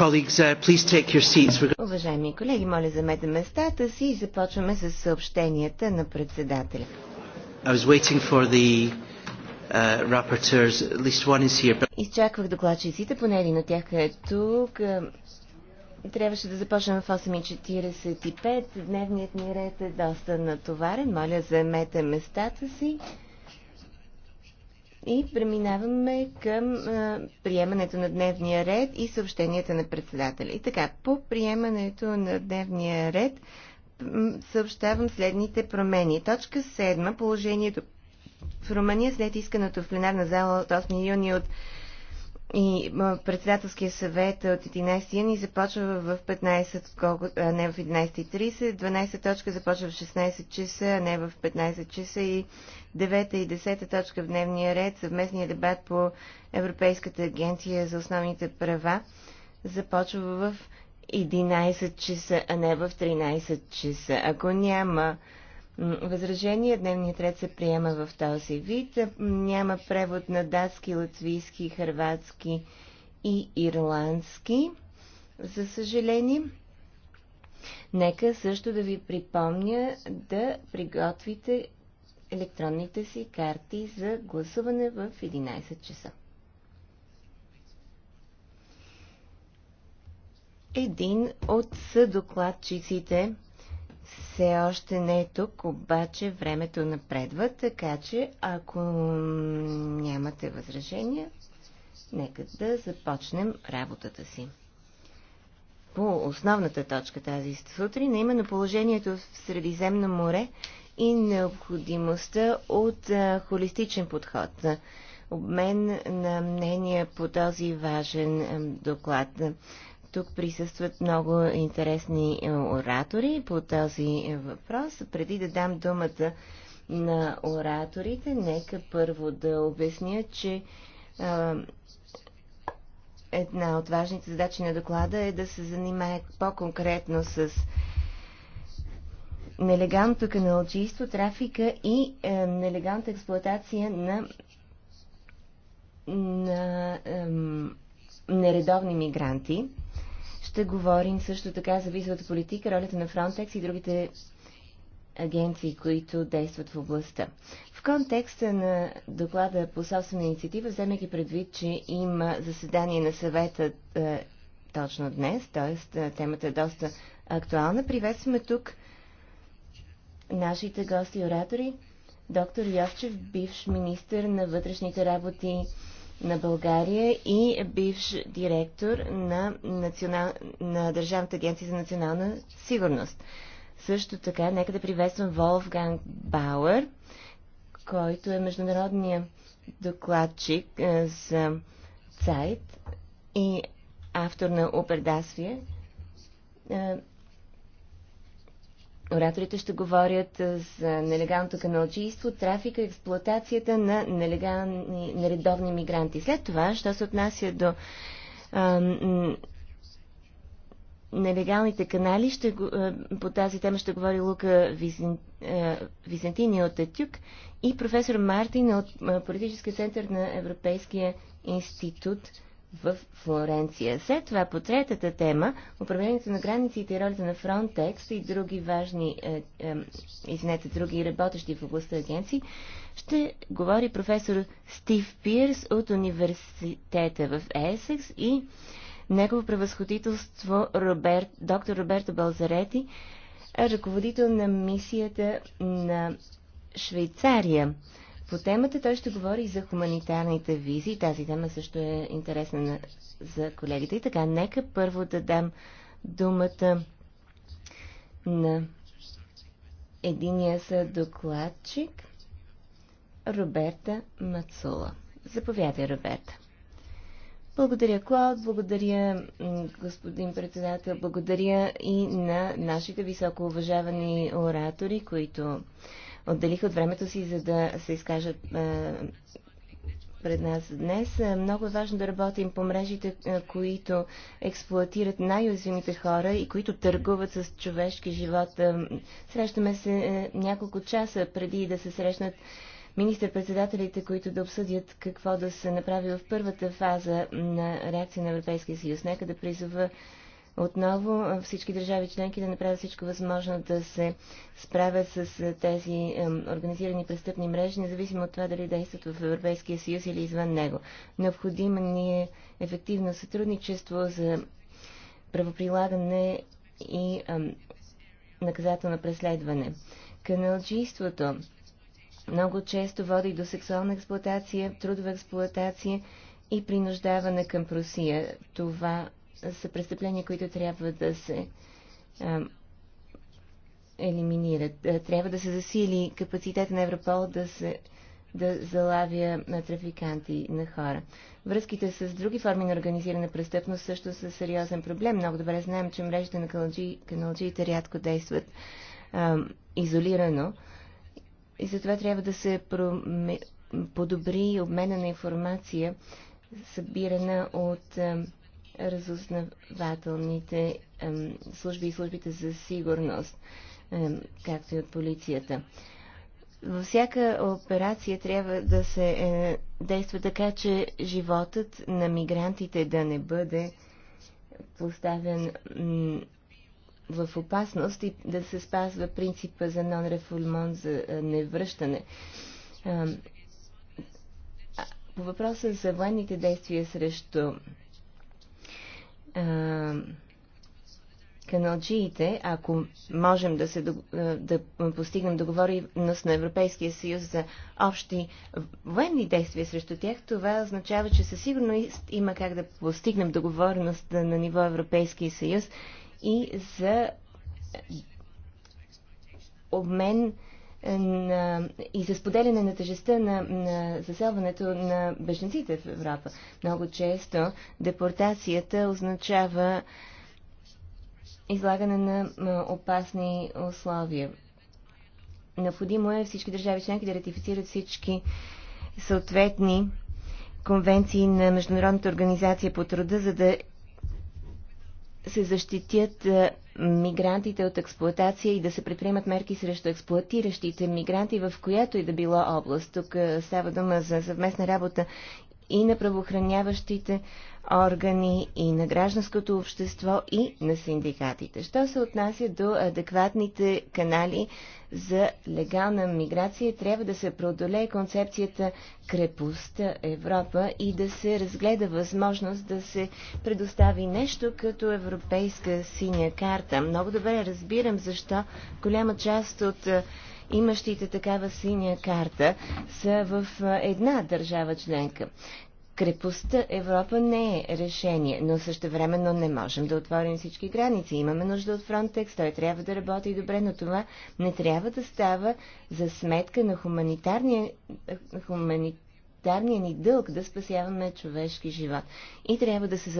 Uh, Уважаеми колеги, моля замете местата си и започваме с съобщенията на председателя. Изчаквах докладчиците, поне един от тях е тук. Е, трябваше да започнем в 8.45. Дневният ни ред е доста натоварен. Моля, заемете местата си. И преминаваме към а, приемането на дневния ред и съобщенията на председателя. И така, по приемането на дневния ред съобщавам следните промени. Точка 7. Положението в Румъния след искането в пленарна зала от 8 юни от и председателския съвет от 11 юни започва в 15, колко, а не в 11.30, 12 точка започва в 16 часа, а не в 15 часа и 9 и 10 точка в дневния ред, съвместния дебат по Европейската агенция за основните права започва в 11 часа, а не в 13 часа. Ако няма Възражение Дневният ред се приема в този вид. Няма превод на датски, латвийски, хрватски и ирландски. За съжаление, нека също да ви припомня да приготвите електронните си карти за гласуване в 11 часа. Един от съдокладчиците все още не е тук, обаче времето напредва, така че ако нямате възражения, нека да започнем работата си. По основната точка тази сутрин, именно положението в Средиземно море и необходимостта от а, холистичен подход на обмен на мнения по този важен а, доклад. Тук присъстват много интересни е, оратори по този въпрос. Преди да дам думата на ораторите, нека първо да обясня, че а, е, една от важните задачи на доклада е да се занимае по-конкретно с нелегалното каналчийство, трафика и е, нелегалната експлуатация на, на е, нередовни мигранти. Ще говорим също така за визовата политика, ролята на Frontex и другите агенции, които действат в областта. В контекста на доклада по собствена инициатива, вземайки предвид, че има заседание на съвета е, точно днес, т.е. темата е доста актуална, приветстваме тук нашите гости и оратори. Доктор Йовчев, бивш министр на вътрешните работи на България и бивш директор на, национал... на Държавната агенция за национална сигурност. Също така, нека да приветствам Волфганг Бауер, който е международния докладчик е, за сайт и автор на Опердасвие Ораторите ще говорят за нелегалното каналчийство, трафика, експлуатацията на нелегални, нередовни мигранти. След това, що се отнася до а, нелегалните канали, ще, а, по тази тема ще говори Лука Визен, а, Визентини от Атюк и професор Мартин от Политическия център на Европейския институт в Флоренция. След това по третата тема, управлението на границите и ролята на Frontex и други важни, е, е, извинете, други работещи в областта агенции, ще говори професор Стив Пирс от университета в Есекс и негово превъзходителство Роберт, доктор Роберто Балзарети, ръководител на мисията на Швейцария по темата. Той ще говори за хуманитарните визи. Тази тема също е интересна на, за колегите. И така, нека първо да дам думата на единия са докладчик Роберта Мацула. Заповядай, Роберта. Благодаря, Клауд, благодаря, господин председател, благодаря и на нашите високо уважавани оратори, които отделиха от времето си, за да се изкажат пред нас днес. Много е важно да работим по мрежите, които експлуатират най-уязвимите хора и които търгуват с човешки живот. Срещаме се няколко часа преди да се срещнат министър-председателите, които да обсъдят какво да се направи в първата фаза на реакция на Европейския съюз. Нека да призова отново всички държави членки да направят всичко възможно да се справят с тези организирани престъпни мрежи, независимо от това дали действат в Европейския съюз или извън него. Необходимо ни е ефективно сътрудничество за правоприлагане и наказателно преследване. Каналджийството много често води до сексуална експлоатация, трудова експлоатация и принуждаване към просия. Това са престъпления, които трябва да се а, елиминират. Трябва да се засили капацитета на Европол да се да залавя на трафиканти на хора. Връзките с други форми на организирана престъпност също са сериозен проблем. Много добре знаем, че мрежите на каналджиите рядко действат а, изолирано и затова трябва да се проме... подобри обмена на информация, събирана от а, разузнавателните служби и службите за сигурност, както и от полицията. Във всяка операция трябва да се е, действа така, че животът на мигрантите да не бъде поставен в опасност и да се спазва принципа за нон-рефулмон, за е, невръщане. По въпроса за военните действия срещу е, каналджиите, ако можем да, се, е, да постигнем договореност на Европейския съюз за общи военни действия срещу тях, това означава, че със сигурност има как да постигнем договореност на ниво Европейския съюз и за обмен на, и за споделяне на тежестта на, на заселването на беженците в Европа. Много често депортацията означава излагане на опасни условия. Необходимо е всички държави членки да ратифицират всички съответни конвенции на Международната организация по труда, за да се защитят мигрантите от експлоатация и да се предприемат мерки срещу експлуатиращите мигранти в която и да било област. Тук е, става дума за съвместна работа и на правоохраняващите органи, и на гражданското общество, и на синдикатите. Що се отнася до адекватните канали за легална миграция, трябва да се преодолее концепцията крепостта Европа и да се разгледа възможност да се предостави нещо като европейска синя карта. Много добре разбирам защо голяма част от имащите такава синя карта са в една държава членка. Крепостта Европа не е решение, но същевременно не можем да отворим всички граници. Имаме нужда от Фронтекс, той трябва да работи добре, но това не трябва да става за сметка на хуманитарния, хуманитарния ни дълг да спасяваме човешки живот. И трябва да се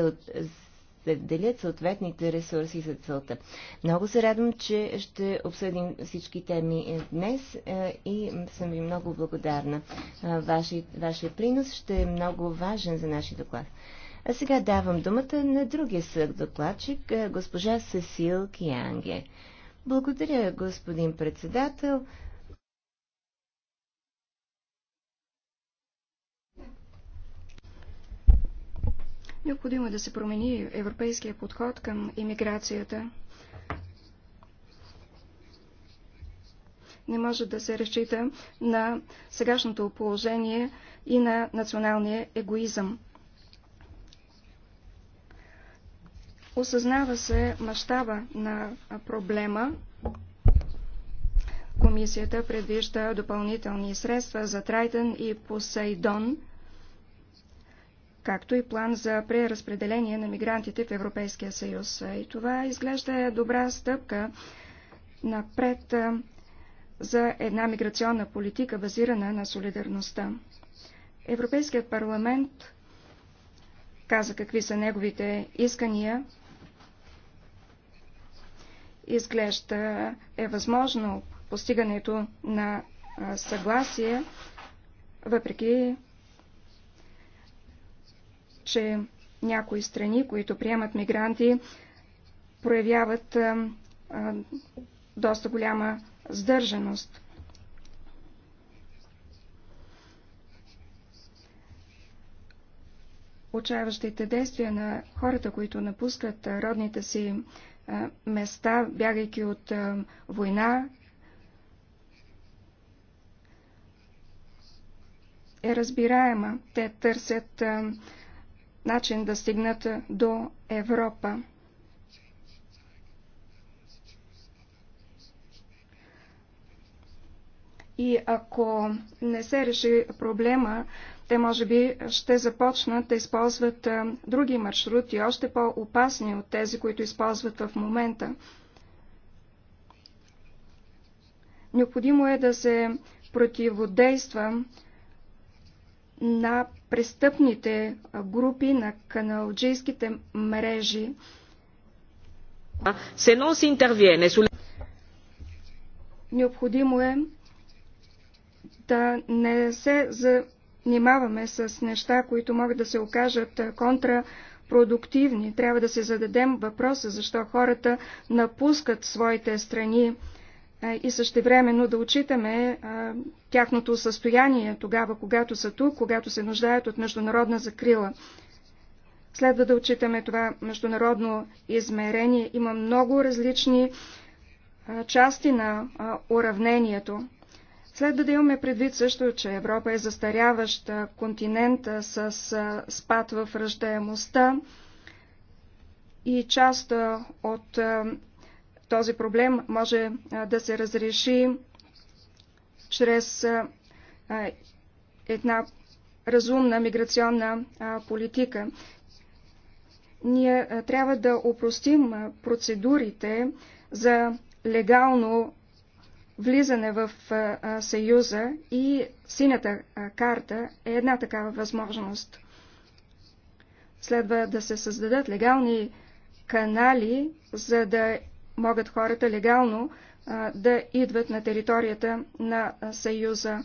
разпределят съответните ресурси за целта. Много се радвам, че ще обсъдим всички теми е, днес е, и съм ви много благодарна. Е, ваши, вашия принос ще е много важен за нашия доклад. А сега давам думата на другия съд докладчик, госпожа Сесил Кианге. Благодаря, господин председател. Необходимо е да се промени европейския подход към иммиграцията. Не може да се разчита на сегашното положение и на националния егоизъм. Осъзнава се мащаба на проблема. Комисията предвижда допълнителни средства за Трайтън и Посейдон – както и план за преразпределение на мигрантите в Европейския съюз. И това изглежда е добра стъпка напред за една миграционна политика, базирана на солидарността. Европейският парламент каза какви са неговите искания. Изглежда е възможно постигането на съгласие, въпреки че някои страни, които приемат мигранти, проявяват а, а, доста голяма сдържаност. Отчаяващите действия на хората, които напускат родните си а, места, бягайки от а, война, е разбираема. Те търсят а, начин да стигнат до Европа. И ако не се реши проблема, те може би ще започнат да използват други маршрути, още по-опасни от тези, които използват в момента. Необходимо е да се противодейства на престъпните групи, на каналджийските мрежи. Необходимо е да не се занимаваме с неща, които могат да се окажат контрапродуктивни. Трябва да се зададем въпроса, защо хората напускат своите страни е, и същевременно да отчитаме е, тяхното състояние тогава, когато са тук, когато се нуждаят от международна закрила. Следва да отчитаме това международно измерение. Има много различни е, части на уравнението. Следва да имаме предвид също, че Европа е застаряващ континент с спад в ръждаемостта и част от този проблем може да се разреши чрез една разумна миграционна политика. Ние трябва да опростим процедурите за легално влизане в Съюза и синята карта е една такава възможност. Следва да се създадат легални канали, за да могат хората легално да идват на територията на Съюза.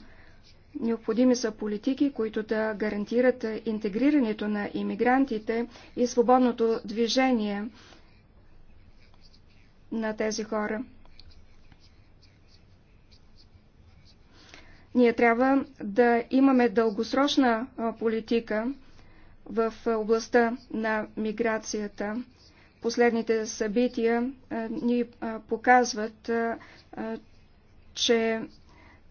Необходими са политики, които да гарантират интегрирането на иммигрантите и свободното движение на тези хора. Ние трябва да имаме дългосрочна политика в областта на миграцията. Последните събития ни показват, че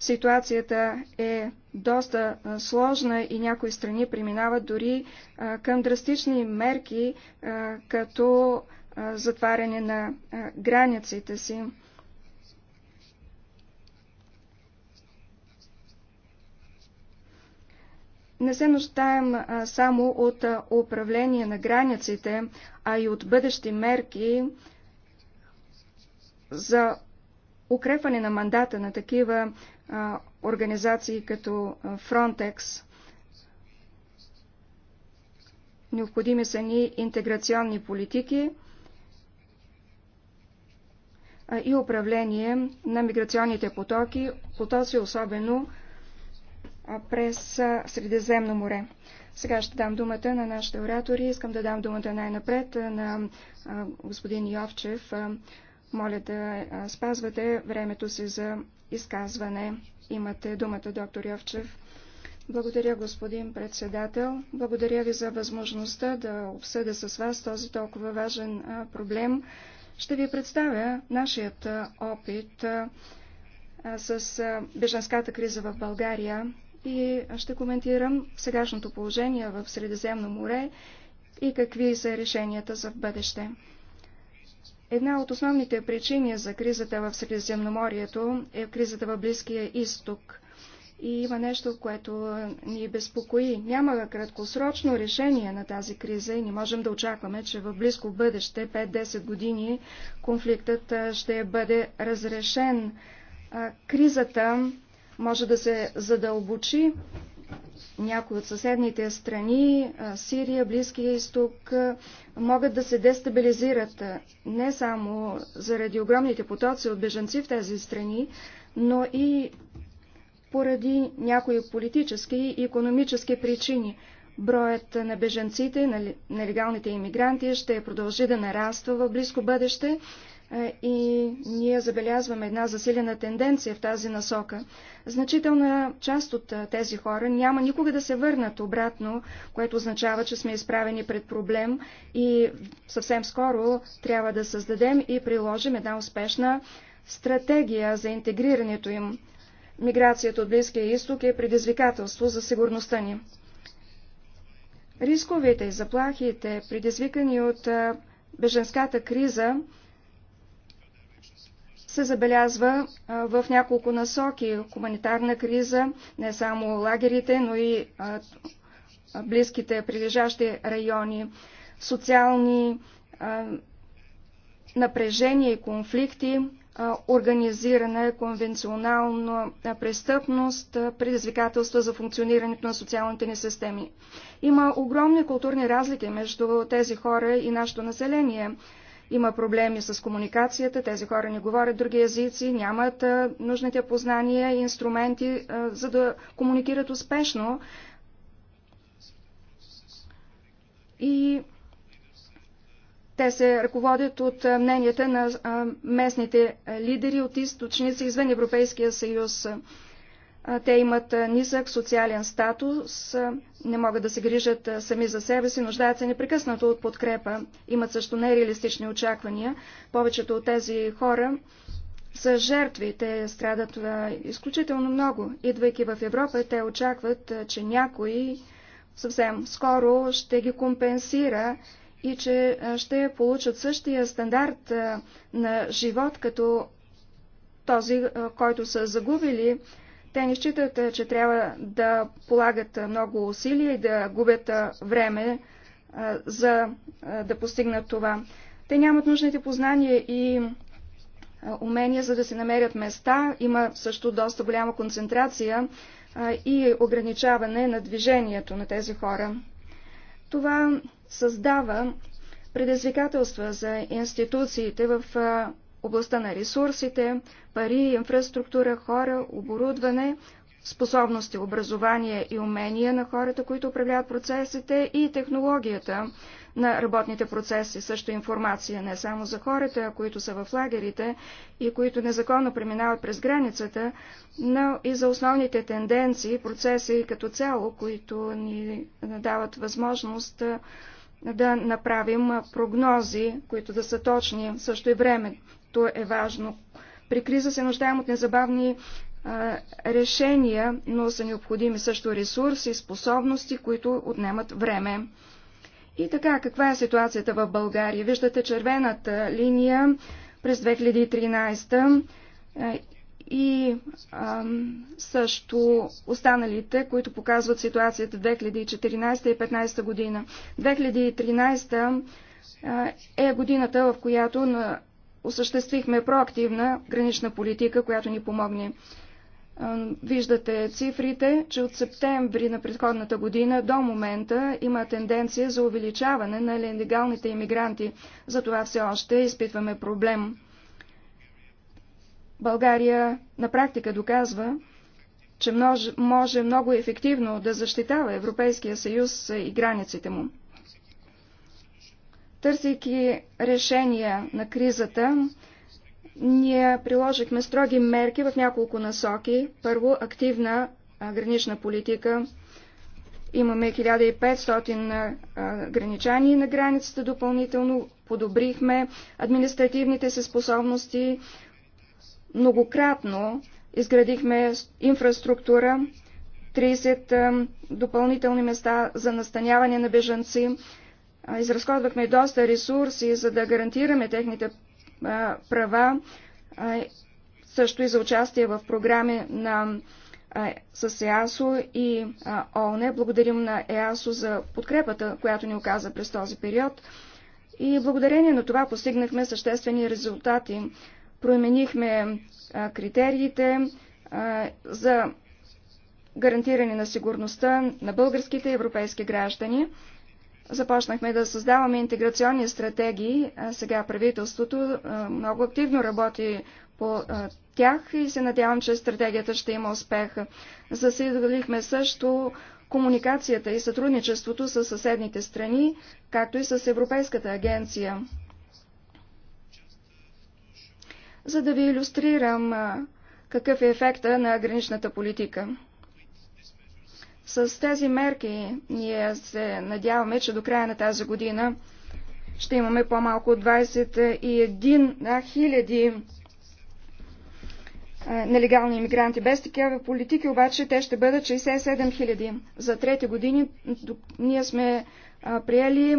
ситуацията е доста сложна и някои страни преминават дори към драстични мерки, като затваряне на границите си. не се нуждаем само от управление на границите, а и от бъдещи мерки за укрепване на мандата на такива организации като Frontex. Необходими са ни интеграционни политики и управление на миграционните потоки, потоци особено през Средиземно море. Сега ще дам думата на нашите оратори. Искам да дам думата най-напред на господин Йовчев. Моля да спазвате времето си за изказване. Имате думата, доктор Йовчев. Благодаря, господин председател. Благодаря ви за възможността да обсъда с вас този толкова важен проблем. Ще ви представя нашият опит с беженската криза в България и ще коментирам сегашното положение в Средиземно море и какви са решенията за в бъдеще. Една от основните причини за кризата в Средиземноморието е кризата в Близкия изток. И има нещо, което ни безпокои. Няма краткосрочно решение на тази криза и не можем да очакваме, че в близко бъдеще, 5-10 години, конфликтът ще бъде разрешен. Кризата може да се задълбочи. Някои от съседните страни, Сирия, Близкия изток, могат да се дестабилизират не само заради огромните потоци от беженци в тези страни, но и поради някои политически и економически причини. Броят на беженците, на нали, нелегалните иммигранти ще продължи да нараства в близко бъдеще е, и ние забелязваме една засилена тенденция в тази насока. Значителна част от е, тези хора няма никога да се върнат обратно, което означава, че сме изправени пред проблем и съвсем скоро трябва да създадем и приложим една успешна стратегия за интегрирането им. Миграцията от Близкия изток е предизвикателство за сигурността ни. Рисковете и заплахите, предизвикани от е, беженската криза, се забелязва в няколко насоки. Хуманитарна криза, не само лагерите, но и близките прилежащи райони, социални напрежения и конфликти, организирана конвенционална престъпност, предизвикателства за функционирането на социалните ни системи. Има огромни културни разлики между тези хора и нашето население. Има проблеми с комуникацията, тези хора не говорят други езици, нямат нужните познания и инструменти, за да комуникират успешно. И те се ръководят от мненията на местните лидери от източници извън Европейския съюз. Те имат нисък социален статус, не могат да се грижат сами за себе си, нуждаят се непрекъснато от подкрепа, имат също нереалистични очаквания. Повечето от тези хора са жертви, те страдат изключително много. Идвайки в Европа, те очакват, че някой съвсем скоро ще ги компенсира и че ще получат същия стандарт на живот, като този, който са загубили те не считат, е, че трябва да полагат е, много усилия и да губят е, време за да постигнат това. Те нямат нужните познания и умения, за да се намерят места. Има също доста голяма концентрация и ограничаване на движението на тези хора. Това създава предизвикателства за институциите в областта на ресурсите, пари, инфраструктура, хора, оборудване, способности, образование и умения на хората, които управляват процесите и технологията на работните процеси, също информация не само за хората, които са в лагерите и които незаконно преминават през границата, но и за основните тенденции, процеси като цяло, които ни дават възможност да направим прогнози, които да са точни, също и време, което е важно. При криза се нуждаем от незабавни решения, но са необходими също ресурси, способности, които отнемат време. И така, каква е ситуацията в България? Виждате червената линия през 2013 и а, също останалите, които показват ситуацията в 2014 и 2015 година. 2013 е годината, в която на осъществихме проактивна гранична политика, която ни помогне. Виждате цифрите, че от септември на предходната година до момента има тенденция за увеличаване на нелегалните иммигранти. За това все още изпитваме проблем. България на практика доказва, че може много ефективно да защитава Европейския съюз и границите му. Търсейки решения на кризата, ние приложихме строги мерки в няколко насоки. Първо, активна гранична политика. Имаме 1500 граничани на границата допълнително. Подобрихме административните си способности. Многократно изградихме инфраструктура, 30 допълнителни места за настаняване на бежанци изразходвахме доста ресурси, за да гарантираме техните права, също и за участие в програми на с ЕАСО и ООН. Благодарим на ЕАСО за подкрепата, която ни оказа през този период. И благодарение на това постигнахме съществени резултати. Променихме критериите за гарантиране на сигурността на българските европейски граждани. Започнахме да създаваме интеграционни стратегии. Сега правителството много активно работи по тях и се надявам, че стратегията ще има успех. Засилихме също комуникацията и сътрудничеството с съседните страни, както и с Европейската агенция. За да ви иллюстрирам какъв е ефекта на граничната политика. С тези мерки ние се надяваме, че до края на тази година ще имаме по-малко от 21 хиляди е, нелегални иммигранти. Без такива политики обаче те ще бъдат 67 хиляди. За трети години ние сме е, приели е,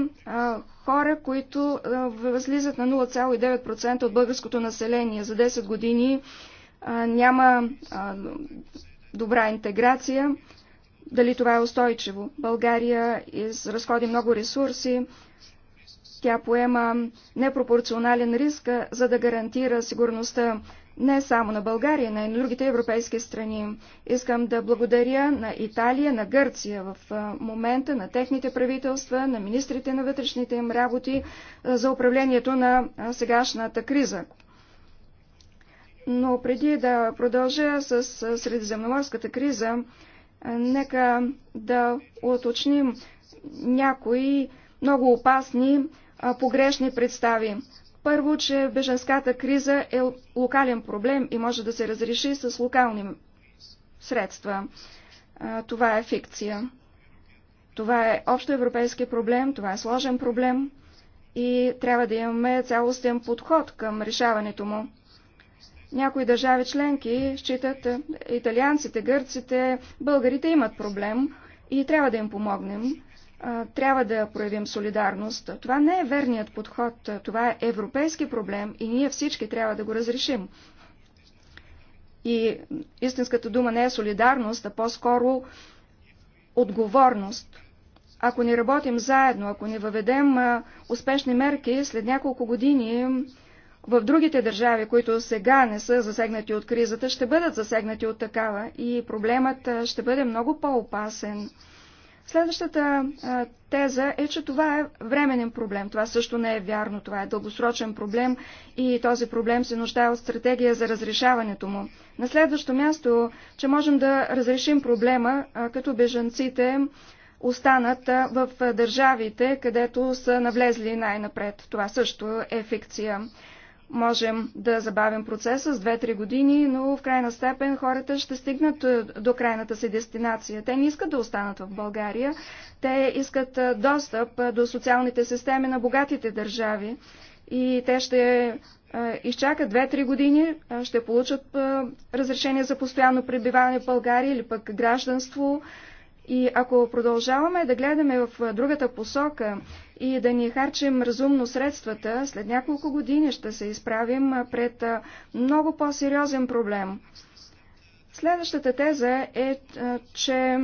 хора, които възлизат на 0,9% от българското население. За 10 години няма добра интеграция дали това е устойчиво. България разходи много ресурси, тя поема непропорционален риск, за да гарантира сигурността не само на България, но и на другите европейски страни. Искам да благодаря на Италия, на Гърция в момента, на техните правителства, на министрите на вътрешните им работи за управлението на сегашната криза. Но преди да продължа с средиземноморската криза, Нека да уточним някои много опасни погрешни представи. Първо, че беженската криза е локален проблем и може да се разреши с локални средства. Това е фикция. Това е общоевропейски проблем, това е сложен проблем и трябва да имаме цялостен подход към решаването му. Някои държави членки считат, е, италианците, гърците, българите имат проблем и трябва да им помогнем. Трябва да проявим солидарност. Това не е верният подход. Това е европейски проблем и ние всички трябва да го разрешим. И истинската дума не е солидарност, а по-скоро отговорност. Ако не работим заедно, ако не въведем успешни мерки, след няколко години в другите държави, които сега не са засегнати от кризата, ще бъдат засегнати от такава и проблемът ще бъде много по-опасен. Следващата теза е, че това е временен проблем. Това също не е вярно. Това е дългосрочен проблем и този проблем се нуждае от стратегия за разрешаването му. На следващо място, че можем да разрешим проблема, като бежанците останат в държавите, където са навлезли най-напред. Това също е фикция. Можем да забавим процеса с 2-3 години, но в крайна степен хората ще стигнат е, до крайната си дестинация. Те не искат да останат в България, те искат е, достъп е, до социалните системи на богатите държави и те ще изчакат 2-3 години, ще получат разрешение за постоянно пребиване в България или пък гражданство. И ако продължаваме да гледаме в другата посока и да ни харчим разумно средствата, след няколко години ще се изправим пред много по-сериозен проблем. Следващата теза е, че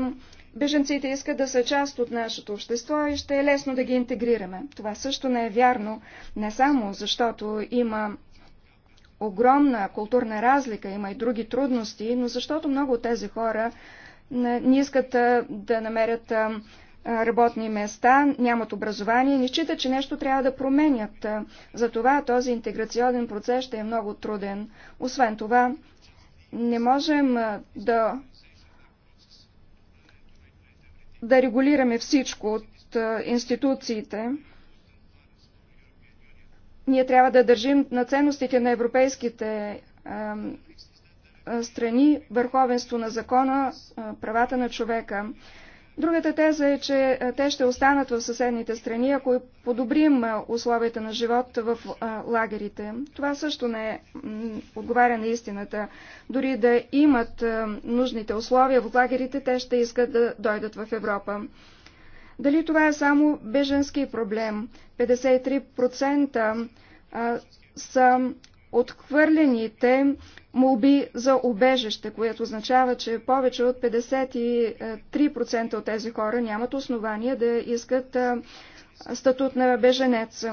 беженците искат да са част от нашето общество и ще е лесно да ги интегрираме. Това също не е вярно, не само защото има огромна културна разлика, има и други трудности, но защото много от тези хора не искат да намерят работни места, нямат образование, не считат, че нещо трябва да променят. Затова този интеграционен процес ще е много труден. Освен това, не можем да, да регулираме всичко от институциите. Ние трябва да държим на ценностите на европейските страни върховенство на закона, правата на човека. Другата теза е, че те ще останат в съседните страни, ако подобрим условията на живот в лагерите. Това също не е, отговаря на истината. Дори да имат нужните условия в лагерите, те ще искат да дойдат в Европа. Дали това е само беженски проблем? 53% са отхвърлените молби за обежище, което означава, че повече от 53% от тези хора нямат основания да искат статут на беженец.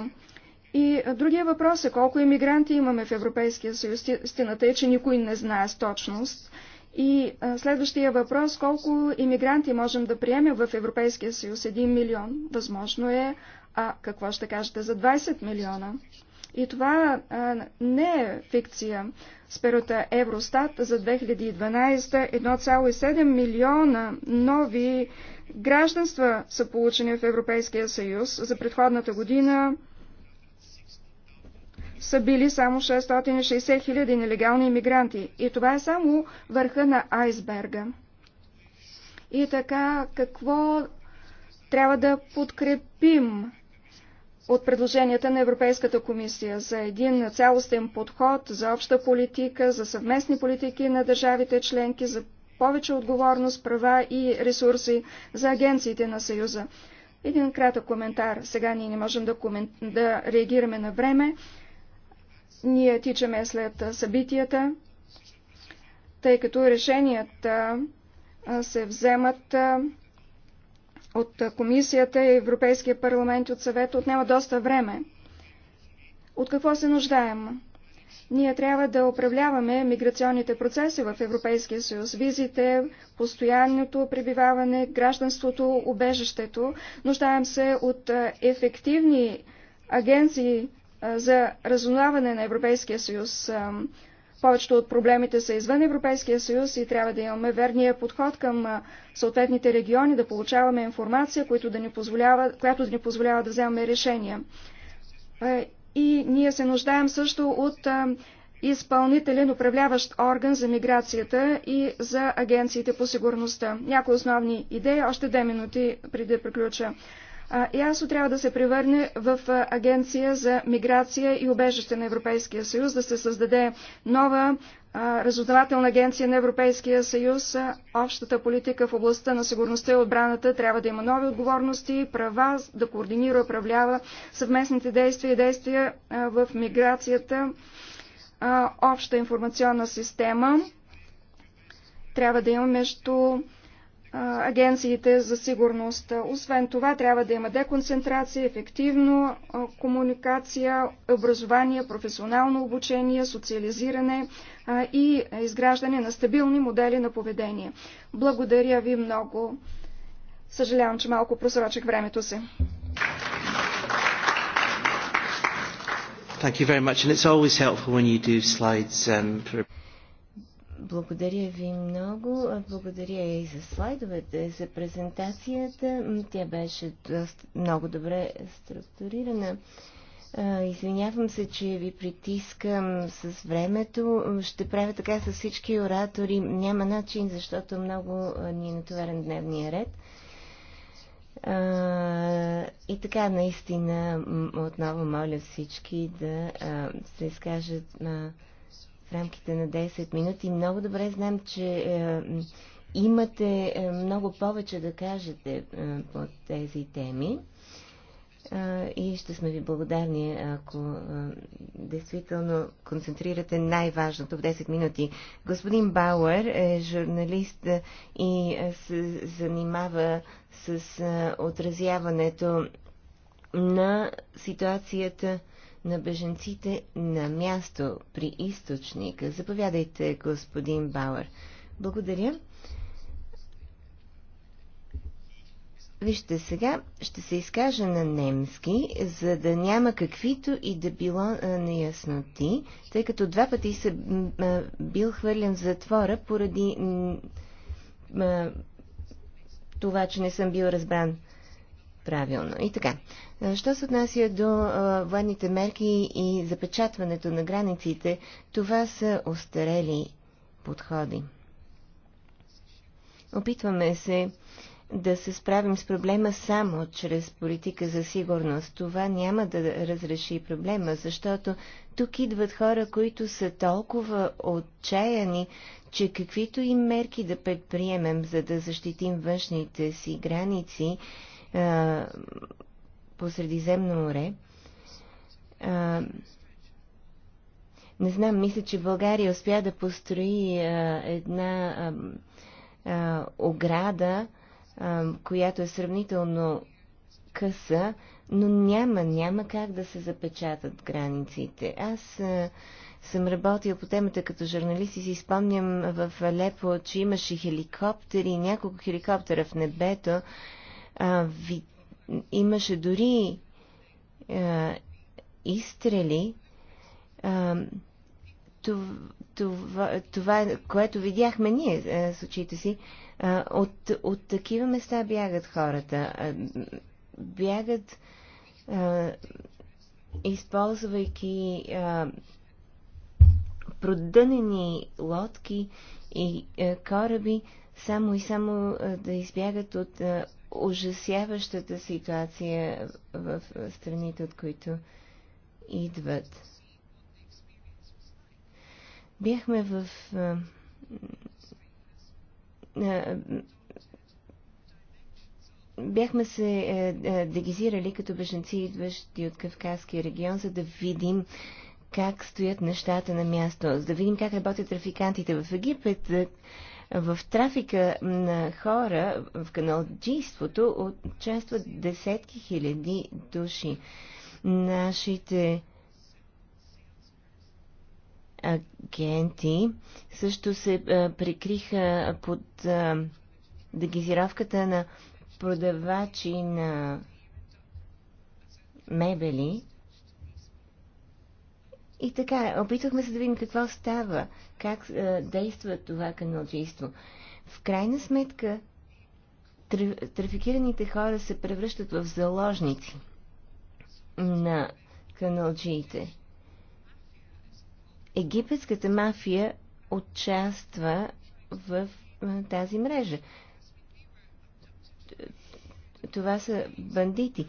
И другия въпрос е колко иммигранти имаме в Европейския съюз. Истината е, че никой не знае с точност. И следващия въпрос, колко иммигранти можем да приемем в Европейския съюз? Един милион, възможно е. А какво ще кажете за 20 милиона? И това а, не е фикция. Сперата Евростат за 2012 1,7 е милиона нови гражданства са получени в Европейския съюз. За предходната година са били само 660 хиляди нелегални иммигранти. И това е само върха на айсберга. И така, какво трябва да подкрепим от предложенията на Европейската комисия за един цялостен подход, за обща политика, за съвместни политики на държавите членки, за повече отговорност, права и ресурси за агенциите на Съюза. Един кратък коментар. Сега ние не можем да, комент... да реагираме на време. Ние тичаме след събитията, тъй като решенията се вземат от Комисията и Европейския парламент и от съвета отнема доста време. От какво се нуждаем? Ние трябва да управляваме миграционните процеси в Европейския съюз, визите, постоянното пребиваване, гражданството, убежището. Нуждаем се от ефективни агенции за разузнаване на Европейския съюз, повечето от проблемите са извън Европейския съюз и трябва да имаме верния подход към съответните региони, да получаваме информация, която да ни позволява, която да, ни позволява да вземаме решения. И ние се нуждаем също от изпълнителен управляващ орган за миграцията и за агенциите по сигурността. Някои основни идеи, още две минути преди да приключа. ЕАСО трябва да се превърне в агенция за миграция и убежище на Европейския съюз, да се създаде нова разузнавателна агенция на Европейския съюз. Общата политика в областта на сигурността и отбраната трябва да има нови отговорности, права, да координира, управлява съвместните действия и действия в миграцията, обща информационна система. Трябва да има между агенциите за сигурност. Освен това, трябва да има деконцентрация, ефективно комуникация, образование, професионално обучение, социализиране и изграждане на стабилни модели на поведение. Благодаря ви много. Съжалявам, че малко просрочих времето си. Thank you very much, and it's always helpful when you do slides um, for... Благодаря ви много. Благодаря и за слайдовете, за презентацията. Тя беше доста, много добре структурирана. Извинявам се, че ви притискам с времето. Ще правя така с всички оратори. Няма начин, защото много ни е натоварен дневния ред. И така, наистина, отново моля всички да се изкажат в рамките на 10 минути. Много добре знам, че е, имате е, много повече да кажете е, по тези теми е, и ще сме ви благодарни, ако е, действително концентрирате най-важното в 10 минути. Господин Бауер е журналист е, и е, се занимава с е, отразяването на ситуацията на беженците на място при източника. Заповядайте, господин Бауер. Благодаря. Вижте, сега ще се изкажа на немски, за да няма каквито и да било неясноти, тъй като два пъти са бил хвърлен в затвора поради това, че не съм бил разбран правилно. И така, е, що се отнася до е, военните мерки и запечатването на границите, това са остарели подходи. Опитваме се да се справим с проблема само чрез политика за сигурност. Това няма да разреши проблема, защото тук идват хора, които са толкова отчаяни, че каквито и мерки да предприемем, за да защитим външните си граници, е, по Средиземно море. А, не знам, мисля, че България успя да построи а, една а, а, ограда, а, която е сравнително къса, но няма, няма как да се запечатат границите. Аз а, съм работил по темата като журналист и си спомням в Алепо, че имаше хеликоптери, няколко хеликоптера в небето. А, ви, Имаше дори е, изстрели. Е, това, това, това, което видяхме ние е, с очите си, е, от, от такива места бягат хората. Е, бягат, е, използвайки е, продънени лодки и е, кораби, само и само е, да избягат от е, ужасяващата ситуация в страните, от които идват. Бяхме в бяхме се дегизирали като беженци, идващи от Кавказския регион, за да видим как стоят нещата на място, за да видим как работят трафикантите в Египет, в трафика на хора, в каналджийството, участват десетки хиляди души. Нашите агенти също се прикриха под дегизировката на продавачи на мебели, и така, опитвахме се да видим какво става, как е, действа това каналджийство. В крайна сметка, трафикираните хора се превръщат в заложници на каналджиите. Египетската мафия участва в е, тази мрежа. Това са бандити.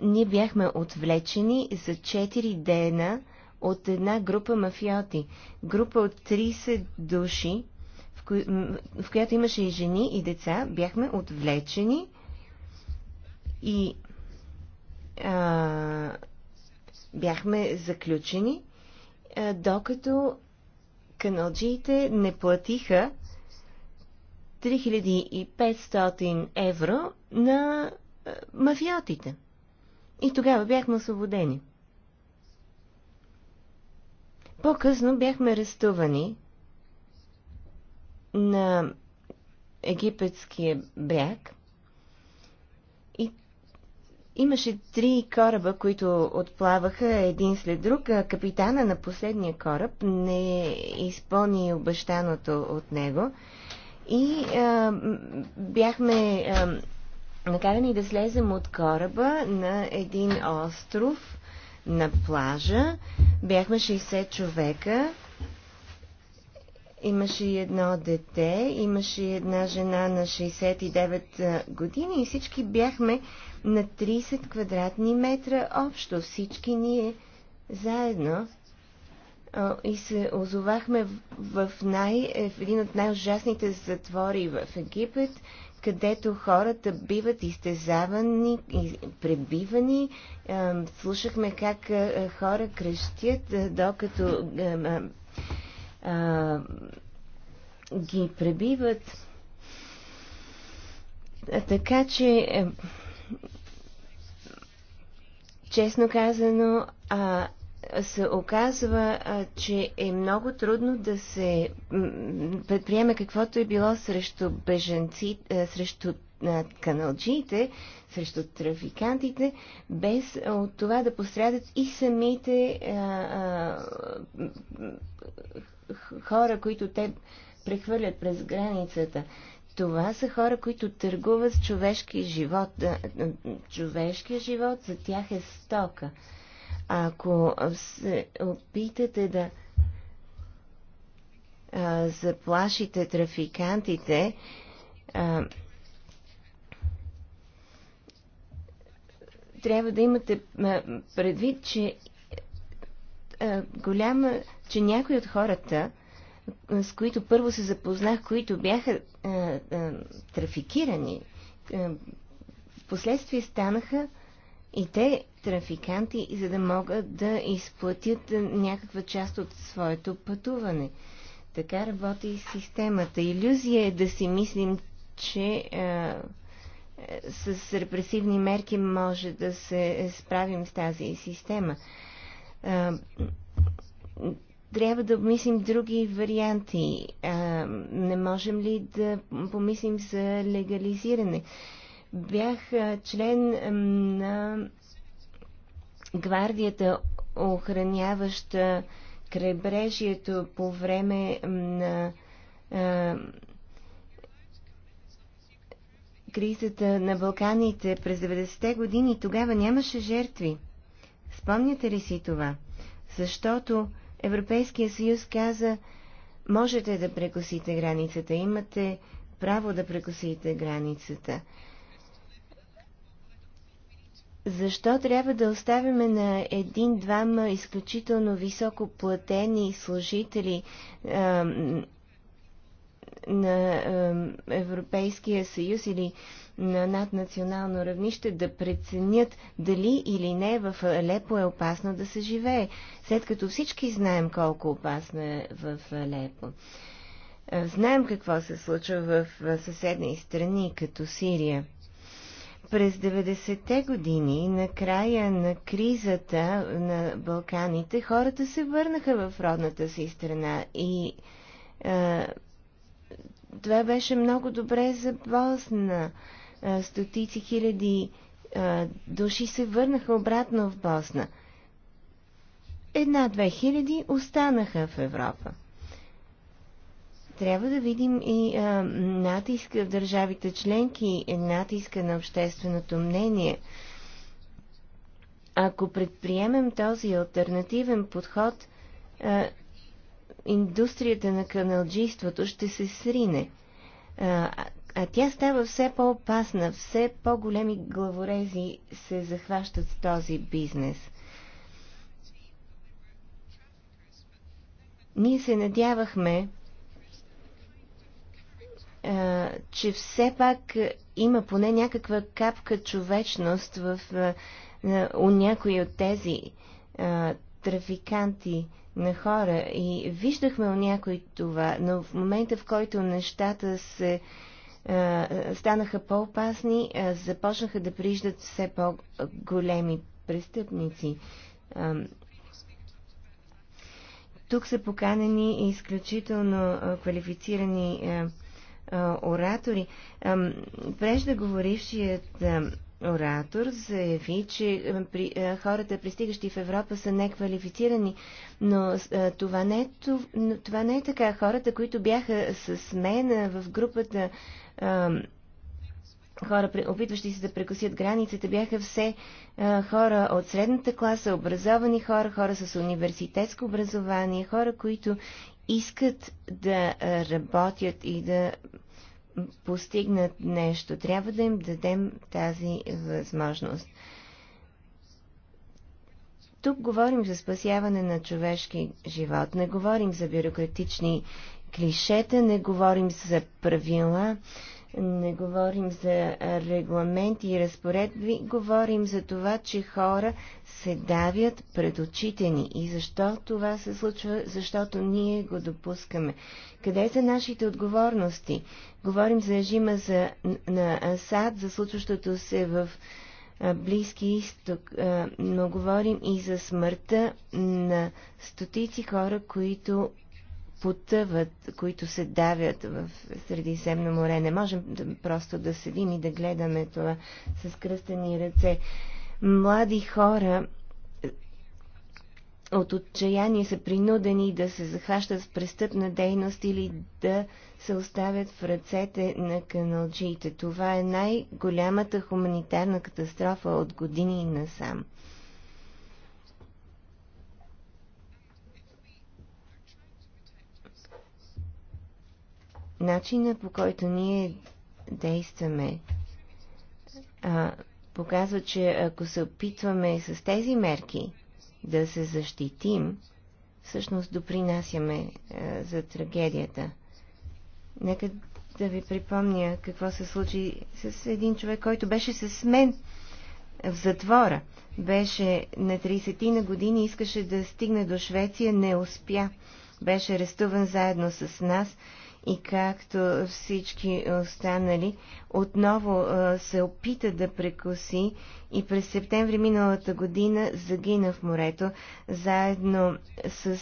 Ние бяхме отвлечени за 4 дена от една група мафиоти. Група от 30 души, в, кои, в която имаше и жени, и деца, бяхме отвлечени и а, бяхме заключени, а, докато каналджиите не платиха 3500 евро на а, мафиотите. И тогава бяхме освободени. По-късно бяхме арестувани на египетския бряг и имаше три кораба, които отплаваха един след друг. Капитана на последния кораб не изпълни обещаното от него и а, бяхме а, накарани да слезем от кораба на един остров на плажа. Бяхме 60 човека. Имаше и едно дете, имаше и една жена на 69 години и всички бяхме на 30 квадратни метра общо. Всички ние заедно и се озовахме в, най, е, в един от най-ужасните затвори в Египет където хората биват изтезавани, пребивани. Слушахме как хора крещят, докато ги пребиват. Така че, честно казано, се оказва, че е много трудно да се предприеме каквото е било срещу беженци, срещу каналджиите, срещу трафикантите, без от това да пострадат и самите хора, които те прехвърлят през границата. Това са хора, които търгуват с човешки живот. Човешкият живот за тях е стока. Ако се опитате да а, заплашите трафикантите, а, трябва да имате предвид, че а, голяма, че някои от хората, с които първо се запознах, които бяха а, а, трафикирани, а, в последствие станаха и те трафиканти, за да могат да изплатят някаква част от своето пътуване. Така работи и системата. Иллюзия е да си мислим, че а, е, с репресивни мерки може да се справим с тази система. А, е, трябва да обмислим други варианти. А, не можем ли да помислим за легализиране? Бях член на гвардията, охраняваща крайбрежието по време на а, кризата на Балканите през 90-те години. Тогава нямаше жертви. Спомняте ли си това? Защото Европейския съюз каза, можете да прекосите границата, имате право да прекосите границата. Защо трябва да оставяме на един-двама изключително високо платени служители а, на а, Европейския съюз или на наднационално равнище да преценят дали или не в Алепо е опасно да се живее, след като всички знаем колко опасно е в Алепо. Знаем какво се случва в съседни страни, като Сирия. През 90-те години, на края на кризата на Балканите, хората се върнаха в родната си страна и а, това беше много добре за Босна. А, стотици хиляди а, души се върнаха обратно в Босна. Една-две хиляди останаха в Европа. Трябва да видим и а, натиска в държавите членки, натиска на общественото мнение. Ако предприемем този альтернативен подход, а, индустрията на каналджийството ще се срине. А, а тя става все по-опасна, все по-големи главорези се захващат с този бизнес. Ние се надявахме, че все пак има поне някаква капка човечност в, у някои от тези трафиканти на хора и виждахме у някой това, но в момента в който нещата се станаха по-опасни, започнаха да приждат все по-големи престъпници. тук са поканени изключително квалифицирани а, оратори. Преждаговорившият оратор заяви, че при, хората, пристигащи в Европа, са неквалифицирани, но това не, е, това не е така. Хората, които бяха с мен в групата хора, опитващи се да прекусят границата, бяха все а, хора от средната класа, образовани хора, хора с университетско образование, хора, които искат да работят и да постигнат нещо. Трябва да им дадем тази възможност. Тук говорим за спасяване на човешки живот, не говорим за бюрократични клишета, не говорим за правила, не говорим за регламенти и разпоредби, говорим за това, че хора се давят пред очите ни. И защо това се случва? Защото ние го допускаме. Къде са нашите отговорности? Говорим за режима за, на Асад, за случващото се в Близки изток, но говорим и за смъртта на стотици хора, които потъват, които се давят в Средиземно море. Не можем да, просто да седим и да гледаме това с кръстени ръце. Млади хора е, от отчаяние са принудени да се захващат с престъпна дейност или да се оставят в ръцете на каналджиите. Това е най-голямата хуманитарна катастрофа от години насам. начина по който ние действаме а, показва, че ако се опитваме с тези мерки да се защитим, всъщност допринасяме а, за трагедията. Нека да ви припомня какво се случи с един човек, който беше с мен в затвора. Беше на 30 на години, искаше да стигне до Швеция, не успя. Беше арестуван заедно с нас и както всички останали, отново се опита да прекоси и през септември миналата година загина в морето, заедно с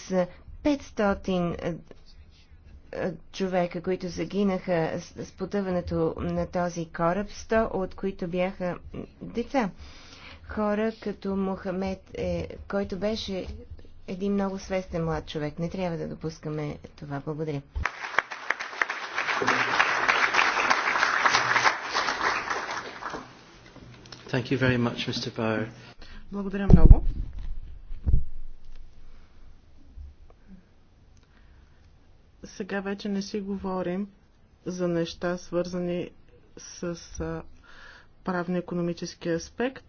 500 човека, които загинаха с потъването на този кораб, 100 от които бяха деца. Хора като Мохамед, е, който беше един много свестен млад човек. Не трябва да допускаме това. Благодаря. Thank you very much, Mr. Bauer. Благодаря много. Сега вече не си говорим за неща, свързани с правно-економически аспект.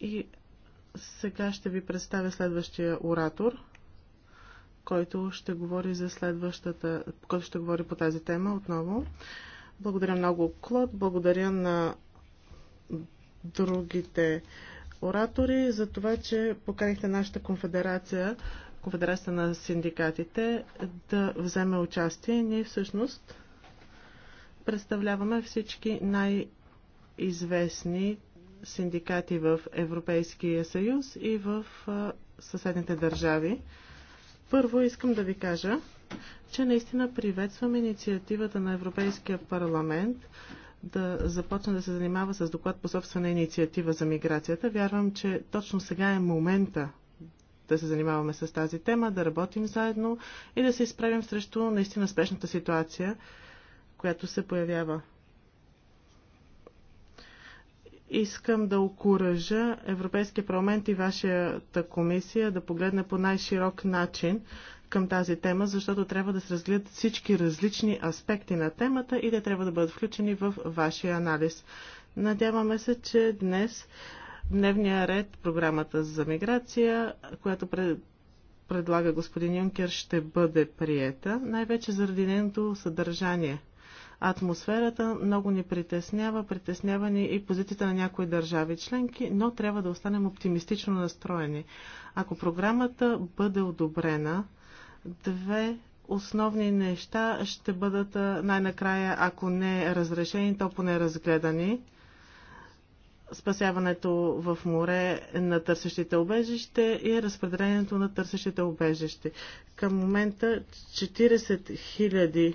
И сега ще ви представя следващия оратор – който ще говори за следващата, който ще говори по тази тема отново. Благодаря много, Клод. Благодаря на другите оратори за това, че поканихте нашата конфедерация, конфедерацията на синдикатите, да вземе участие. Ние всъщност представляваме всички най-известни синдикати в Европейския съюз и в съседните държави. Първо искам да ви кажа, че наистина приветствам инициативата на Европейския парламент да започне да се занимава с доклад по собствена инициатива за миграцията. Вярвам, че точно сега е момента да се занимаваме с тази тема, да работим заедно и да се изправим срещу наистина спешната ситуация, която се появява. Искам да окуража Европейския парламент и вашата комисия да погледне по най-широк начин към тази тема, защото трябва да се разгледат всички различни аспекти на темата и те трябва да бъдат включени в вашия анализ. Надяваме се, че днес дневния ред, програмата за миграция, която пред, предлага господин Юнкер, ще бъде приета, най-вече заради нейното съдържание – Атмосферата много ни притеснява, притеснява ни и позицията на някои държави членки, но трябва да останем оптимистично настроени. Ако програмата бъде одобрена, две основни неща ще бъдат най-накрая, ако не разрешени, то поне разгледани. Спасяването в море на търсещите обежище и разпределението на търсещите обежище. Към момента 40 000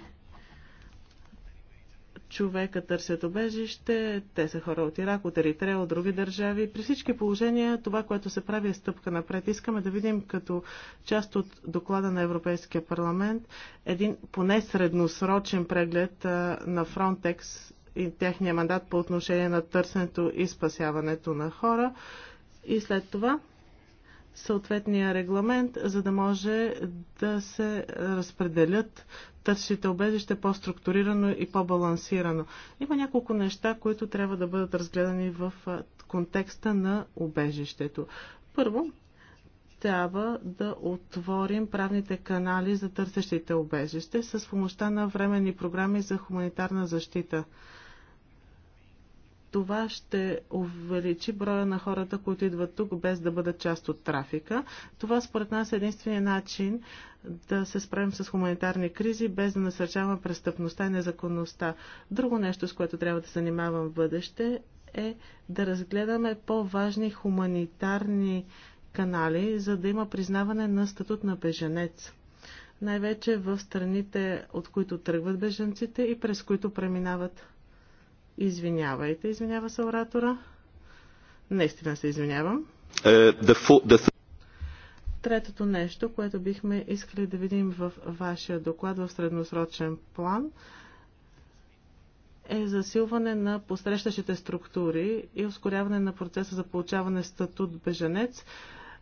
човека търсят обежище, те са хора от Ирак, от Еритрея, от други държави. При всички положения това, което се прави е стъпка напред. Искаме да видим като част от доклада на Европейския парламент един поне средносрочен преглед на Frontex и техния мандат по отношение на търсенето и спасяването на хора. И след това съответния регламент, за да може да се разпределят търсите обезище по-структурирано и по-балансирано. Има няколко неща, които трябва да бъдат разгледани в контекста на обежището. Първо, трябва да отворим правните канали за търсещите обежище с помощта на временни програми за хуманитарна защита това ще увеличи броя на хората, които идват тук без да бъдат част от трафика. Това според нас е единствения начин да се справим с хуманитарни кризи, без да насърчаваме престъпността и незаконността. Друго нещо, с което трябва да се занимавам в бъдеще, е да разгледаме по-важни хуманитарни канали, за да има признаване на статут на беженец. Най-вече в страните, от които тръгват беженците и през които преминават Извинявайте, извинява се оратора. Наистина се извинявам. Uh, the Третото нещо, което бихме искали да видим в вашия доклад в средносрочен план, е засилване на посрещащите структури и ускоряване на процеса за получаване статут беженец,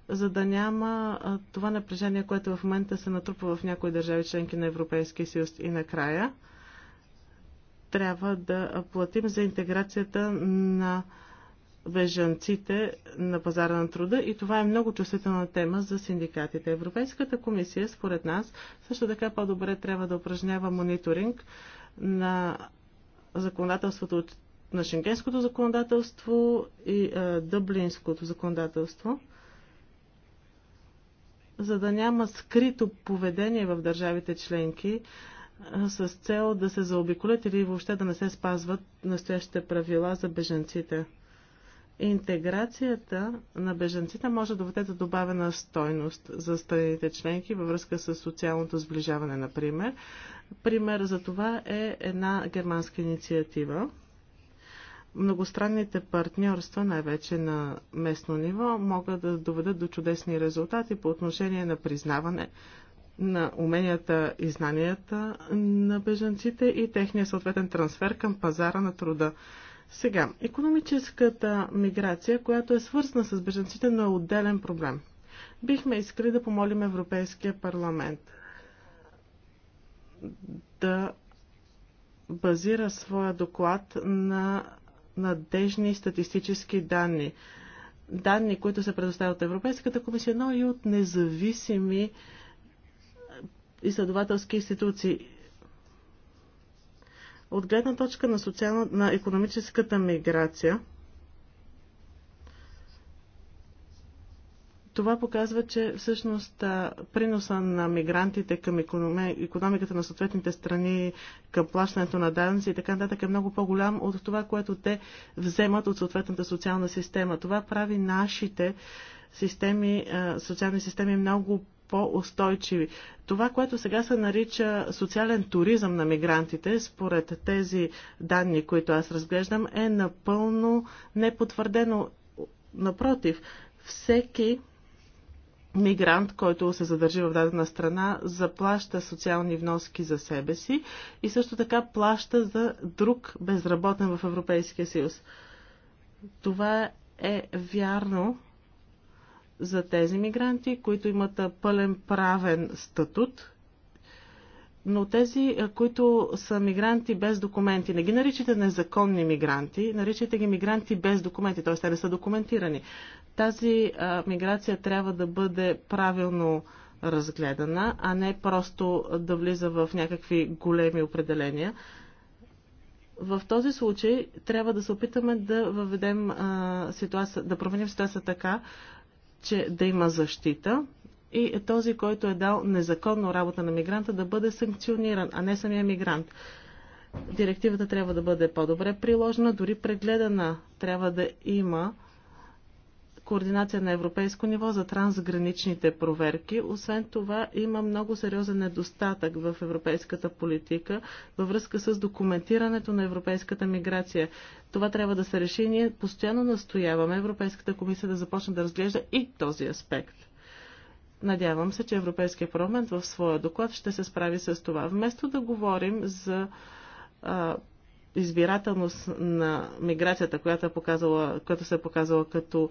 за да няма това напрежение, което в момента се натрупва в някои държави членки на Европейския съюз и накрая трябва да платим за интеграцията на бежанците на пазара на труда и това е много чувствителна тема за синдикатите. Европейската комисия, според нас, също така по-добре трябва да упражнява мониторинг на законодателството от на шенгенското законодателство и е, дъблинското законодателство, за да няма скрито поведение в държавите членки с цел да се заобиколят или въобще да не се спазват настоящите правила за беженците. Интеграцията на беженците може да доведе до добавена стойност за страните членки във връзка с социалното сближаване, например. Пример за това е една германска инициатива. Многостранните партньорства, най-вече на местно ниво, могат да доведат до чудесни резултати по отношение на признаване, на уменията и знанията на бежанците и техния съответен трансфер към пазара на труда. Сега, економическата миграция, която е свързана с бежанците, но е отделен проблем. Бихме искали да помолим Европейския парламент да базира своя доклад на надежни статистически данни. Данни, които се предоставят от Европейската комисия, но и от независими изследователски институции. От гледна точка на, социална, на економическата миграция, това показва, че всъщност приноса на мигрантите към економиката на съответните страни, към плащането на данъци и така нататък е много по-голям от това, което те вземат от съответната социална система. Това прави нашите системи, социални системи много по-устойчиви. Това, което сега се нарича социален туризъм на мигрантите, според тези данни, които аз разглеждам, е напълно непотвърдено. Напротив, всеки мигрант, който се задържи в дадена страна, заплаща социални вноски за себе си и също така плаща за друг безработен в Европейския съюз. Това е вярно за тези мигранти, които имат пълен правен статут, но тези, които са мигранти без документи, не ги наричате незаконни мигранти, наричате ги мигранти без документи, т.е. те не са документирани. Тази а, миграция трябва да бъде правилно разгледана, а не просто да влиза в някакви големи определения. В този случай трябва да се опитаме да въведем а, ситуация, да променим ситуация така, че да има защита и е този, който е дал незаконно работа на мигранта, да бъде санкциониран, а не самия мигрант. Директивата трябва да бъде по-добре приложена, дори прегледана трябва да има координация на европейско ниво за трансграничните проверки. Освен това, има много сериозен недостатък в европейската политика във връзка с документирането на европейската миграция. Това трябва да се реши и ние постоянно настояваме Европейската комисия да започне да разглежда и този аспект. Надявам се, че Европейския парламент в своя доклад ще се справи с това. Вместо да говорим за а, избирателност на миграцията, която, е показала, която се е показала като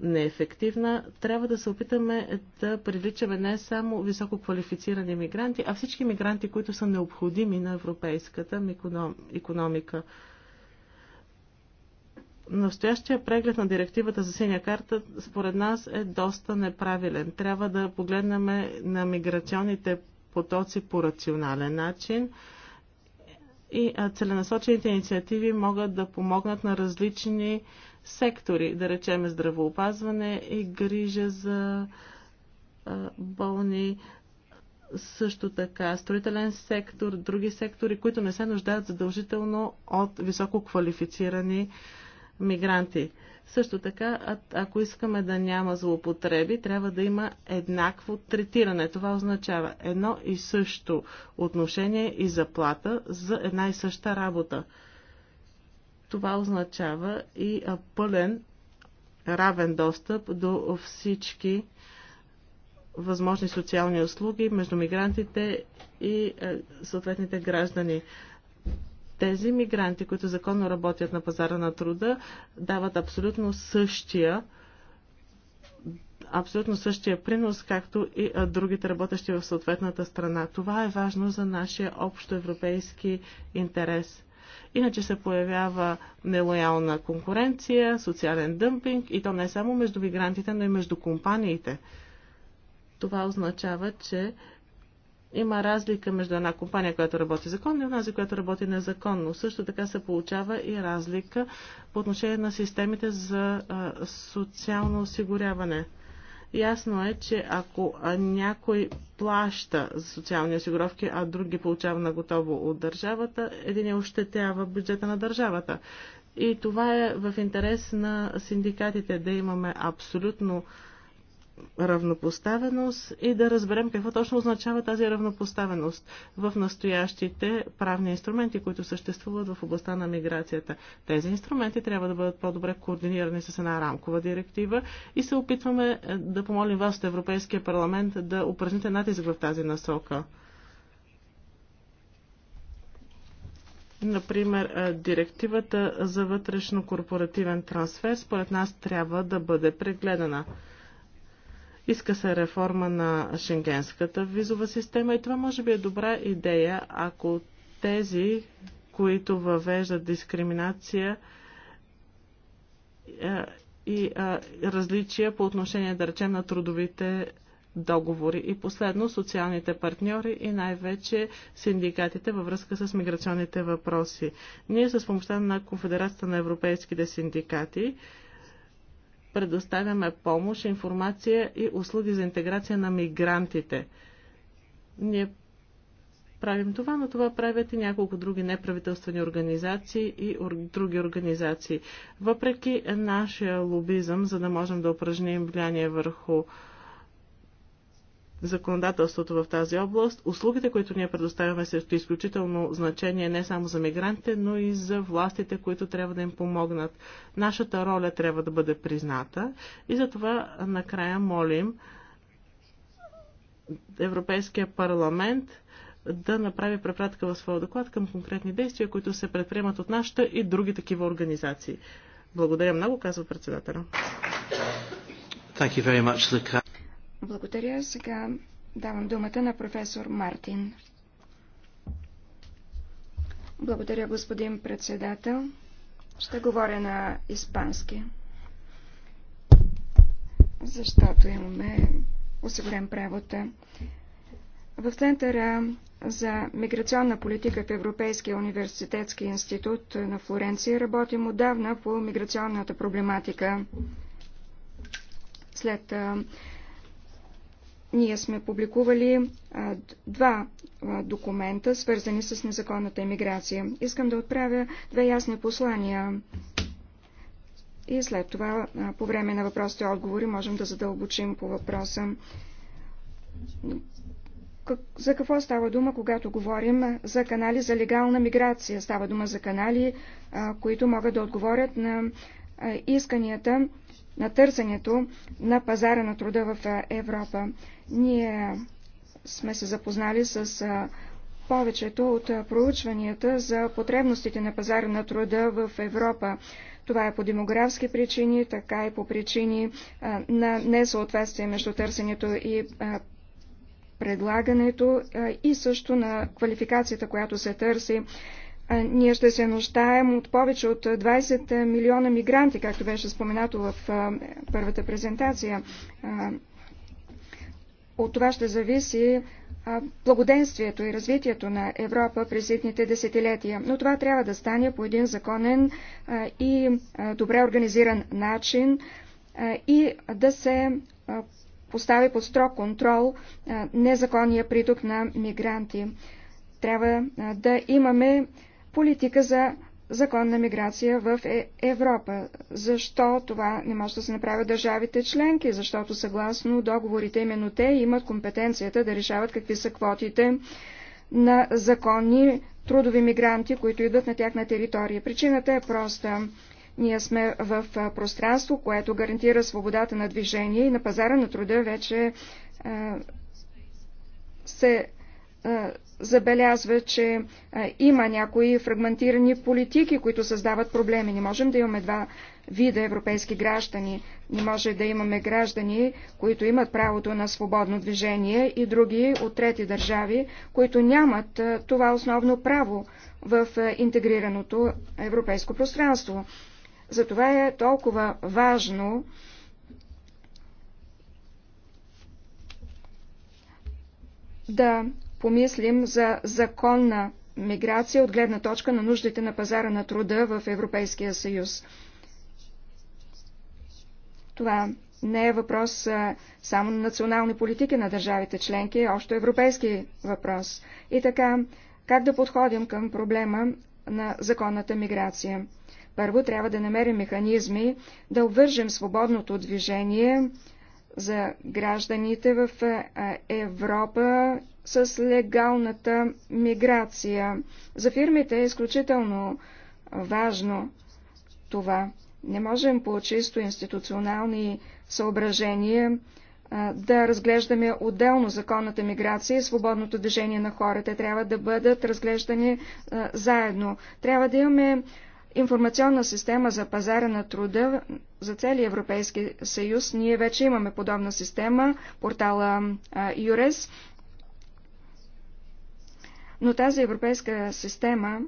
неефективна, трябва да се опитаме да привличаме не само високо квалифицирани мигранти, а всички мигранти, които са необходими на европейската економика. Настоящия преглед на директивата за синя карта според нас е доста неправилен. Трябва да погледнем на миграционните потоци по рационален начин и целенасочените инициативи могат да помогнат на различни сектори, да речем здравоопазване и грижа за болни, също така строителен сектор, други сектори, които не се нуждаят задължително от високо квалифицирани мигранти. Също така, ако искаме да няма злоупотреби, трябва да има еднакво третиране. Това означава едно и също отношение и заплата за една и съща работа. Това означава и пълен равен достъп до всички възможни социални услуги между мигрантите и съответните граждани. Тези мигранти, които законно работят на пазара на труда, дават абсолютно същия абсолютно същия принос, както и другите работещи в съответната страна. Това е важно за нашия общо европейски интерес. Иначе се появява нелоялна конкуренция, социален дъмпинг и то не само между мигрантите, но и между компаниите. Това означава, че има разлика между една компания, която работи законно и онази, която работи незаконно. Също така се получава и разлика по отношение на системите за социално осигуряване. Ясно е, че ако някой плаща за социални осигуровки, а друг ги получава на готово от държавата, един е ощетява бюджета на държавата. И това е в интерес на синдикатите да имаме абсолютно равнопоставеност и да разберем какво точно означава тази равнопоставеност в настоящите правни инструменти, които съществуват в областта на миграцията. Тези инструменти трябва да бъдат по-добре координирани с една рамкова директива и се опитваме е, да помолим вас от Европейския парламент да упражните натиск в тази насока. Например, е, директивата за вътрешно корпоративен трансфер според нас трябва да бъде прегледана. Иска се реформа на шенгенската визова система и това може би е добра идея, ако тези, които въвеждат дискриминация е, и е, различия по отношение, да речем, на трудовите договори. И последно, социалните партньори и най-вече синдикатите във връзка с миграционните въпроси. Ние с помощта на Конфедерацията на европейските синдикати предоставяме помощ, информация и услуги за интеграция на мигрантите. Ние правим това, но това правят и няколко други неправителствени организации и други организации. Въпреки нашия лобизъм, за да можем да упражним влияние върху законодателството в тази област, услугите, които ние предоставяме, са изключително значение не само за мигрантите, но и за властите, които трябва да им помогнат. Нашата роля трябва да бъде призната и затова накрая молим Европейския парламент да направи препратка в своя доклад към конкретни действия, които се предприемат от нашата и други такива организации. Благодаря много, казва председателя. Thank you very much, благодаря. Сега давам думата на професор Мартин. Благодаря, господин председател. Ще говоря на испански, защото имаме осигурен превода. В Центъра за миграционна политика в Европейския университетски институт на Флоренция работим отдавна по миграционната проблематика. След ние сме публикували два документа, свързани с незаконната иммиграция. Искам да отправя две ясни послания. И след това, по време на въпросите и отговори, можем да задълбочим по въпроса. За какво става дума, когато говорим за канали за легална миграция? Става дума за канали, които могат да отговорят на исканията на търсенето на пазара на труда в Европа. Ние сме се запознали с повечето от проучванията за потребностите на пазара на труда в Европа. Това е по демографски причини, така и по причини на несъответствие между търсенето и предлагането и също на квалификацията, която се търси ние ще се нуждаем от повече от 20 милиона мигранти, както беше споменато в първата презентация. От това ще зависи благоденствието и развитието на Европа през едните десетилетия. Но това трябва да стане по един законен и добре организиран начин и да се постави под строг контрол незаконния приток на мигранти. Трябва да имаме политика за законна миграция в е-, Европа. Защо това не може да се направи държавите членки? Защото съгласно договорите именно те имат компетенцията да решават какви са квотите на законни трудови мигранти, които идват на тяхна територия. Причината е проста. Ние сме в пространство, което гарантира свободата на движение и на пазара на труда вече се забелязва, че има някои фрагментирани политики, които създават проблеми. Не можем да имаме два вида европейски граждани. Не може да имаме граждани, които имат правото на свободно движение и други от трети държави, които нямат това основно право в интегрираното европейско пространство. Затова е толкова важно да помислим за законна миграция от гледна точка на нуждите на пазара на труда в Европейския съюз. Това не е въпрос само на национални политики на държавите членки, а още европейски въпрос. И така, как да подходим към проблема на законната миграция? Първо трябва да намерим механизми да обвържем свободното движение за гражданите в Европа с легалната миграция. За фирмите е изключително важно това. Не можем по чисто институционални съображения да разглеждаме отделно законната миграция и свободното движение на хората. Трябва да бъдат разглеждани заедно. Трябва да имаме информационна система за пазара на труда за целия Европейски съюз. Ние вече имаме подобна система, портала ЮРЕС. Но тази европейска система,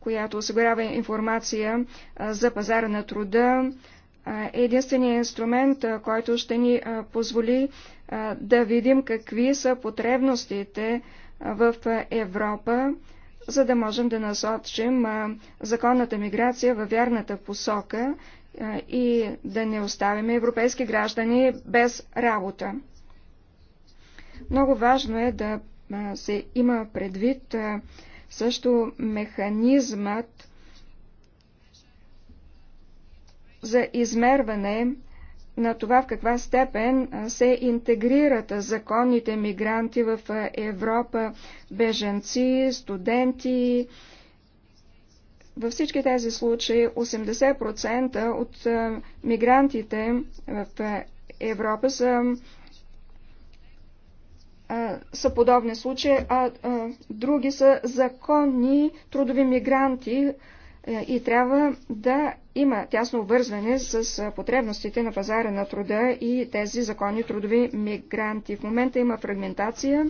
която осигурява информация за пазара на труда, е единственият инструмент, който ще ни позволи да видим какви са потребностите в Европа за да можем да насочим законната миграция във вярната посока и да не оставяме европейски граждани без работа. Много важно е да се има предвид също механизмът за измерване на това в каква степен се интегрират законните мигранти в Европа, беженци, студенти. Във всички тези случаи 80% от мигрантите в Европа са, са подобни случаи, а други са законни трудови мигранти, е, и трябва да има тясно обвързване с е, потребностите на пазара на труда и тези законни трудови мигранти. В момента има фрагментация,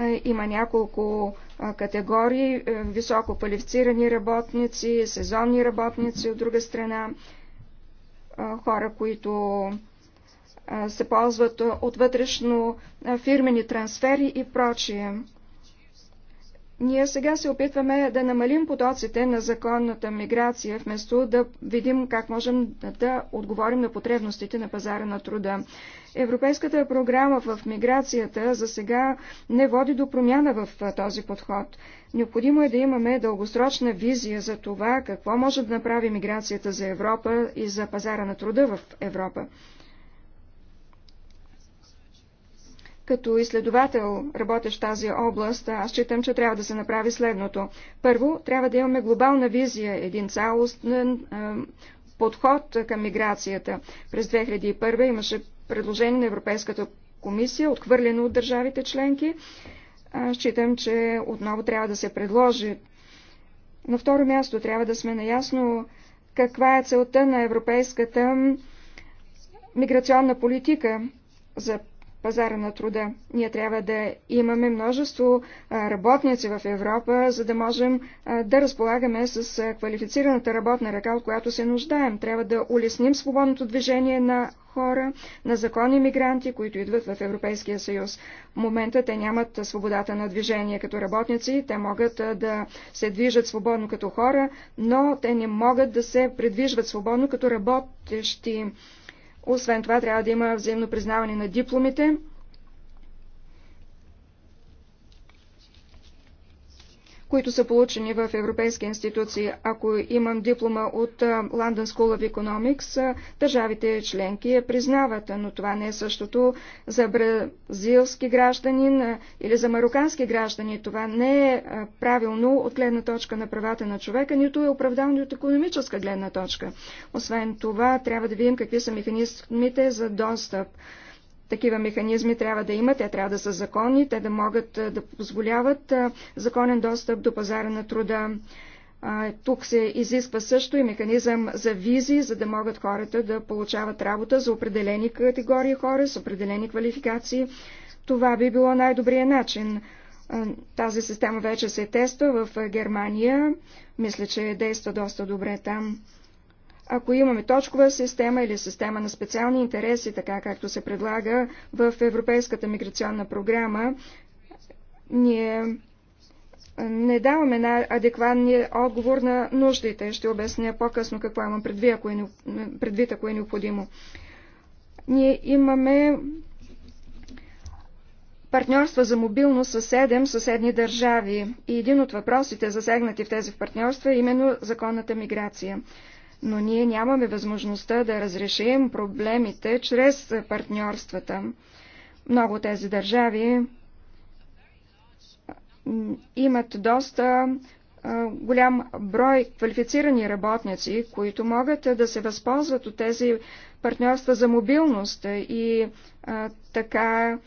е, има няколко категории, високо квалифицирани работници, сезонни работници от друга страна, хора, които се ползват от вътрешно фирмени трансфери и прочие. Ние сега се опитваме да намалим потоците на законната миграция, вместо да видим как можем да отговорим на потребностите на пазара на труда. Европейската програма в миграцията за сега не води до промяна в този подход. Необходимо е да имаме дългосрочна визия за това какво може да направи миграцията за Европа и за пазара на труда в Европа. Като изследовател, работещ в тази област, аз считам, че трябва да се направи следното. Първо, трябва да имаме глобална визия, един цялостен подход към миграцията. През 2001 имаше предложение на Европейската комисия, отхвърлено от държавите членки. аз Считам, че отново трябва да се предложи. На второ място трябва да сме наясно каква е целта на европейската миграционна политика за пазара на труда. Ние трябва да имаме множество работници в Европа, за да можем да разполагаме с квалифицираната работна ръка, от която се нуждаем. Трябва да улесним свободното движение на хора, на законни мигранти, които идват в Европейския съюз. В момента те нямат свободата на движение като работници, те могат да се движат свободно като хора, но те не могат да се придвижват свободно като работещи. Освен това трябва да има взаимно признаване на дипломите. които са получени в европейски институции. Ако имам диплома от London School of Economics, държавите членки я признават, но това не е същото за бразилски гражданин или за марокански граждани. Това не е правилно от гледна точка на правата на човека, нито е оправдано от економическа гледна точка. Освен това, трябва да видим какви са механизмите за достъп. Такива механизми трябва да има, те трябва да са законни, те да могат да позволяват законен достъп до пазара на труда. Тук се изисква също и механизъм за визи, за да могат хората да получават работа за определени категории хора с определени квалификации. Това би било най-добрият начин. Тази система вече се тества в Германия. Мисля, че действа доста добре там ако имаме точкова система или система на специални интереси, така както се предлага в Европейската миграционна програма, ние не даваме на адекватния отговор на нуждите. Ще обясня по-късно какво имам предвид, ако е, предвид, ако е необходимо. Ние имаме партньорства за мобилност с седем съседни държави. И един от въпросите, засегнати в тези партньорства, е именно законната миграция но ние нямаме възможността да разрешим проблемите чрез партньорствата. Много тези държави имат доста голям брой квалифицирани работници, които могат да се възползват от тези партньорства за мобилност и а, така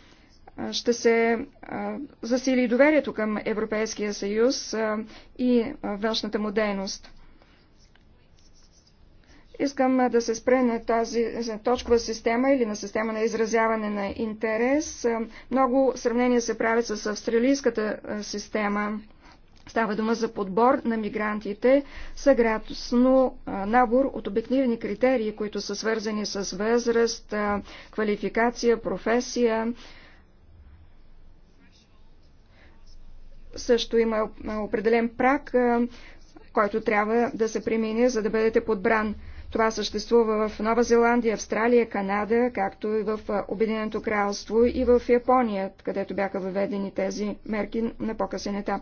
ще се а, засили доверието към Европейския съюз а, и външната му дейност. Искам да се спре на тази точкова система или на система на изразяване на интерес. Много сравнения се правят с австралийската система. Става дума за подбор на мигрантите съгласно набор от обективни критерии, които са свързани с възраст, квалификация, професия. Също има определен прак, който трябва да се премине, за да бъдете подбран. Това съществува в Нова Зеландия, Австралия, Канада, както и в Обединеното кралство и в Япония, където бяха въведени тези мерки на по-късен етап.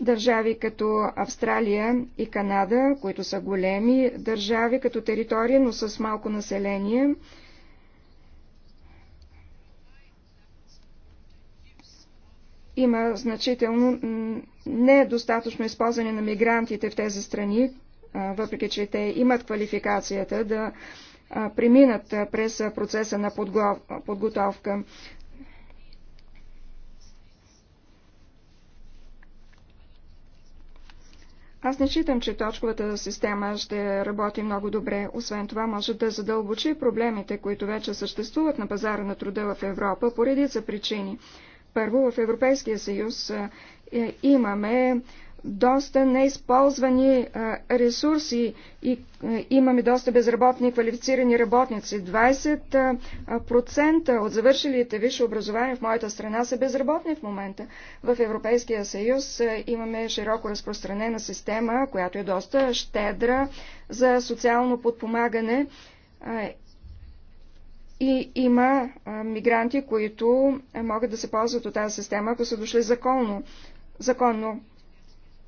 Държави като Австралия и Канада, които са големи държави като територия, но с малко население, има значително недостатъчно използване на мигрантите в тези страни, въпреки че те имат квалификацията да преминат през процеса на подготовка. Аз не считам, че точковата система ще работи много добре. Освен това, може да задълбочи проблемите, които вече съществуват на пазара на труда в Европа по редица причини. Първо, в Европейския съюз е, имаме доста неизползвани ресурси и имаме доста безработни квалифицирани работници. 20% от завършилите висше образование в моята страна са безработни в момента. В Европейския съюз имаме широко разпространена система, която е доста щедра за социално подпомагане и има мигранти, които могат да се ползват от тази система, ако са дошли законно. законно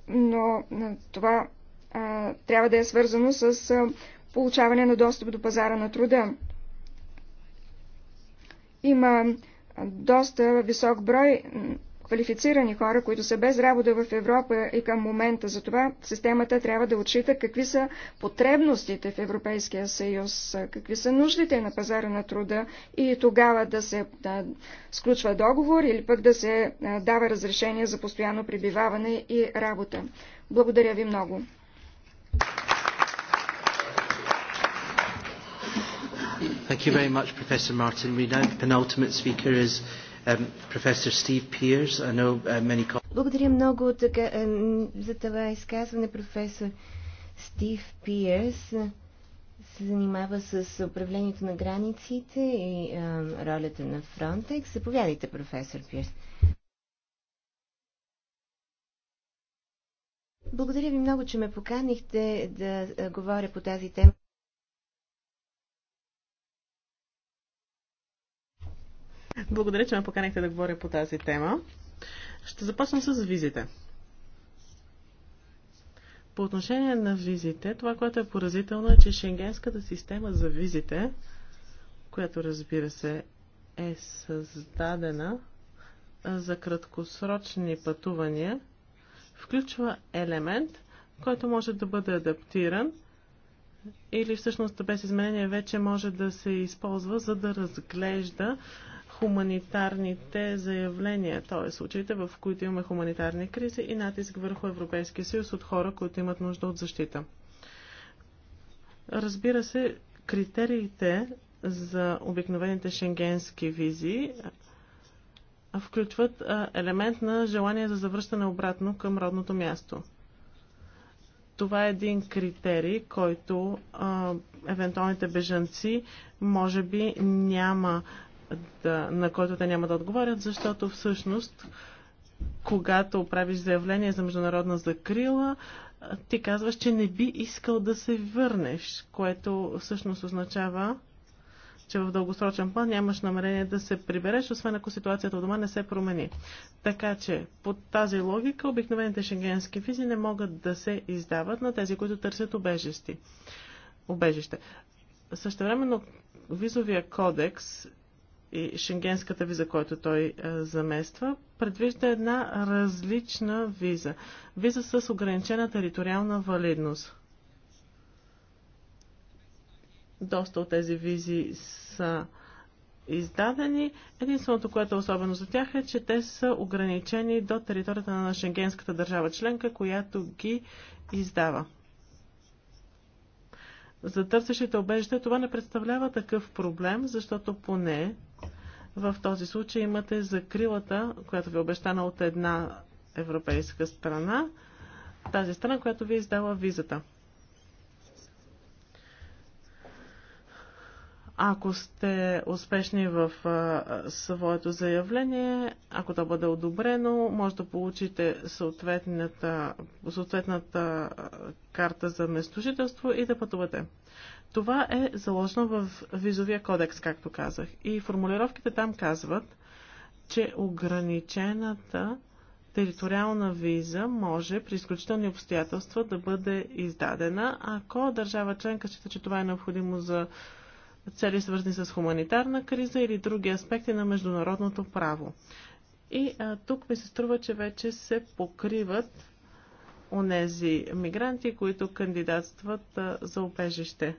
но това а, трябва да е свързано с а, получаване на достъп до пазара на труда. Има доста висок брой квалифицирани хора, които са без работа в Европа и към момента. Затова системата трябва да отчита какви са потребностите в Европейския съюз, какви са нуждите на пазара на труда и тогава да се да, сключва договор или пък да се дава разрешение за постоянно пребиваване и работа. Благодаря ви много. Thank you very much, Professor Martin. We now, the penultimate speaker is Um, uh, Благодаря много така, е, за това изказване, професор Стив Пиерс. Се занимава с управлението на границите и а, е, ролята на Фронтекс. Заповядайте, професор Пиерс. Благодаря ви много, че ме поканихте да е, говоря по тази тема. Благодаря, че ме поканихте да говоря по тази тема. Ще започна с визите. По отношение на визите, това, което е поразително е, че шенгенската система за визите, която разбира се е създадена за краткосрочни пътувания, включва елемент, който може да бъде адаптиран или всъщност без изменение вече може да се използва, за да разглежда хуманитарните заявления, т.е. случаите, в които имаме хуманитарни кризи и натиск върху Европейския съюз от хора, които имат нужда от защита. Разбира се, критериите за обикновените шенгенски визи включват елемент на желание за завръщане обратно към родното място. Това е един критерий, който а, евентуалните бежанци може би няма да, на който те няма да отговарят, защото всъщност, когато правиш заявление за международна закрила, ти казваш, че не би искал да се върнеш, което всъщност означава, че в дългосрочен план нямаш намерение да се прибереш, освен ако ситуацията у дома не се промени. Така че, под тази логика, обикновените шенгенски визи не могат да се издават на тези, които търсят убежище. Също времено, визовия кодекс и шенгенската виза, който той е, замества, предвижда една различна виза. Виза с ограничена териториална валидност. Доста от тези визи са издадени. Единственото, което е особено за тях е, че те са ограничени до територията на шенгенската държава членка, която ги издава за търсещите обежище това не представлява такъв проблем, защото поне в този случай имате закрилата, която ви е обещана от една европейска страна, тази страна, която ви е издала визата. Ако сте успешни в своето заявление, ако то бъде одобрено, може да получите съответната, съответната карта за местожителство и да пътувате. Това е заложено в визовия кодекс, както казах. И формулировките там казват, че ограничената териториална виза може при изключителни обстоятелства да бъде издадена, ако държава членка счита, че това е необходимо за цели свързани с хуманитарна криза или други аспекти на международното право. И а, тук ми се струва, че вече се покриват онези мигранти, които кандидатстват а, за убежище.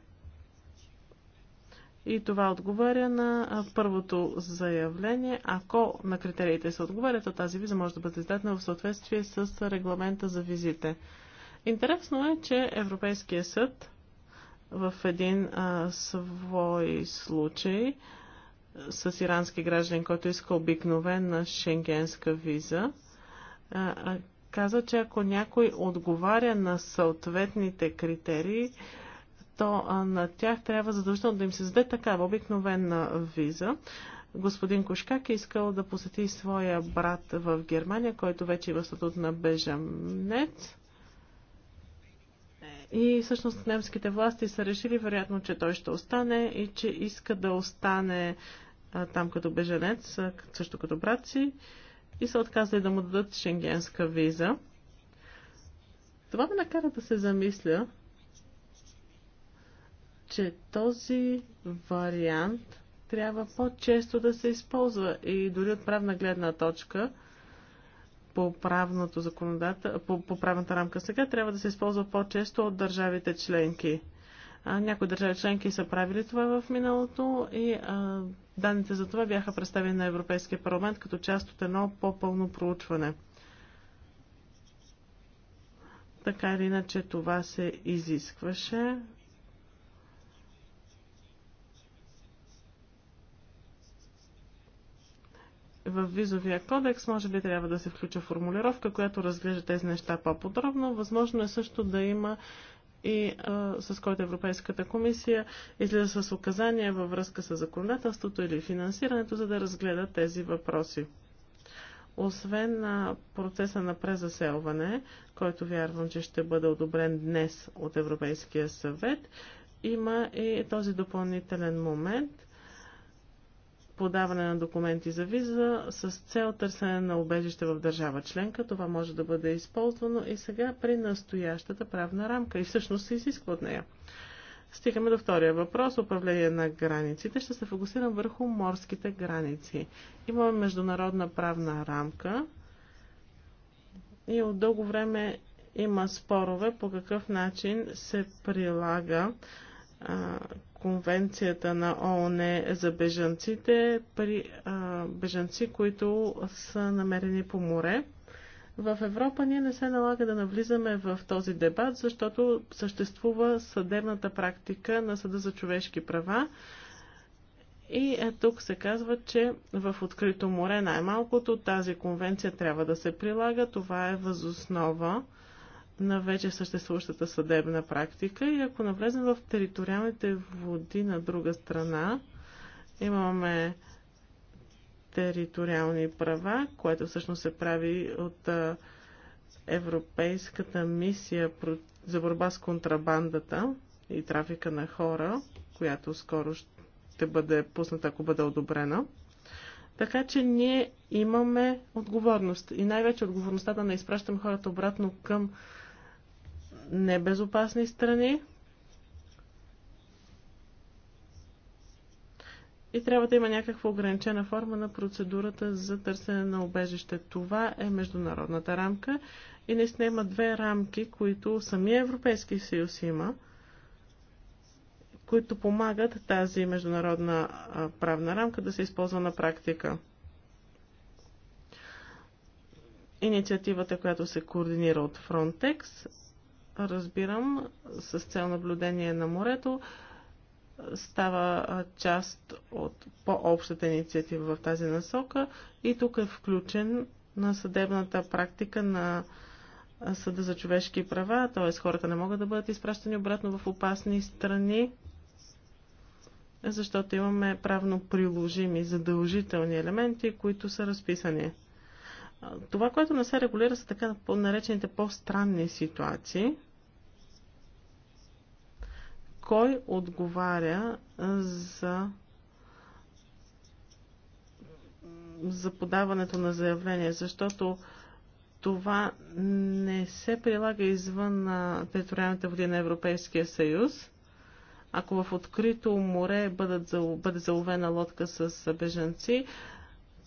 И това отговаря на а, първото заявление. Ако на критериите се отговаря, то тази виза може да бъде издадена в съответствие с регламента за визите. Интересно е, че Европейския съд в един а, свой случай с ирански граждан, който иска обикновена шенгенска виза, а, а, каза, че ако някой отговаря на съответните критерии, то а, на тях трябва задължително да им се зададе такава обикновена виза. Господин Кошкак е искал да посети своя брат в Германия, който вече има е статут на бежанец. И всъщност немските власти са решили вероятно, че той ще остане и че иска да остане а, там като беженец, също като брат си, и са отказали да му дадат шенгенска виза. Това ме накара да се замисля, че този вариант трябва по-често да се използва и дори от правна гледна точка – по, правното законодател... по, по правната рамка сега трябва да се използва по-често от държавите членки. А, някои държави членки са правили това в миналото и а, данните за това бяха представени на Европейския парламент като част от едно по-пълно проучване. Така или иначе това се изискваше в визовия кодекс може би трябва да се включа формулировка, която разглежда тези неща по-подробно. Възможно е също да има и а, с който Европейската комисия излиза с указания във връзка с законодателството или финансирането, за да разгледа тези въпроси. Освен на процеса на презаселване, който вярвам, че ще бъде одобрен днес от Европейския съвет, има и този допълнителен момент – подаване на документи за виза с цел търсене на убежище в държава членка. Това може да бъде използвано и сега при настоящата правна рамка и всъщност се изисква от нея. Стигаме до втория въпрос. Управление на границите. Ще се фокусирам върху морските граници. Имаме международна правна рамка и от дълго време има спорове по какъв начин се прилага а, конвенцията на ООН за бежанците при а, бежанци, които са намерени по море. В Европа ние не се налага да навлизаме в този дебат, защото съществува съдебната практика на Съда за човешки права. И е, тук се казва, че в открито море най-малкото тази конвенция трябва да се прилага. Това е възоснова основа на вече съществуващата съдебна практика и ако навлезем в териториалните води на друга страна, имаме териториални права, което всъщност се прави от Европейската мисия за борба с контрабандата и трафика на хора, която скоро ще бъде пусната, ако бъде одобрена. Така че ние имаме отговорност и най-вече отговорността да не изпращаме хората обратно към небезопасни страни. И трябва да има някаква ограничена форма на процедурата за търсене на обежище. Това е международната рамка и наистина има две рамки, които самия Европейски съюз има, които помагат тази международна правна рамка да се използва на практика. Инициативата, която се координира от Frontex разбирам, с цел наблюдение на морето, става част от по-общата инициатива в тази насока и тук е включен на съдебната практика на Съда за човешки права, т.е. хората не могат да бъдат изпращани обратно в опасни страни, защото имаме правно приложими задължителни елементи, които са разписани. Това, което не се регулира, са така наречените по-странни ситуации кой отговаря за за подаването на заявление, защото това не се прилага извън на териториалните води на Европейския съюз. Ако в открито море бъдат, бъде заловена лодка с бежанци,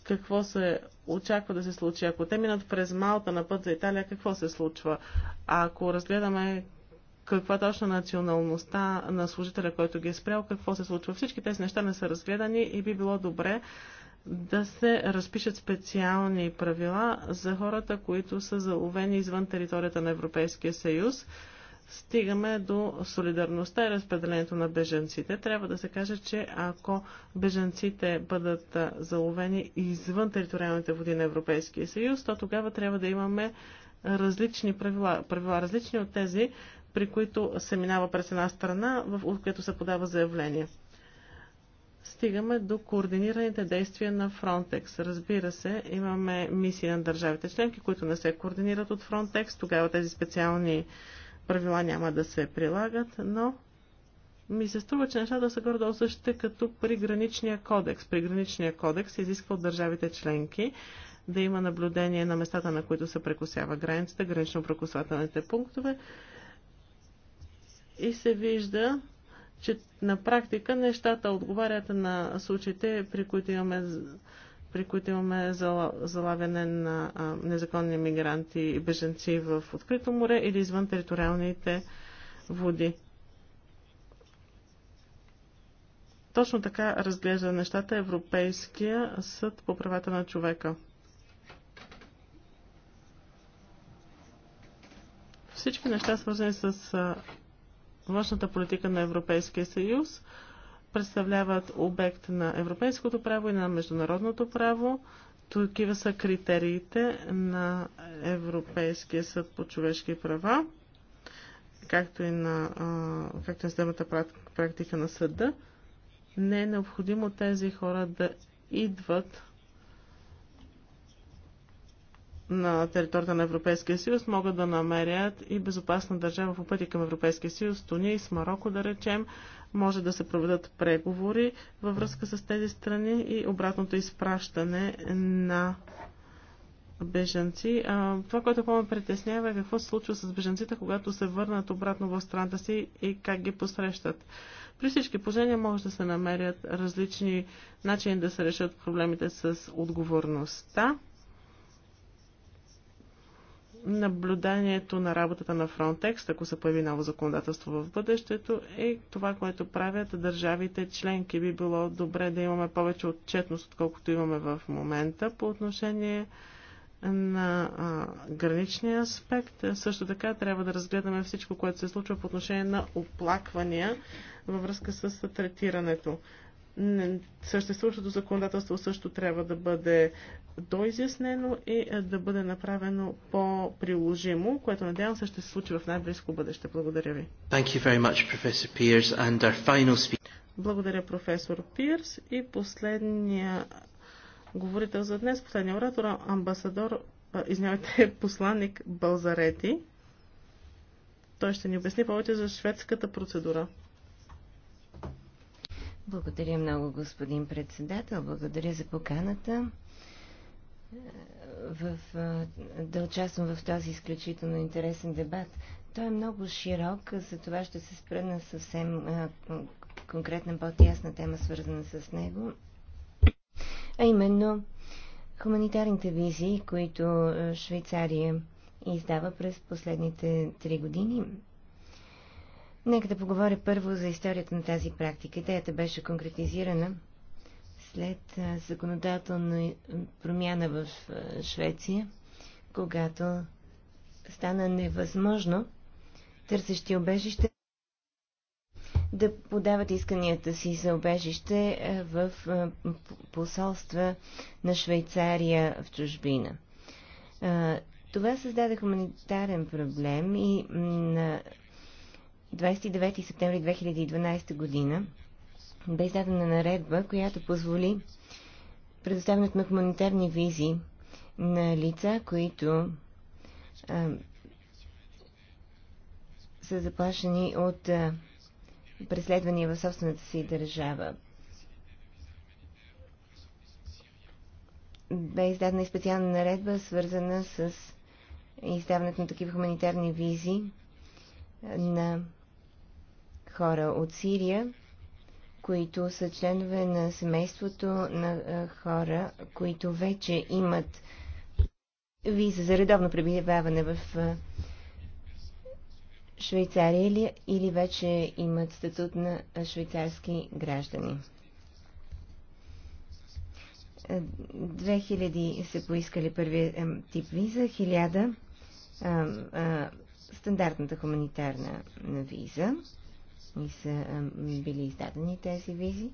какво се очаква да се случи? Ако те минат през Малта на път за Италия, какво се случва? А ако разгледаме каква точно националността на служителя, който ги е спрял, какво се случва. Всички тези неща не са разгледани и би било добре да се разпишат специални правила за хората, които са заловени извън територията на Европейския съюз. Стигаме до солидарността и разпределението на беженците. Трябва да се каже, че ако беженците бъдат заловени извън териториалните води на Европейския съюз, то тогава трябва да имаме различни правила, правила различни от тези, при които се минава през една страна, в която се подава заявление. Стигаме до координираните действия на Frontex. Разбира се, имаме мисии на държавите членки, които не се координират от Frontex. Тогава тези специални правила няма да се прилагат, но ми се струва, че нещата са гордо същите като при граничния кодекс. При граничния кодекс се изисква от държавите членки да има наблюдение на местата, на които се прекусява границата, гранично прекусвателните пунктове и се вижда, че на практика нещата отговарят на случаите, при които имаме, при които имаме залавяне на незаконни мигранти и беженци в открито море или извън териториалните води. Точно така разглежда нещата Европейския съд по правата на човека. Всички неща, свързани с външната политика на Европейския съюз представляват обект на европейското право и на международното право. Такива са критериите на Европейския съд по човешки права, както и на, както и съдебната практика на съда. Не е необходимо тези хора да идват на територията на Европейския съюз могат да намерят и безопасна държава по пътя към Европейския съюз. Тунис, Марокко, да речем, може да се проведат преговори във връзка с тези страни и обратното изпращане на бежанци. това, което по-ме притеснява е какво се случва с бежанците, когато се върнат обратно в страната си и как ги посрещат. При всички положения може да се намерят различни начини да се решат проблемите с отговорността наблюдението на работата на Frontex, ако се появи ново законодателство в бъдещето, е това, което правят държавите членки. Би било добре да имаме повече отчетност, отколкото имаме в момента по отношение на а, граничния аспект. Също така трябва да разгледаме всичко, което се случва по отношение на оплаквания във връзка с третирането. Съществуващото законодателство също трябва да бъде доизяснено и е, да бъде направено по-приложимо, което надявам се ще се случи в най-близко бъдеще. Благодаря ви. Much, Благодаря, професор Пирс. И последния говорител за днес, последния оратор, амбасадор, извинявайте, посланник Балзарети. Той ще ни обясни повече за шведската процедура. Благодаря много, господин председател. Благодаря за поканата в, да участвам в този изключително интересен дебат. Той е много широк, за това ще се спра на съвсем конкретна по-тясна тема, свързана с него. А именно хуманитарните визии, които Швейцария издава през последните три години Нека да поговоря първо за историята на тази практика. Идеята беше конкретизирана след законодателна промяна в Швеция, когато стана невъзможно търсещи обежище да подават исканията си за обежище в посолства на Швейцария в чужбина. Това създаде хуманитарен проблем и на 29 септември 2012 година бе издадена наредба, която позволи предоставянето на хуманитарни визи на лица, които а, са заплашени от а, преследвания в собствената си държава. Бе издадена и специална наредба, свързана с издаването на такива хуманитарни визи на хора от Сирия, които са членове на семейството на хора, които вече имат виза за редовно пребиваване в Швейцария или, или вече имат статут на швейцарски граждани. 2000 са поискали първия тип виза, 1000 а, а, стандартната хуманитарна виза и са били издадени тези визи.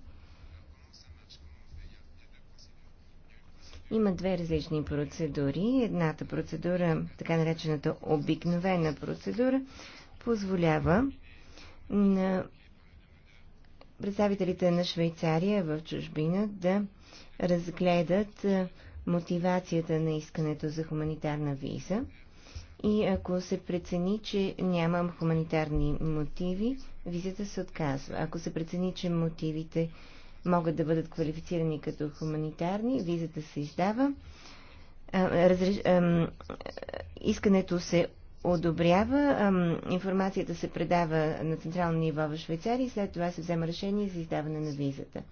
Има две различни процедури. Едната процедура, така наречената обикновена процедура, позволява на представителите на Швейцария в чужбина да разгледат мотивацията на искането за хуманитарна виза. И ако се прецени, че нямам хуманитарни мотиви, визата се отказва. Ако се прецени, че мотивите могат да бъдат квалифицирани като хуманитарни, визата се издава. Разреш... Искането се одобрява, информацията се предава на централно ниво в Швейцария и след това се взема решение за издаване на визата.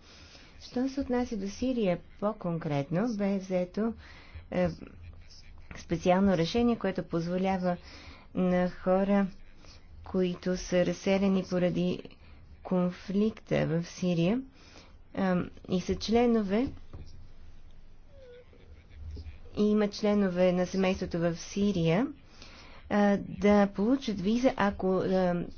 Що се отнася до Сирия по-конкретно, бе взето е, специално решение, което позволява на хора които са разселени поради конфликта в Сирия и са членове и има членове на семейството в Сирия, да получат виза, ако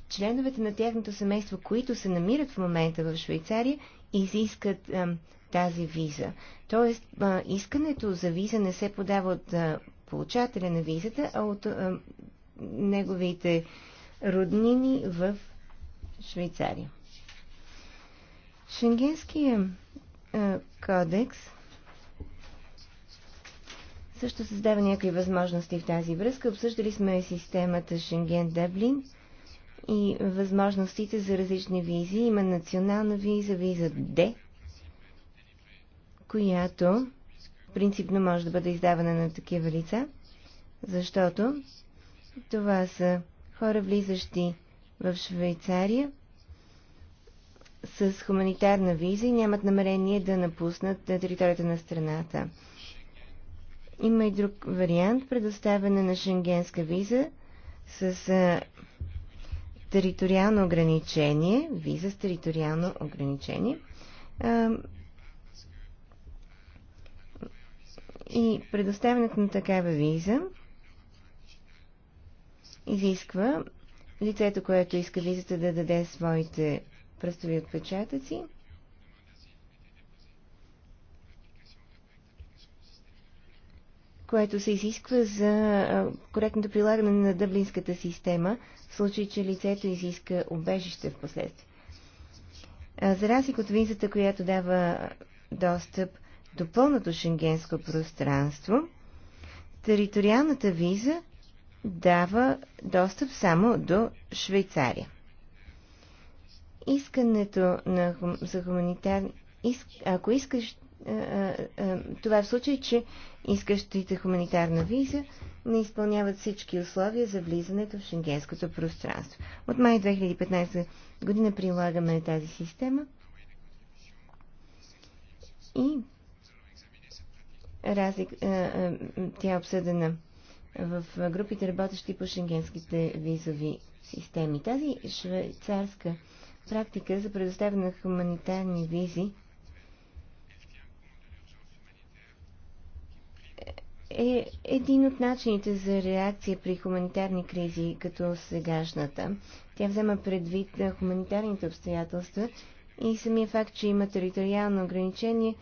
членовете на тяхното семейство, които се намират в момента в Швейцария, изискат тази виза. Тоест, искането за виза не се подава от получателя на визата, а от неговите роднини в Швейцария. Шенгенския кодекс също създава някои възможности в тази връзка. Обсъждали сме системата Шенген-Деблин и възможностите за различни визи. Има национална виза, виза Д, която принципно може да бъде издавана на такива лица, защото това са хора, влизащи в Швейцария с хуманитарна виза и нямат намерение да напуснат на е, територията на страната. Има и друг вариант предоставяне на шенгенска виза с а, е, териториално ограничение, виза с териториално ограничение. А, е, и предоставянето на такава виза изисква лицето, което иска визата да даде своите пръстови отпечатъци, което се изисква за коректното прилагане на дъблинската система, в случай, че лицето изиска убежище в последствие. За разлика от визата, която дава достъп до пълното шенгенско пространство, териториалната виза дава достъп само до Швейцария. Искането на, за хуманитар... Иск, ако искаш... А, а, а, това в случай, че искащите хуманитарна виза не изпълняват всички условия за влизането в шенгенското пространство. От май 2015 година прилагаме тази система и разлик, а, а, тя е обсъдена в групите работещи по шенгенските визови системи. Тази швейцарска практика за предоставяне на хуманитарни визи е един от начините за реакция при хуманитарни кризи, като сегашната. Тя взема предвид на хуманитарните обстоятелства и самия факт, че има териториално ограничение,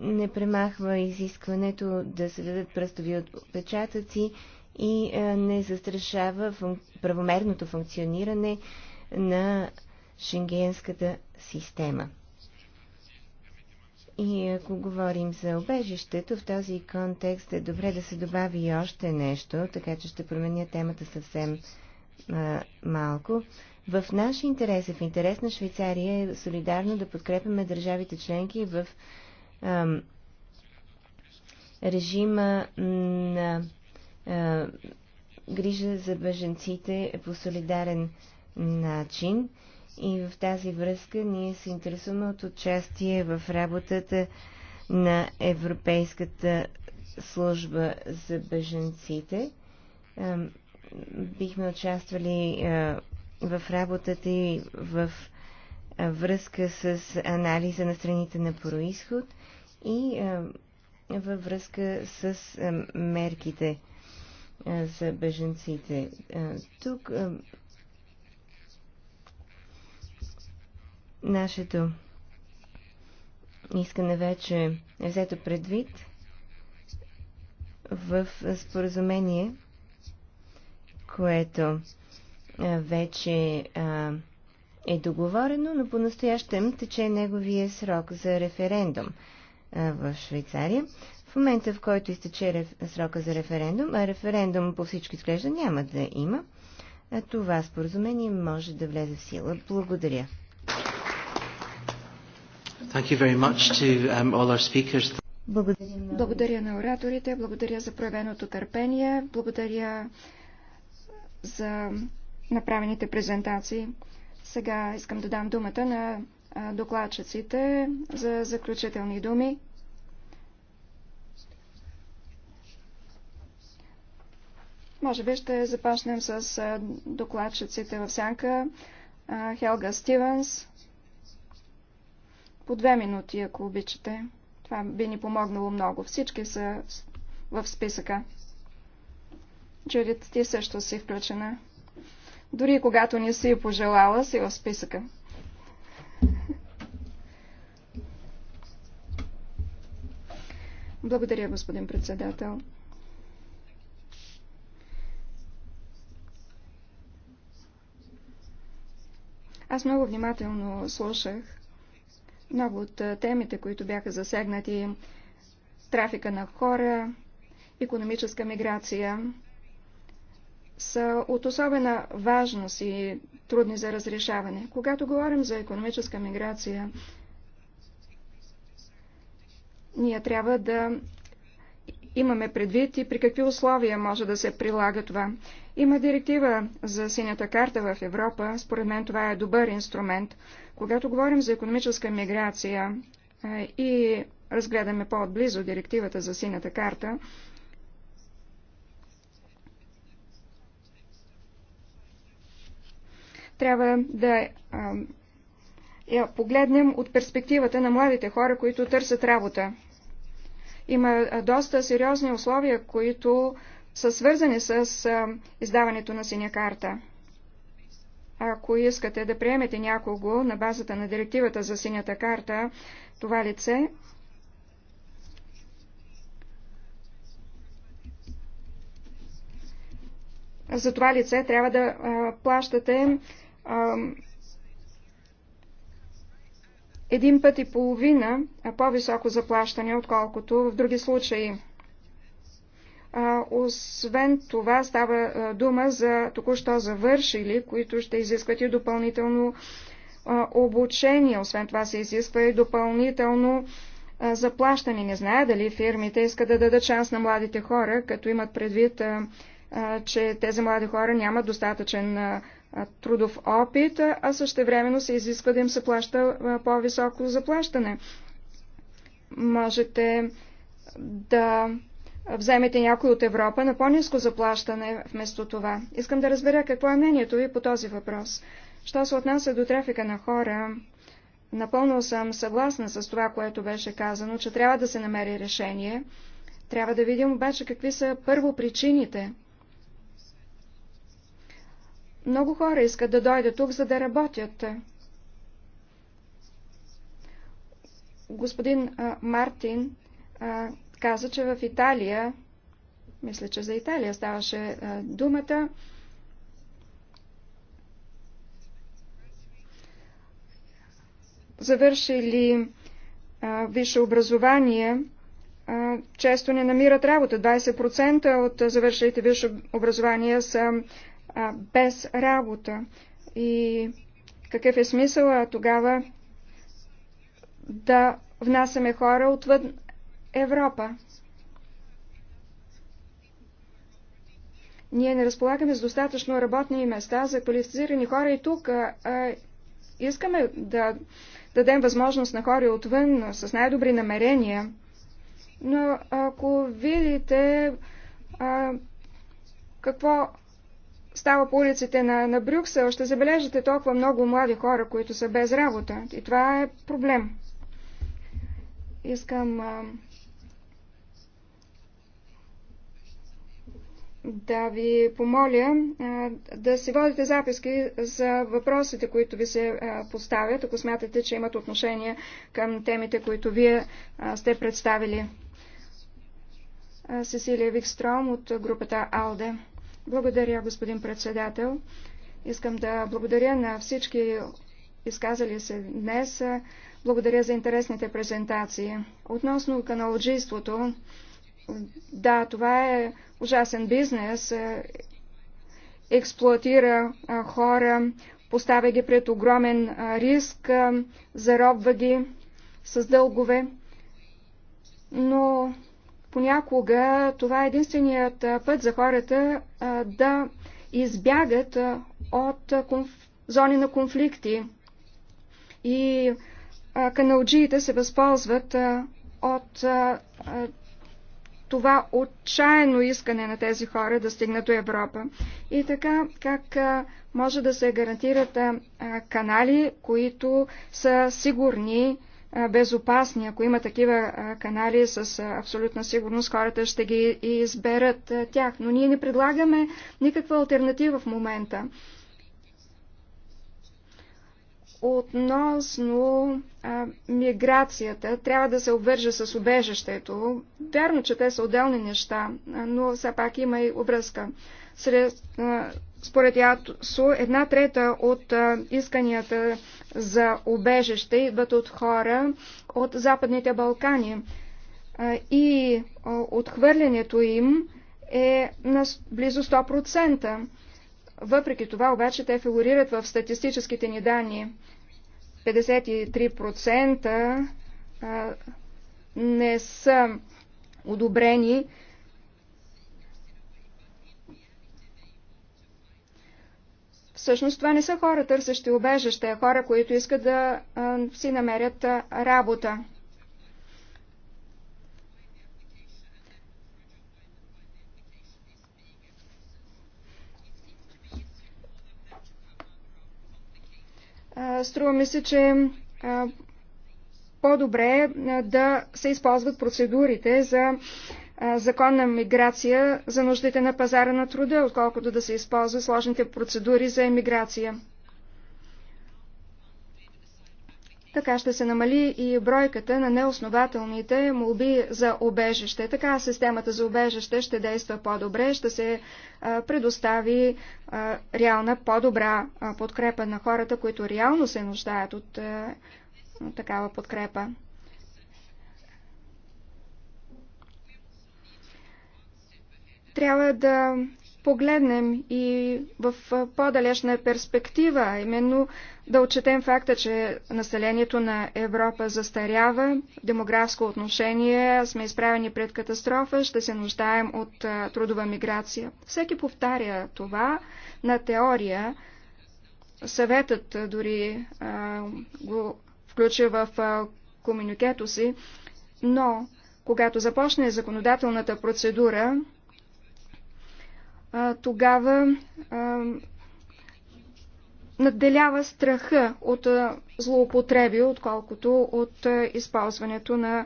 не премахва изискването да се дадат пръстови отпечатъци и е, не застрашава фун... правомерното функциониране на шенгенската система. И ако говорим за обежището, в този контекст е добре да се добави и още нещо, така че ще променя темата съвсем а, е, малко. В наш интерес, в интерес на Швейцария е солидарно да подкрепяме държавите членки в режима на грижа за беженците е по солидарен начин. И в тази връзка ние се интересуваме от участие в работата на Европейската служба за беженците. Бихме участвали в работата и в връзка с анализа на страните на происход и във връзка с мерките за беженците. Тук нашето искане вече е взето предвид в споразумение, което вече е е договорено, но по-настоящем тече неговия срок за референдум в Швейцария. В момента, в който изтече срока за референдум, а референдум по всички изглежда няма да има, това споразумение може да влезе в сила. Благодаря. Thank you very much to, um, all our speakers. благодаря на ораторите, благодаря за проявеното търпение, благодаря за направените презентации. Сега искам да дам думата на докладчиците за заключителни думи. Може би ще започнем с докладчиците в сянка. Хелга Стивенс. По две минути, ако обичате. Това би ни помогнало много. Всички са в списъка. Джудит, ти също си включена. Дори когато не си пожелала, си в списъка. Благодаря, господин председател. Аз много внимателно слушах много от темите, които бяха засегнати. Трафика на хора, економическа миграция, са от особена важност и трудни за разрешаване. Когато говорим за економическа миграция, ние трябва да имаме предвид и при какви условия може да се прилага това. Има директива за синята карта в Европа. Според мен това е добър инструмент. Когато говорим за економическа миграция и разгледаме по-отблизо директивата за синята карта, трябва да я погледнем от перспективата на младите хора, които търсят работа. Има доста сериозни условия, които са свързани с издаването на синя карта. Ако искате да приемете някого на базата на директивата за синята карта, това лице за това лице трябва да плащате един път и половина е по-високо заплащане, отколкото в други случаи. Освен това става дума за току-що завършили, които ще изискват и допълнително обучение. Освен това се изисква и допълнително заплащане. Не знае дали фирмите искат да дадат шанс на младите хора, като имат предвид, че тези млади хора нямат достатъчен трудов опит, а също времено се изисква да им се плаща по-високо заплащане. Можете да вземете някой от Европа на по-низко заплащане вместо това. Искам да разбера какво е мнението ви по този въпрос. Що се отнася до трафика на хора, напълно съм съгласна с това, което беше казано, че трябва да се намери решение. Трябва да видим обаче какви са първо причините. Много хора искат да дойдат тук, за да работят. Господин а, Мартин а, каза, че в Италия, мисля, че за Италия ставаше а, думата, завършили а, висше образование, а, често не намират работа. 20% от завършилите висше образование са а, без работа. И какъв е смисъл тогава да внасяме хора отвън Европа? Ние не разполагаме с достатъчно работни места за квалифицирани хора и тук а, а, искаме да дадем възможност на хора отвън с най-добри намерения. Но ако видите а, какво става по улиците на, на Брюксел, ще забележите толкова много млади хора, които са без работа. И това е проблем. Искам а, да ви помоля а, да си водите записки за въпросите, които ви се а, поставят, ако смятате, че имат отношение към темите, които вие а, сте представили. Сесилия Викстром от групата АЛДЕ. Благодаря, господин председател. Искам да благодаря на всички изказали се днес. Благодаря за интересните презентации. Относно каналджийството, да, това е ужасен бизнес. Експлуатира хора, поставя ги пред огромен риск, заробва ги с дългове. Но Понякога това е единственият път за хората да избягат от зони на конфликти. И каналджиите се възползват от това отчаяно искане на тези хора да стигнат до Европа. И така, как може да се гарантират канали, които са сигурни безопасни. Ако има такива канали, с абсолютна сигурност хората ще ги изберат тях. Но ние не предлагаме никаква альтернатива в момента. Относно а, миграцията, трябва да се обвържа с убежището. Вярно, че те са отделни неща, но все пак има и обръзка. Сред, а, според ЯТОСО, една трета от а, исканията за убежище идват от хора от Западните Балкани и отхвърлянето им е на близо 100%. Въпреки това обаче те фигурират в статистическите ни данни. 53% не са одобрени Всъщност това не са хора търсещи убежище, а хора, които искат да а, си намерят а, работа. струва ми се, че по-добре да се използват процедурите за законна миграция за нуждите на пазара на труда, отколкото да се използва сложните процедури за емиграция. Така ще се намали и бройката на неоснователните молби за обежище. Така системата за обежище ще действа по-добре, ще се предостави реална по-добра подкрепа на хората, които реално се нуждаят от такава подкрепа. трябва да погледнем и в по-далечна перспектива, именно да отчетем факта, че населението на Европа застарява, демографско отношение, сме изправени пред катастрофа, ще се нуждаем от трудова миграция. Всеки повтаря това на теория. Съветът дори а, го включи в комуникето си, но когато започне законодателната процедура, тогава надделява страха от злоупотреби, отколкото от използването на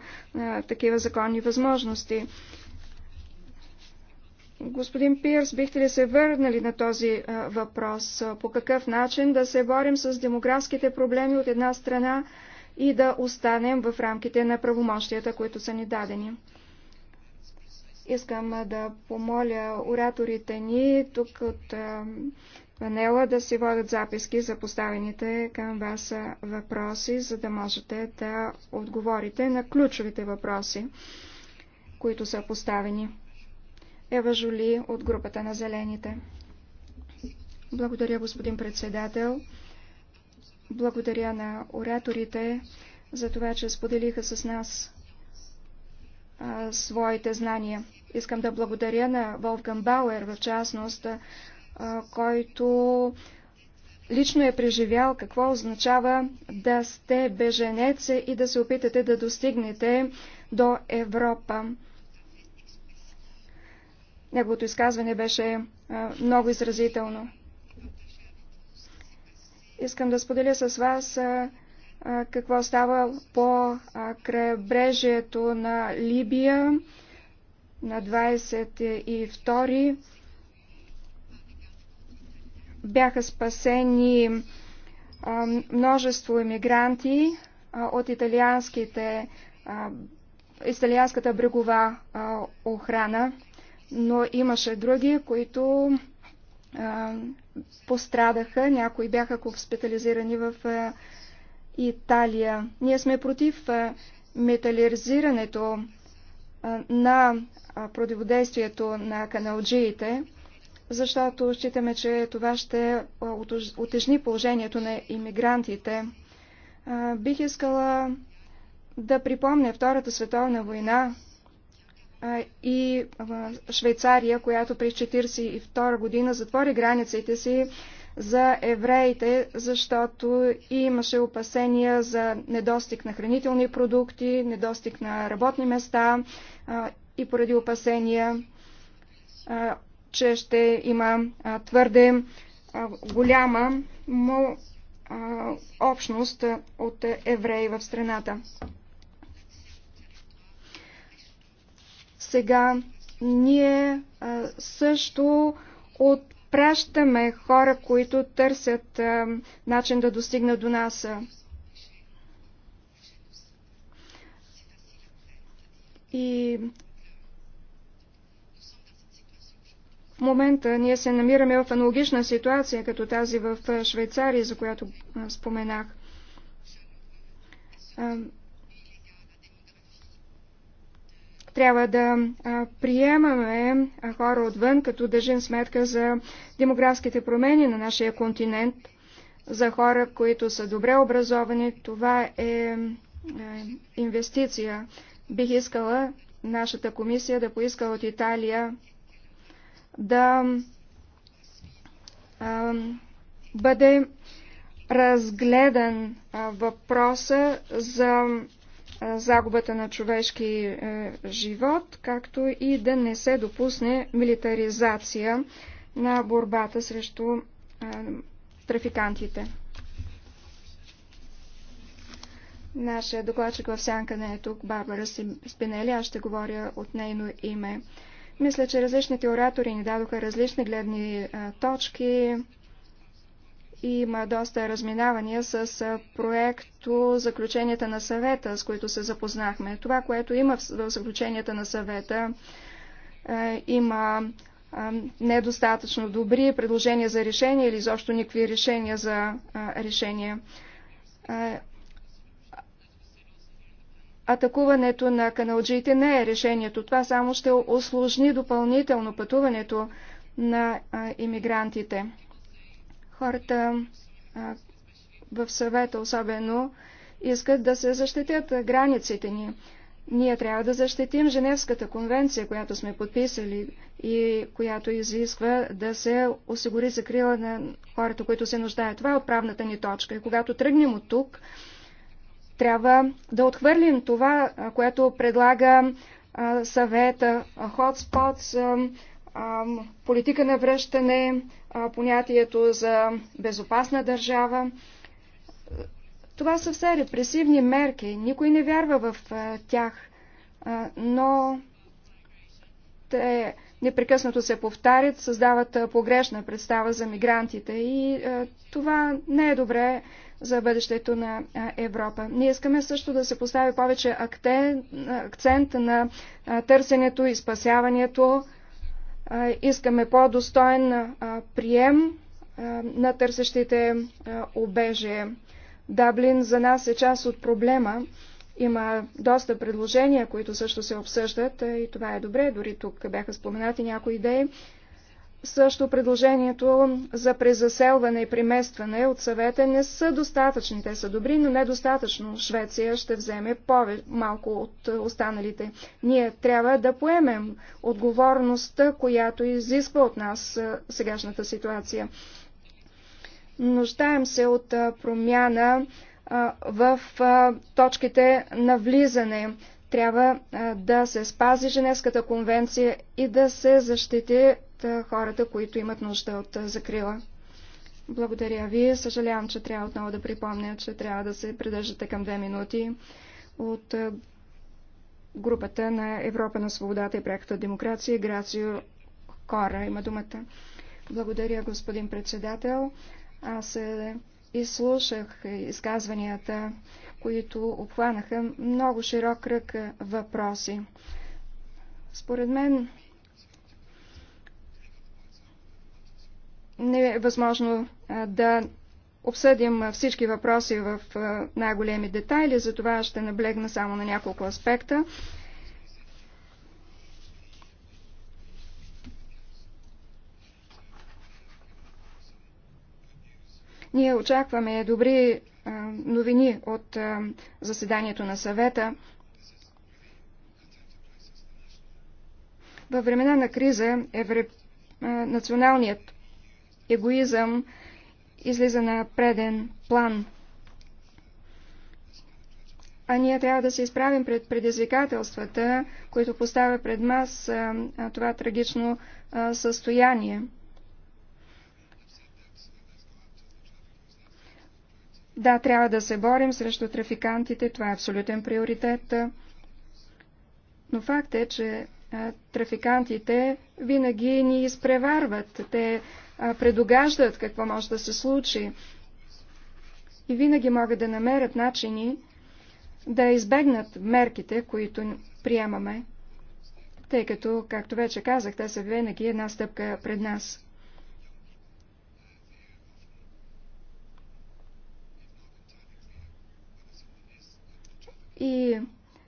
такива законни възможности. Господин Пирс, бихте ли се върнали на този въпрос? По какъв начин да се борим с демографските проблеми от една страна и да останем в рамките на правомощията, които са ни дадени? Искам да помоля ораторите ни тук от панела да си водят записки за поставените към вас въпроси, за да можете да отговорите на ключовите въпроси, които са поставени. Ева Жули от групата на Зелените. Благодаря, господин председател. Благодаря на ораторите за това, че споделиха с нас своите знания. Искам да благодаря на Волфган Бауер, в частност, който лично е преживял какво означава да сте беженец и да се опитате да достигнете до Европа. Неговото изказване беше много изразително. Искам да споделя с вас а, какво става по крайбрежието на Либия на 22 бяха спасени множество емигранти от италианските, италианската брегова охрана, но имаше други, които пострадаха. Някои бяха хоспитализирани в Италия. Ние сме против металиризирането на противодействието на каналджиите, защото считаме, че това ще отежни положението на иммигрантите. Бих искала да припомня Втората световна война и Швейцария, която през 1942 година затвори границите си за евреите, защото имаше опасения за недостиг на хранителни продукти, недостиг на работни места и поради опасения, че ще има твърде голяма му общност от евреи в страната. Сега ние също от изпращаме хора, които търсят а, начин да достигнат до нас. И в момента ние се намираме в аналогична ситуация, като тази в Швейцария, за която споменах. трябва да приемаме хора отвън, като държим сметка за демографските промени на нашия континент, за хора, които са добре образовани. Това е, е инвестиция. Бих искала нашата комисия да поиска от Италия да а, бъде разгледан а, въпроса за загубата на човешки е, живот, както и да не се допусне милитаризация на борбата срещу трафикантите. Нашия докладчик в сянка не е тук, Барбара Спинели, аз ще говоря от нейно име. Мисля, че различните оратори ни дадоха различни гледни точки, има доста разминавания с проекто заключенията на съвета, с които се запознахме. Това, което има в заключенията на съвета, има недостатъчно добри предложения за решение или изобщо никакви решения за решение. Атакуването на каналджиите не е решението. Това само ще осложни допълнително пътуването на иммигрантите. Хората в съвета особено искат да се защитят границите ни. Ние трябва да защитим Женевската конвенция, която сме подписали и която изисква да се осигури закрила на хората, които се нуждаят. Това е отправната ни точка. И когато тръгнем от тук, трябва да отхвърлим това, което предлага съвета, хотспот, политика на връщане, понятието за безопасна държава. Това са все репресивни мерки. Никой не вярва в тях, но те непрекъснато се повтарят, създават погрешна представа за мигрантите и това не е добре за бъдещето на Европа. Ние искаме също да се постави повече акцент на търсенето и спасяването Искаме по-достоен прием на търсещите обеже. Даблин за нас е част от проблема. Има доста предложения, които също се обсъждат и това е добре. Дори тук бяха споменати някои идеи. Също предложението за презаселване и приместване от съвета не са достатъчни. Те са добри, но недостатъчно. Швеция ще вземе по малко от останалите. Ние трябва да поемем отговорността, която изисква от нас сегашната ситуация. Нуждаем се от промяна в точките на влизане трябва да се спази Женевската конвенция и да се защити е, хората, които имат нужда от е, закрила. Благодаря ви. Съжалявам, че трябва отново да припомня, че трябва да се придържате към две минути от е, групата на Европа на свободата и проекта демокрация. Грацио Кора има думата. Благодаря, господин председател. Аз изслушах изказванията, които обхванаха много широк кръг въпроси. Според мен не е възможно да обсъдим всички въпроси в най-големи детайли, затова ще наблегна само на няколко аспекта. Ние очакваме добри новини от заседанието на съвета. Във времена на криза евре... националният егоизъм излиза на преден план. А ние трябва да се изправим пред предизвикателствата, които поставя пред нас това трагично състояние. Да, трябва да се борим срещу трафикантите, това е абсолютен приоритет. Но факт е, че трафикантите винаги ни изпреварват. Те предогаждат какво може да се случи и винаги могат да намерят начини да избегнат мерките, които приемаме, тъй като, както вече казах, те са винаги една стъпка пред нас. И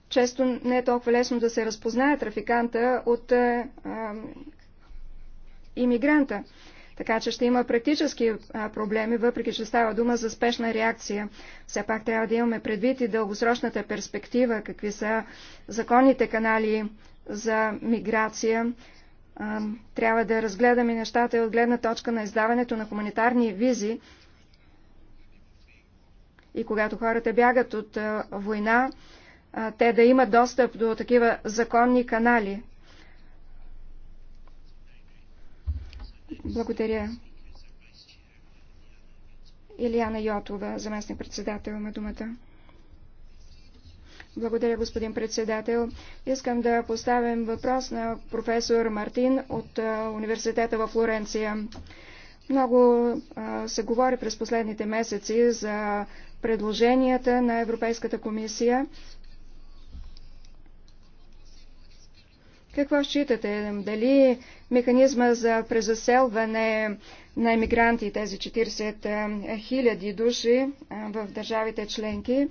често не е толкова лесно да се разпознае трафиканта от а, иммигранта. Така че ще има практически проблеми, въпреки че става дума за спешна реакция. Все пак трябва да имаме предвид и дългосрочната перспектива, какви са законните канали за миграция. Трябва да разгледаме нещата и от гледна точка на издаването на хуманитарни визи. И когато хората бягат от война, те да имат достъп до такива законни канали. Благодаря. Илияна Йотова, заместник председател, има думата. Благодаря, господин председател. Искам да поставим въпрос на професор Мартин от университета в Флоренция. Много а, се говори през последните месеци за предложенията на Европейската комисия Какво считате? Дали механизма за презаселване на емигранти, тези 40 хиляди души в държавите членки,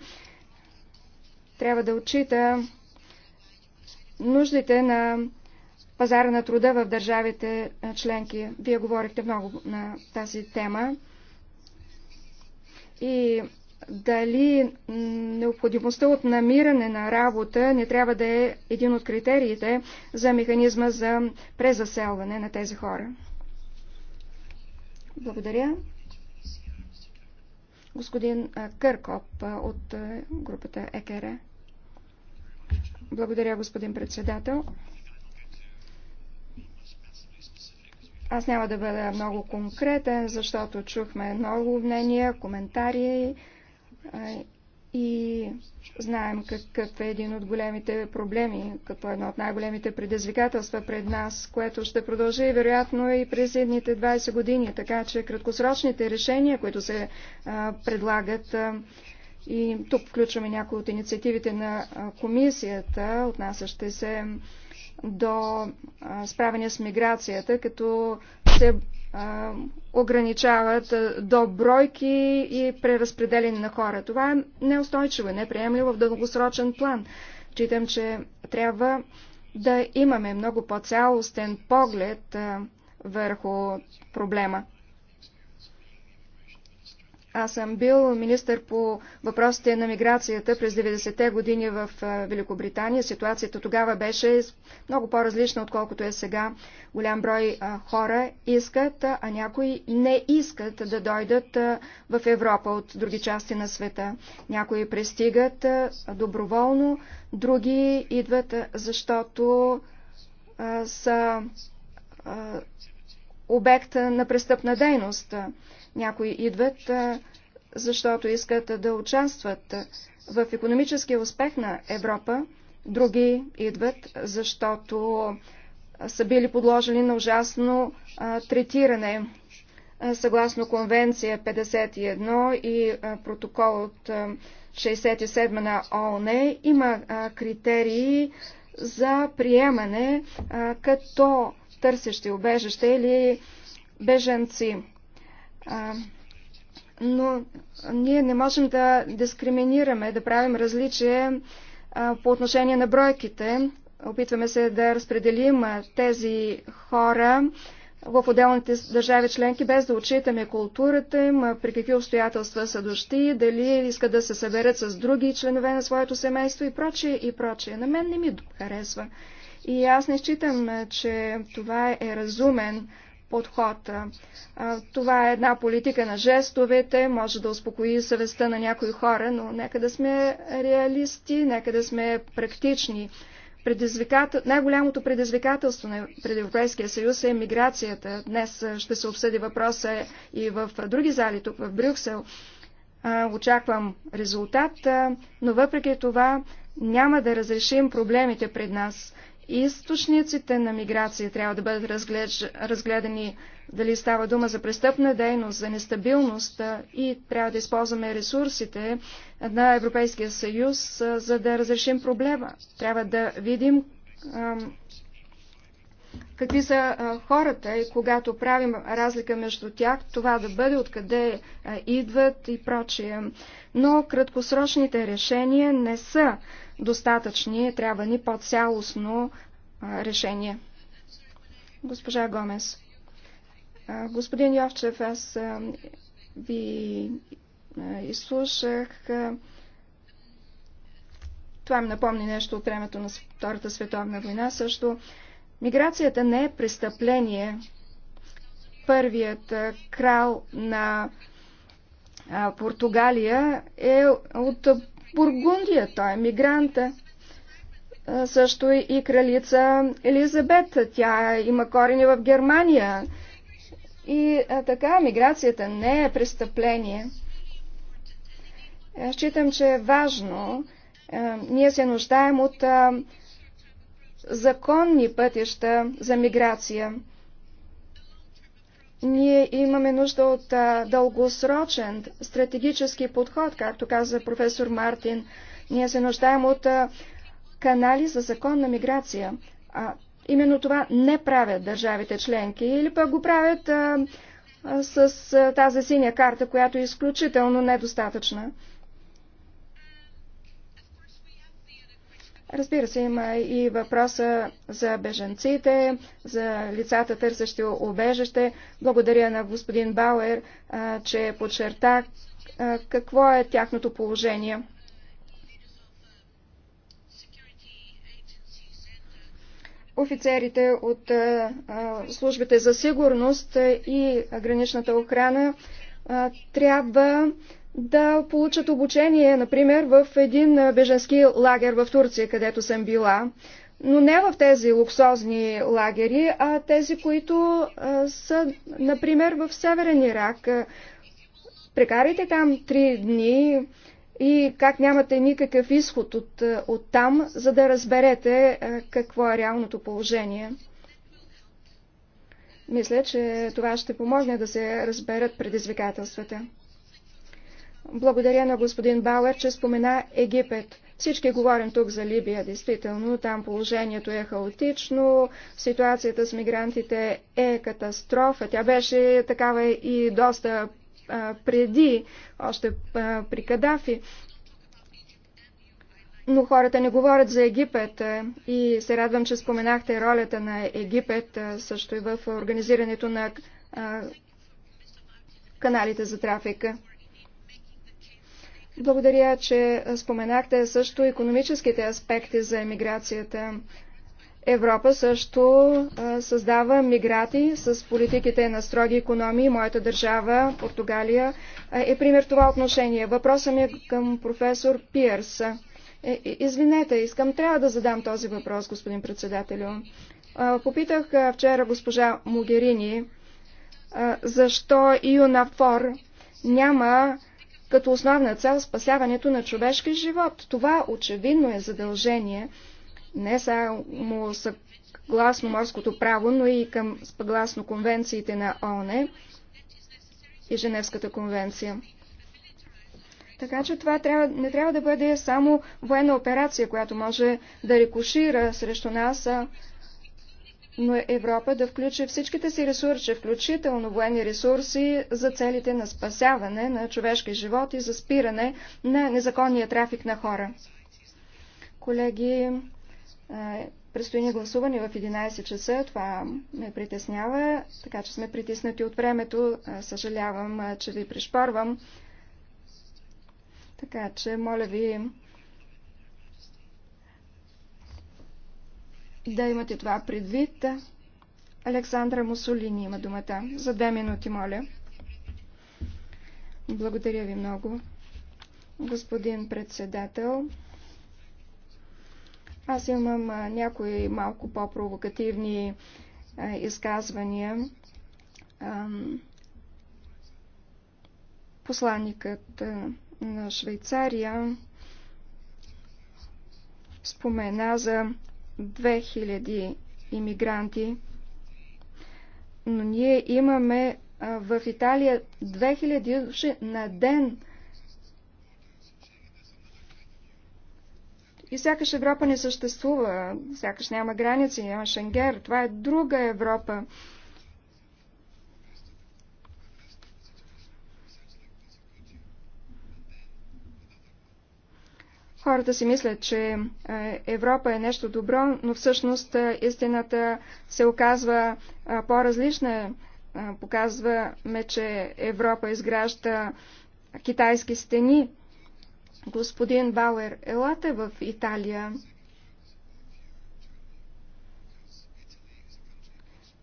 трябва да отчита нуждите на пазара на труда в държавите членки. Вие говорихте много на тази тема. И дали необходимостта от намиране на работа не трябва да е един от критериите за механизма за презаселване на тези хора. Благодаря. Господин Къркоп от групата ЕКР. Благодаря, господин председател. Аз няма да бъда много конкретен, защото чухме много мнения, коментари, и знаем какъв е един от големите проблеми, като едно от най-големите предизвикателства пред нас, което ще продължи вероятно и през едните 20 години. Така че краткосрочните решения, които се предлагат, и тук включваме някои от инициативите на комисията, отнасящи се до справяне с миграцията, като се ограничават до бройки и преразпределени на хора. Това е неустойчиво и неприемливо в дългосрочен план. Читам, че трябва да имаме много по-цялостен поглед върху проблема. Аз съм бил министър по въпросите на миграцията през 90-те години в Великобритания. Ситуацията тогава беше много по-различна, отколкото е сега. Голям брой хора искат, а някои не искат да дойдат в Европа от други части на света. Някои пристигат доброволно, други идват, защото са обект на престъпна дейност. Някои идват, защото искат да участват в економическия успех на Европа. Други идват, защото са били подложени на ужасно третиране. Съгласно конвенция 51 и протокол от 67 на ООН има критерии за приемане като търсещи убежище или беженци но ние не можем да дискриминираме, да правим различие по отношение на бройките. Опитваме се да разпределим тези хора в отделните държави членки, без да отчитаме културата им, при какви обстоятелства са дошли, дали искат да се съберат с други членове на своето семейство и прочее, и прочее. На мен не ми харесва. И аз не считам, че това е разумен подход. Това е една политика на жестовете, може да успокои съвестта на някои хора, но нека да сме реалисти, нека да сме практични. Предизвикател... Най-голямото предизвикателство на пред Европейския съюз е миграцията. Днес ще се обсъди въпроса и в други зали, тук в Брюксел. Очаквам резултат, но въпреки това няма да разрешим проблемите пред нас източниците на миграция трябва да бъдат разгледани, дали става дума за престъпна дейност, за нестабилност и трябва да използваме ресурсите на Европейския съюз, за да разрешим проблема. Трябва да видим какви са хората и когато правим разлика между тях, това да бъде откъде идват и прочие. Но краткосрочните решения не са достатъчни, трябва ни по-цялостно решение. Госпожа Гомес. Господин Йовчев, аз ви изслушах. Това ми напомни нещо от времето на Втората световна война също. Миграцията не е престъпление. Първият крал на Португалия е от Бургундия. Той е мигранта. Също и кралица Елизабет. Тя има корени в Германия. И така, миграцията не е престъпление. Считам, че е важно. Ние се нуждаем от законни пътища за миграция. Ние имаме нужда от а, дългосрочен стратегически подход, както каза професор Мартин. Ние се нуждаем от а, канали за законна миграция. А, именно това не правят държавите членки или пък го правят а, а, с а, тази синя карта, която е изключително недостатъчна. Разбира се, има и въпроса за беженците, за лицата търсещи обежище. Благодаря на господин Бауер, че подчерта какво е тяхното положение. Офицерите от службите за сигурност и граничната охрана трябва да получат обучение, например, в един беженски лагер в Турция, където съм била. Но не в тези луксозни лагери, а тези, които а, са, например, в Северен Ирак. Прекарайте там три дни и как нямате никакъв изход от, от там, за да разберете а, какво е реалното положение. Мисля, че това ще помогне да се разберат предизвикателствата. Благодаря на господин Бауер, че спомена Египет. Всички говорим тук за Либия, действително. Там положението е хаотично, ситуацията с мигрантите е катастрофа. Тя беше такава и доста а, преди, още а, при Кадафи. Но хората не говорят за Египет и се радвам, че споменахте ролята на Египет също и в организирането на каналите за трафика. Благодаря, че споменахте също економическите аспекти за емиграцията. Европа също създава миграти с политиките на строги економии. Моята държава, Португалия, е пример това отношение. Въпросът ми е към професор Пиерс. Е, е, извинете, искам, трябва да задам този въпрос, господин председателю. Попитах вчера госпожа Могерини, защо ЮНАФОР няма като основна цел спасяването на човешки живот. Това очевидно е задължение не само съгласно морското право, но и към съгласно конвенциите на ОНЕ и Женевската конвенция. Така че това трябва, не трябва да бъде само военна операция, която може да рекушира срещу нас, а но Европа да включи всичките си ресурси, включително военни ресурси, за целите на спасяване на човешки живот и за спиране на незаконния трафик на хора. Колеги, е, предстои ни гласуване в 11 часа. Това ме притеснява, така че сме притиснати от времето. Е, съжалявам, е, че ви пришпорвам. Така че, моля ви, да имате това предвид. Александра Мусолини има думата. За две минути, моля. Благодаря ви много, господин председател. Аз имам някои малко по-провокативни изказвания. Посланникът на Швейцария спомена за 2000 иммигранти, но ние имаме в Италия 2000 души на ден. И сякаш Европа не съществува, сякаш няма граници, няма Шенгер. Това е друга Европа. Хората си мислят, че е, Европа е нещо добро, но всъщност е, истината се оказва е, по-различна. Показваме, че Европа изгражда китайски стени. Господин Бауер, елате в Италия.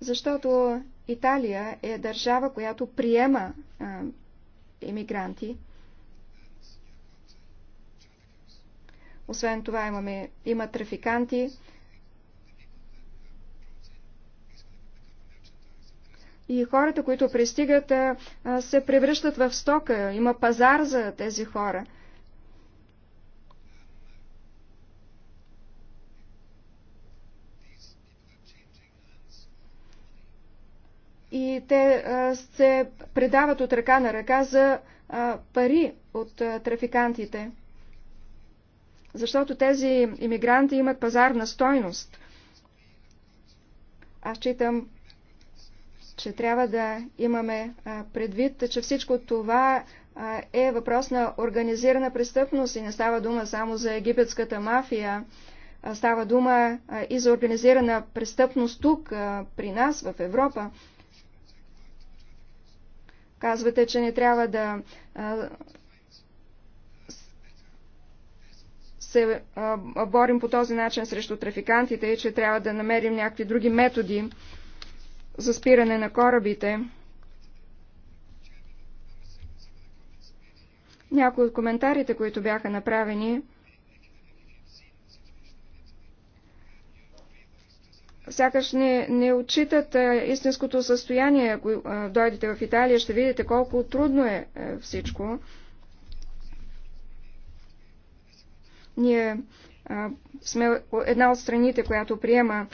Защото Италия е държава, която приема емигранти. Освен това имаме, има трафиканти. И хората, които пристигат, се превръщат в стока. Има пазар за тези хора. и те се предават от ръка на ръка за пари от трафикантите защото тези иммигранти имат пазарна стойност. Аз читам, че трябва да имаме предвид, че всичко това е въпрос на организирана престъпност и не става дума само за египетската мафия. Става дума и за организирана престъпност тук, при нас, в Европа. Казвате, че не трябва да се борим по този начин срещу трафикантите и че трябва да намерим някакви други методи за спиране на корабите. Някои от коментарите, които бяха направени, сякаш не, не отчитат а, истинското състояние. Ако а, дойдете в Италия, ще видите колко трудно е а, е всичко. Ние а, сме една от страните, която приема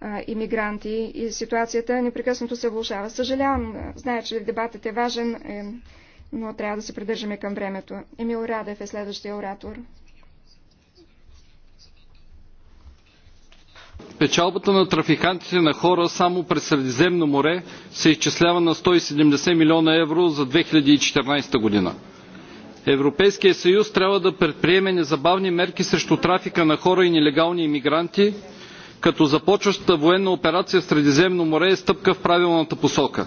а, иммигранти и ситуацията непрекъснато се влушава. Съжалявам, зная, че дебатът е важен, е, но трябва да се придържаме към времето. Емил Радев е следващия оратор. Печалбата на трафикантите на хора само през Средиземно море се изчислява на 170 милиона евро за 2014 година европейският съюз трябва да предприеме незабавни мерки срещу трафика на хора и нелегални имигранти като започващата военна операция в средиземно море е стъпка в правилната посока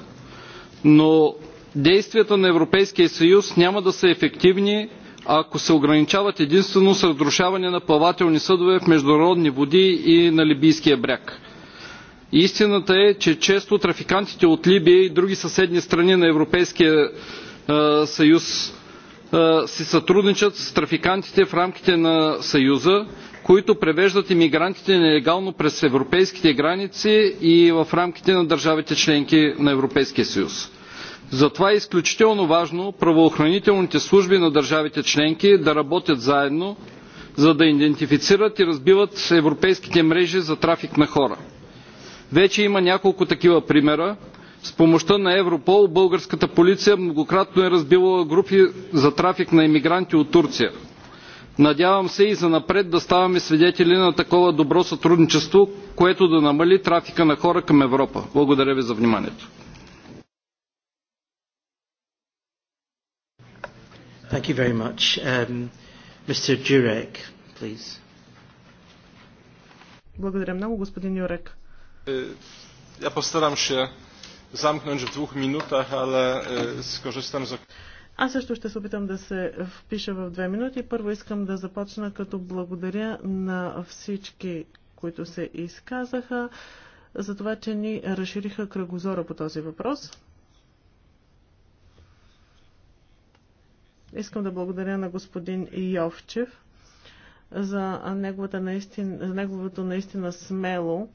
но действията на европейския съюз няма да са ефективни ако се ограничават единствено с разрушаване на плавателни съдове в международни води и на либийския бряг. Истината е, че често трафикантите от Либия и други съседни страни на Европейския съюз си сътрудничат с трафикантите в рамките на съюза които превеждат имигрантите нелегално през европейските граници и в рамките на държавите членки на европейския съюз. затова е изключително важно правоохранителните служби на държавите членки да работят заедно за да идентифицират и разбиват европейските мрежи за трафик на хора. вече има няколко такива примера с помощта на европол българската полиция многократно е разбивала групи за трафик на иммигранти от турция. надявам се и занапред да ставаме свидетели на такова добро сътрудничество което да намали трафика на хора към европа. благодаря ви за вниманието. Thank you very much. Um, Mr. Jurek, please. Благодаря много, господин Юрек. Ja postaram się zamknąć w dwóch minutach, ale e, skorzystam z... Аз също ще се опитам да се впиша в две минути. Първо искам да започна като благодаря на всички, които се изказаха за това, че ни разшириха кръгозора по този въпрос. Искам да благодаря на господин Йовчев за, неговата наистина, за неговото наистина смело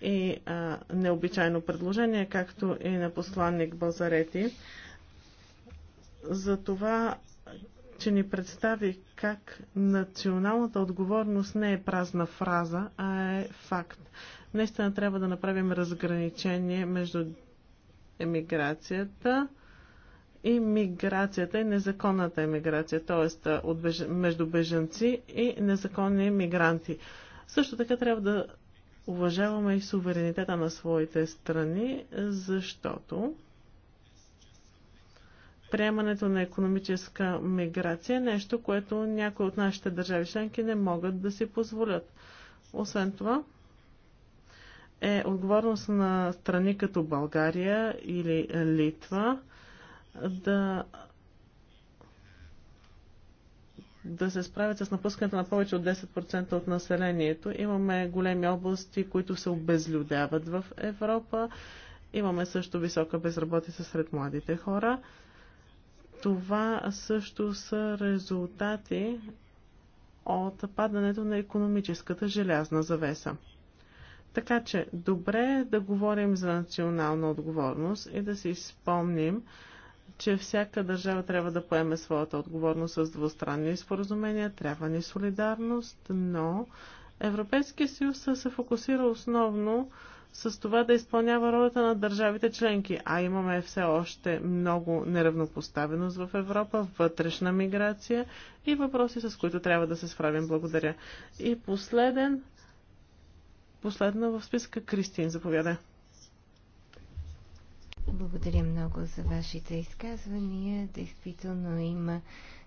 и а, необичайно предложение, както и на посланник Базарети, за това, че ни представи как националната отговорност не е празна фраза, а е факт. Наистина трябва да направим разграничение между емиграцията и миграцията и незаконната емиграция, т.е. между бежанци и незаконни мигранти. Също така трябва да Уважаваме и суверенитета на своите страни, защото приемането на економическа миграция е нещо, което някои от нашите държави членки не могат да си позволят. Освен това, е отговорност на страни като България или Литва да да се справят с напускането на повече от 10% от населението. Имаме големи области, които се обезлюдяват в Европа. Имаме също висока безработица сред младите хора. Това също са резултати от падането на економическата желязна завеса. Така че добре е да говорим за национална отговорност и да си спомним, че всяка държава трябва да поеме своята отговорност с двустранни споразумения, трябва ни солидарност, но Европейския съюз се фокусира основно с това да изпълнява ролята на държавите членки, а имаме все още много неравнопоставеност в Европа, вътрешна миграция и въпроси, с които трябва да се справим. Благодаря. И последен, последна в списка Кристин, заповядай. Благодаря много за вашите изказвания. Действително има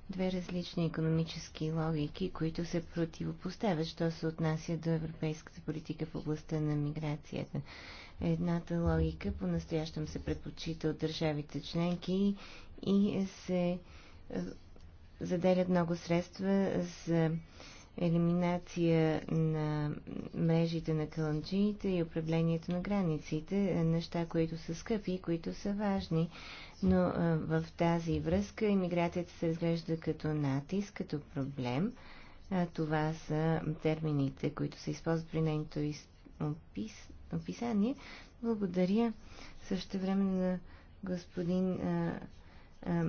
две различни економически логики, които се противопоставят, що се отнася до европейската политика в областта на миграцията. Едната логика по-настоящем се предпочита от държавите членки и се е, заделят много средства за елиминация на мрежите на каламджиите и управлението на границите, е, неща, които са скъпи и които са важни. Но е, в тази връзка иммиграцията се разглежда като натиск, като проблем. Е, това са термините, които се използват при нейното опис... описание. Благодаря също време на господин а, а,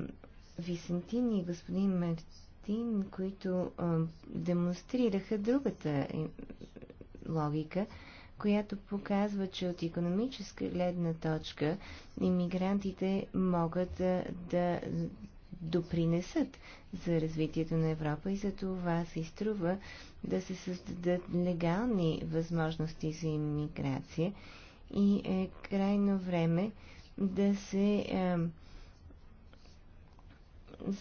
Висентин и господин Мартин Мартин, които а, демонстрираха другата е, логика, която показва, че от економическа гледна точка иммигрантите могат а, да допринесат за развитието на Европа и за това се изтрува да се създадат легални възможности за иммиграция и е крайно време да се а,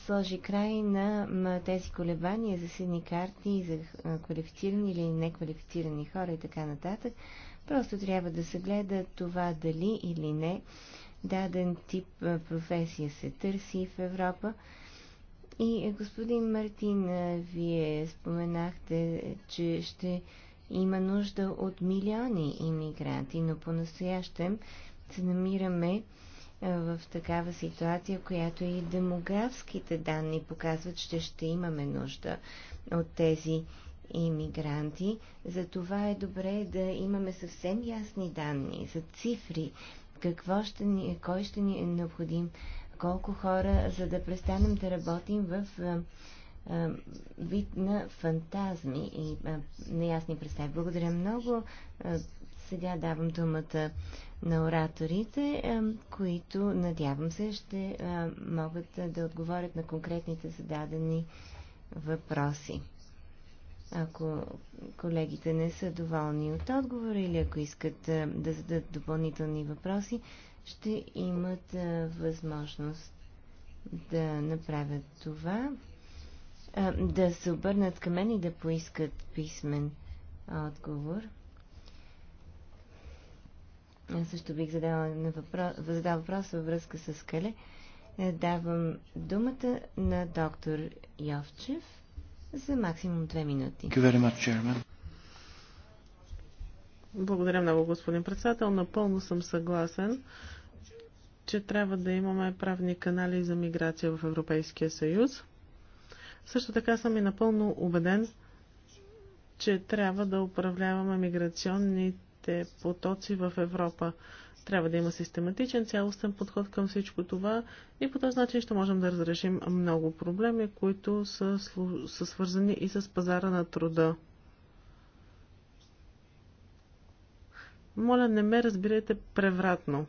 сложи край на тези колебания за седни карти, за квалифицирани или неквалифицирани хора и така нататък. Просто трябва да се гледа това дали или не даден тип професия се търси в Европа. И господин Мартин, вие споменахте, че ще има нужда от милиони иммигранти, но по-настоящем се намираме в такава ситуация, която и демографските данни показват, че ще имаме нужда от тези иммигранти. Затова е добре да имаме съвсем ясни данни за цифри, какво ще ни, кой ще ни е необходим, колко хора, за да престанем да работим в вид на фантазми и неясни представи. Благодаря много. сега давам думата на ораторите, които, надявам се, ще могат да отговорят на конкретните зададени въпроси. Ако колегите не са доволни от отговора или ако искат да зададат допълнителни въпроси, ще имат възможност да направят това, да се обърнат към мен и да поискат писмен отговор. Аз също бих задала, на въпрос, задала въпрос във връзка с Кале. Е, давам думата на доктор Йовчев за максимум две минути. Благодаря много, господин председател. Напълно съм съгласен, че трябва да имаме правни канали за миграция в Европейския съюз. Също така съм и напълно убеден, че трябва да управляваме миграционните миграционните потоци в Европа. Трябва да има систематичен, цялостен подход към всичко това и по този начин ще можем да разрешим много проблеми, които са, са свързани и с пазара на труда. Моля, не ме разбирайте превратно.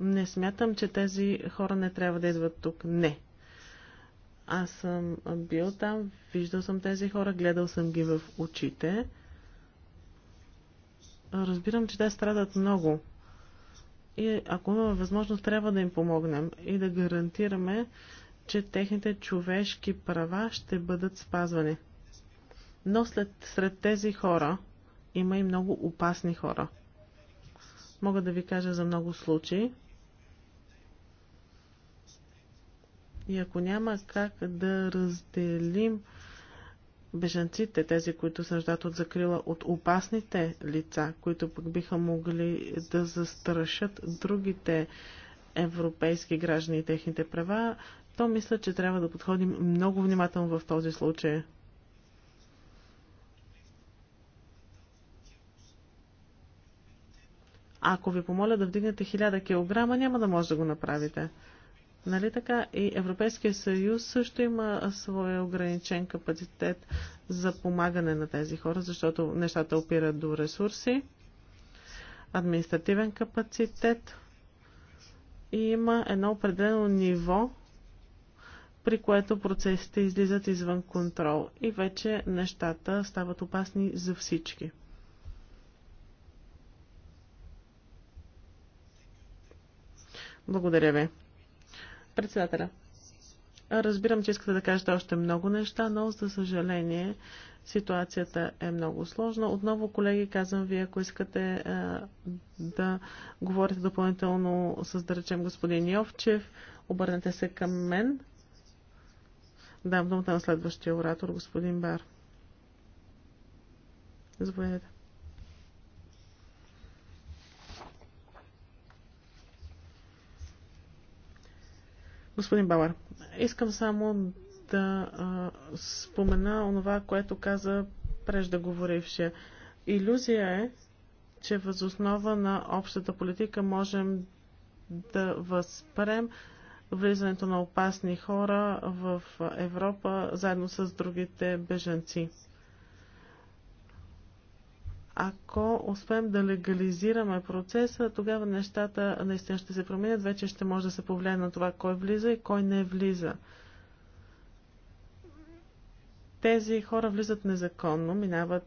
Не смятам, че тези хора не трябва да идват тук. Не. Аз съм бил там, виждал съм тези хора, гледал съм ги в очите. Разбирам, че те страдат много. И ако имаме възможност, трябва да им помогнем и да гарантираме, че техните човешки права ще бъдат спазвани. Но след, сред тези хора има и много опасни хора. Мога да ви кажа за много случаи, И ако няма как да разделим бежанците, тези, които се нуждаят от закрила от опасните лица, които пък биха могли да застрашат другите европейски граждани и техните права, то мисля, че трябва да подходим много внимателно в този случай. Ако ви помоля да вдигнете 1000 кг, няма да може да го направите. Нали така? И Европейския съюз също има своя ограничен капацитет за помагане на тези хора, защото нещата опират до ресурси, административен капацитет и има едно определено ниво, при което процесите излизат извън контрол и вече нещата стават опасни за всички. Благодаря ви. Председателя. Разбирам, че искате да кажете още много неща, но за съжаление ситуацията е много сложна. Отново, колеги, казвам ви, ако искате е, да говорите допълнително с, да речем, господин Йовчев, обърнете се към мен. Дам думата на следващия оратор, господин Бар. Заповядайте. Господин Бауер, искам само да а, спомена онова, което каза преждаговорившия. Иллюзия е, че възоснова на общата политика можем да възпрем влизането на опасни хора в Европа заедно с другите бежанци ако успеем да легализираме процеса, тогава нещата наистина ще се променят. Вече ще може да се повлияе на това кой влиза и кой не влиза. Тези хора влизат незаконно, минават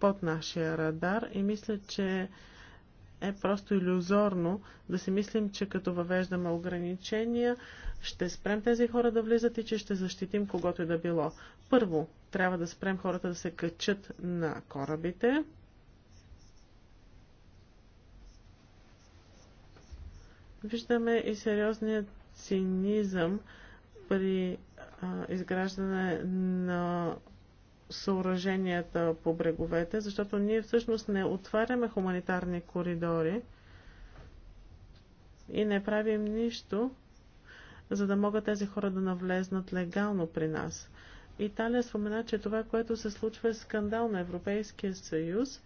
под нашия радар и мисля, че е просто иллюзорно да си мислим, че като въвеждаме ограничения, ще спрем тези хора да влизат и че ще защитим когото и да било. Първо, трябва да спрем хората да се качат на корабите. Виждаме и сериозният цинизъм при а, изграждане на съоръженията по бреговете, защото ние всъщност не отваряме хуманитарни коридори и не правим нищо, за да могат тези хора да навлезнат легално при нас. Италия спомена, че това, което се случва е скандал на Европейския съюз,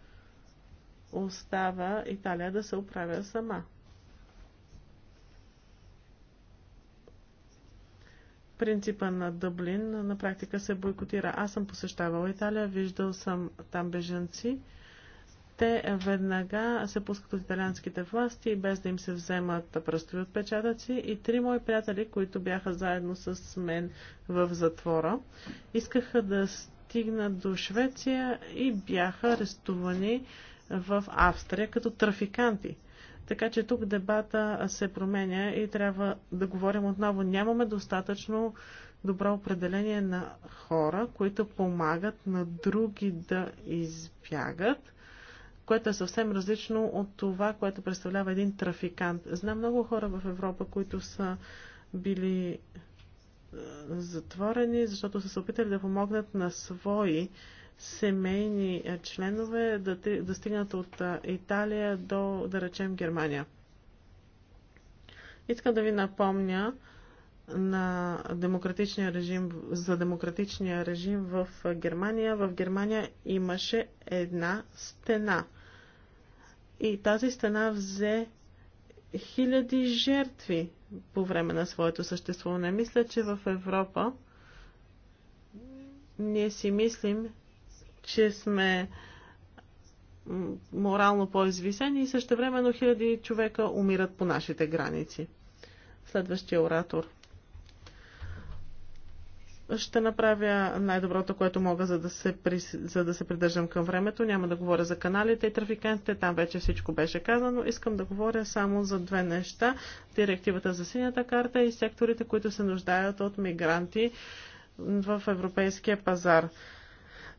остава Италия да се оправя сама. принципа на Дъблин на практика се бойкотира. Аз съм посещавала Италия, виждал съм там беженци. Те веднага се пускат от италианските власти, без да им се вземат пръстови отпечатъци. И три мои приятели, които бяха заедно с мен в затвора, искаха да стигнат до Швеция и бяха арестувани в Австрия като трафиканти. Така че тук дебата се променя и трябва да говорим отново. Нямаме достатъчно добро определение на хора, които помагат на други да избягат, което е съвсем различно от това, което представлява един трафикант. Знам много хора в Европа, които са били е, затворени, защото са се опитали да помогнат на свои семейни е, членове да, да стигнат от е, Италия до, да речем, Германия. Искам да ви напомня на демократичния режим, за демократичния режим в Германия. В Германия имаше една стена. И тази стена взе хиляди жертви по време на своето съществуване. Мисля, че в Европа ние си мислим, че сме морално по-извисени и също времено хиляди човека умират по нашите граници. Следващия оратор. Ще направя най-доброто, което мога, за да, се, за да се придържам към времето. Няма да говоря за каналите и трафикантите, там вече всичко беше казано. Искам да говоря само за две неща. Директивата за синята карта и секторите, които се нуждаят от мигранти в европейския пазар.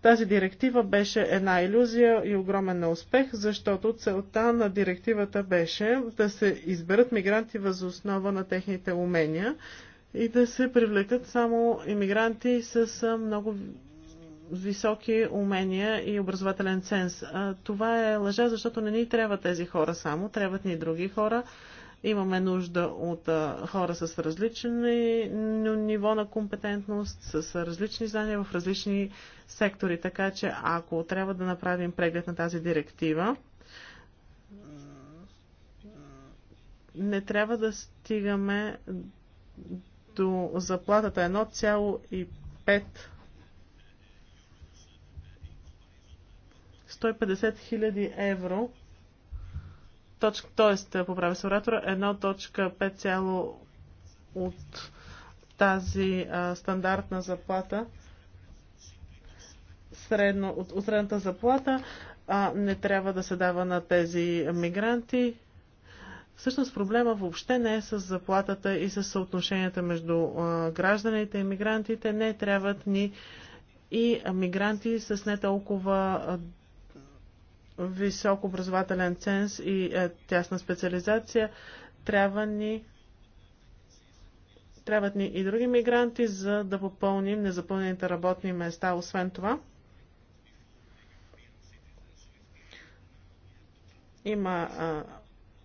Тази директива беше една иллюзия и огромен неуспех, защото целта на директивата беше да се изберат мигранти въз основа на техните умения и да се привлекат само иммигранти с много високи умения и образователен ценз. Това е лъжа, защото не ни трябва тези хора само, трябват ни и други хора. Имаме нужда от хора с различни ниво на компетентност, с различни знания в различни сектори. Така че ако трябва да направим преглед на тази директива, не трябва да стигаме до заплатата 1,5 150 000 евро точка, т.е. поправя се оратора, 1.5 от тази а, стандартна заплата, средно, от, от средната заплата, а, не трябва да се дава на тези мигранти. Всъщност проблема въобще не е с заплатата и с съотношенията между а, гражданите и мигрантите. Не трябват ни и мигранти с не толкова висок образователен ценз и е, тясна специализация. Трябва ни Трябват ни и други мигранти, за да попълним незапълнените работни места. Освен това, има. А,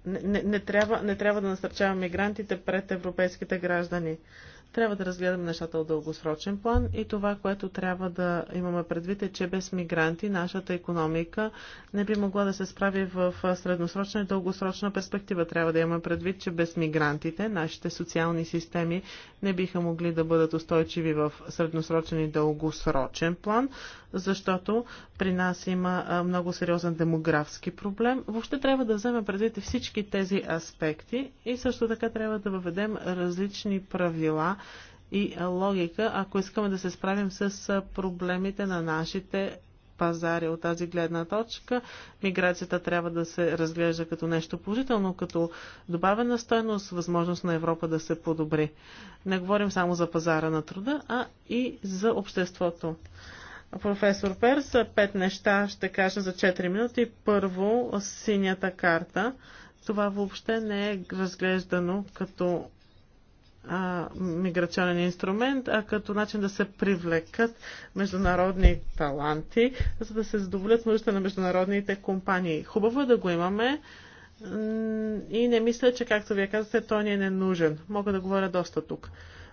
не, не, не, трябва, не трябва да насърчаваме мигрантите пред европейските граждани. Трябва да разгледаме нещата от дългосрочен план и това, което трябва да имаме предвид е, че без мигранти нашата економика не би могла да се справи в средносрочна и дългосрочна перспектива. Трябва да имаме предвид, че без мигрантите нашите социални системи не биха могли да бъдат устойчиви в средносрочен и дългосрочен план защото при нас има много сериозен демографски проблем. Въобще трябва да вземем предвид всички тези аспекти и също така трябва да въведем различни правила и логика, ако искаме да се справим с проблемите на нашите пазари от тази гледна точка. Миграцията трябва да се разглежда като нещо положително, като добавена стойност, възможност на Европа да се подобри. Не говорим само за пазара на труда, а и за обществото професор Перс. Пет неща ще кажа за 4 минути. Първо, синята карта. Това въобще не е разглеждано като а, миграционен инструмент, а като начин да се привлекат международни таланти, за да се задоволят нуждите на международните компании. Хубаво е да го имаме и не мисля, че както вие казвате, той ни е ненужен. Мога да говоря доста тук.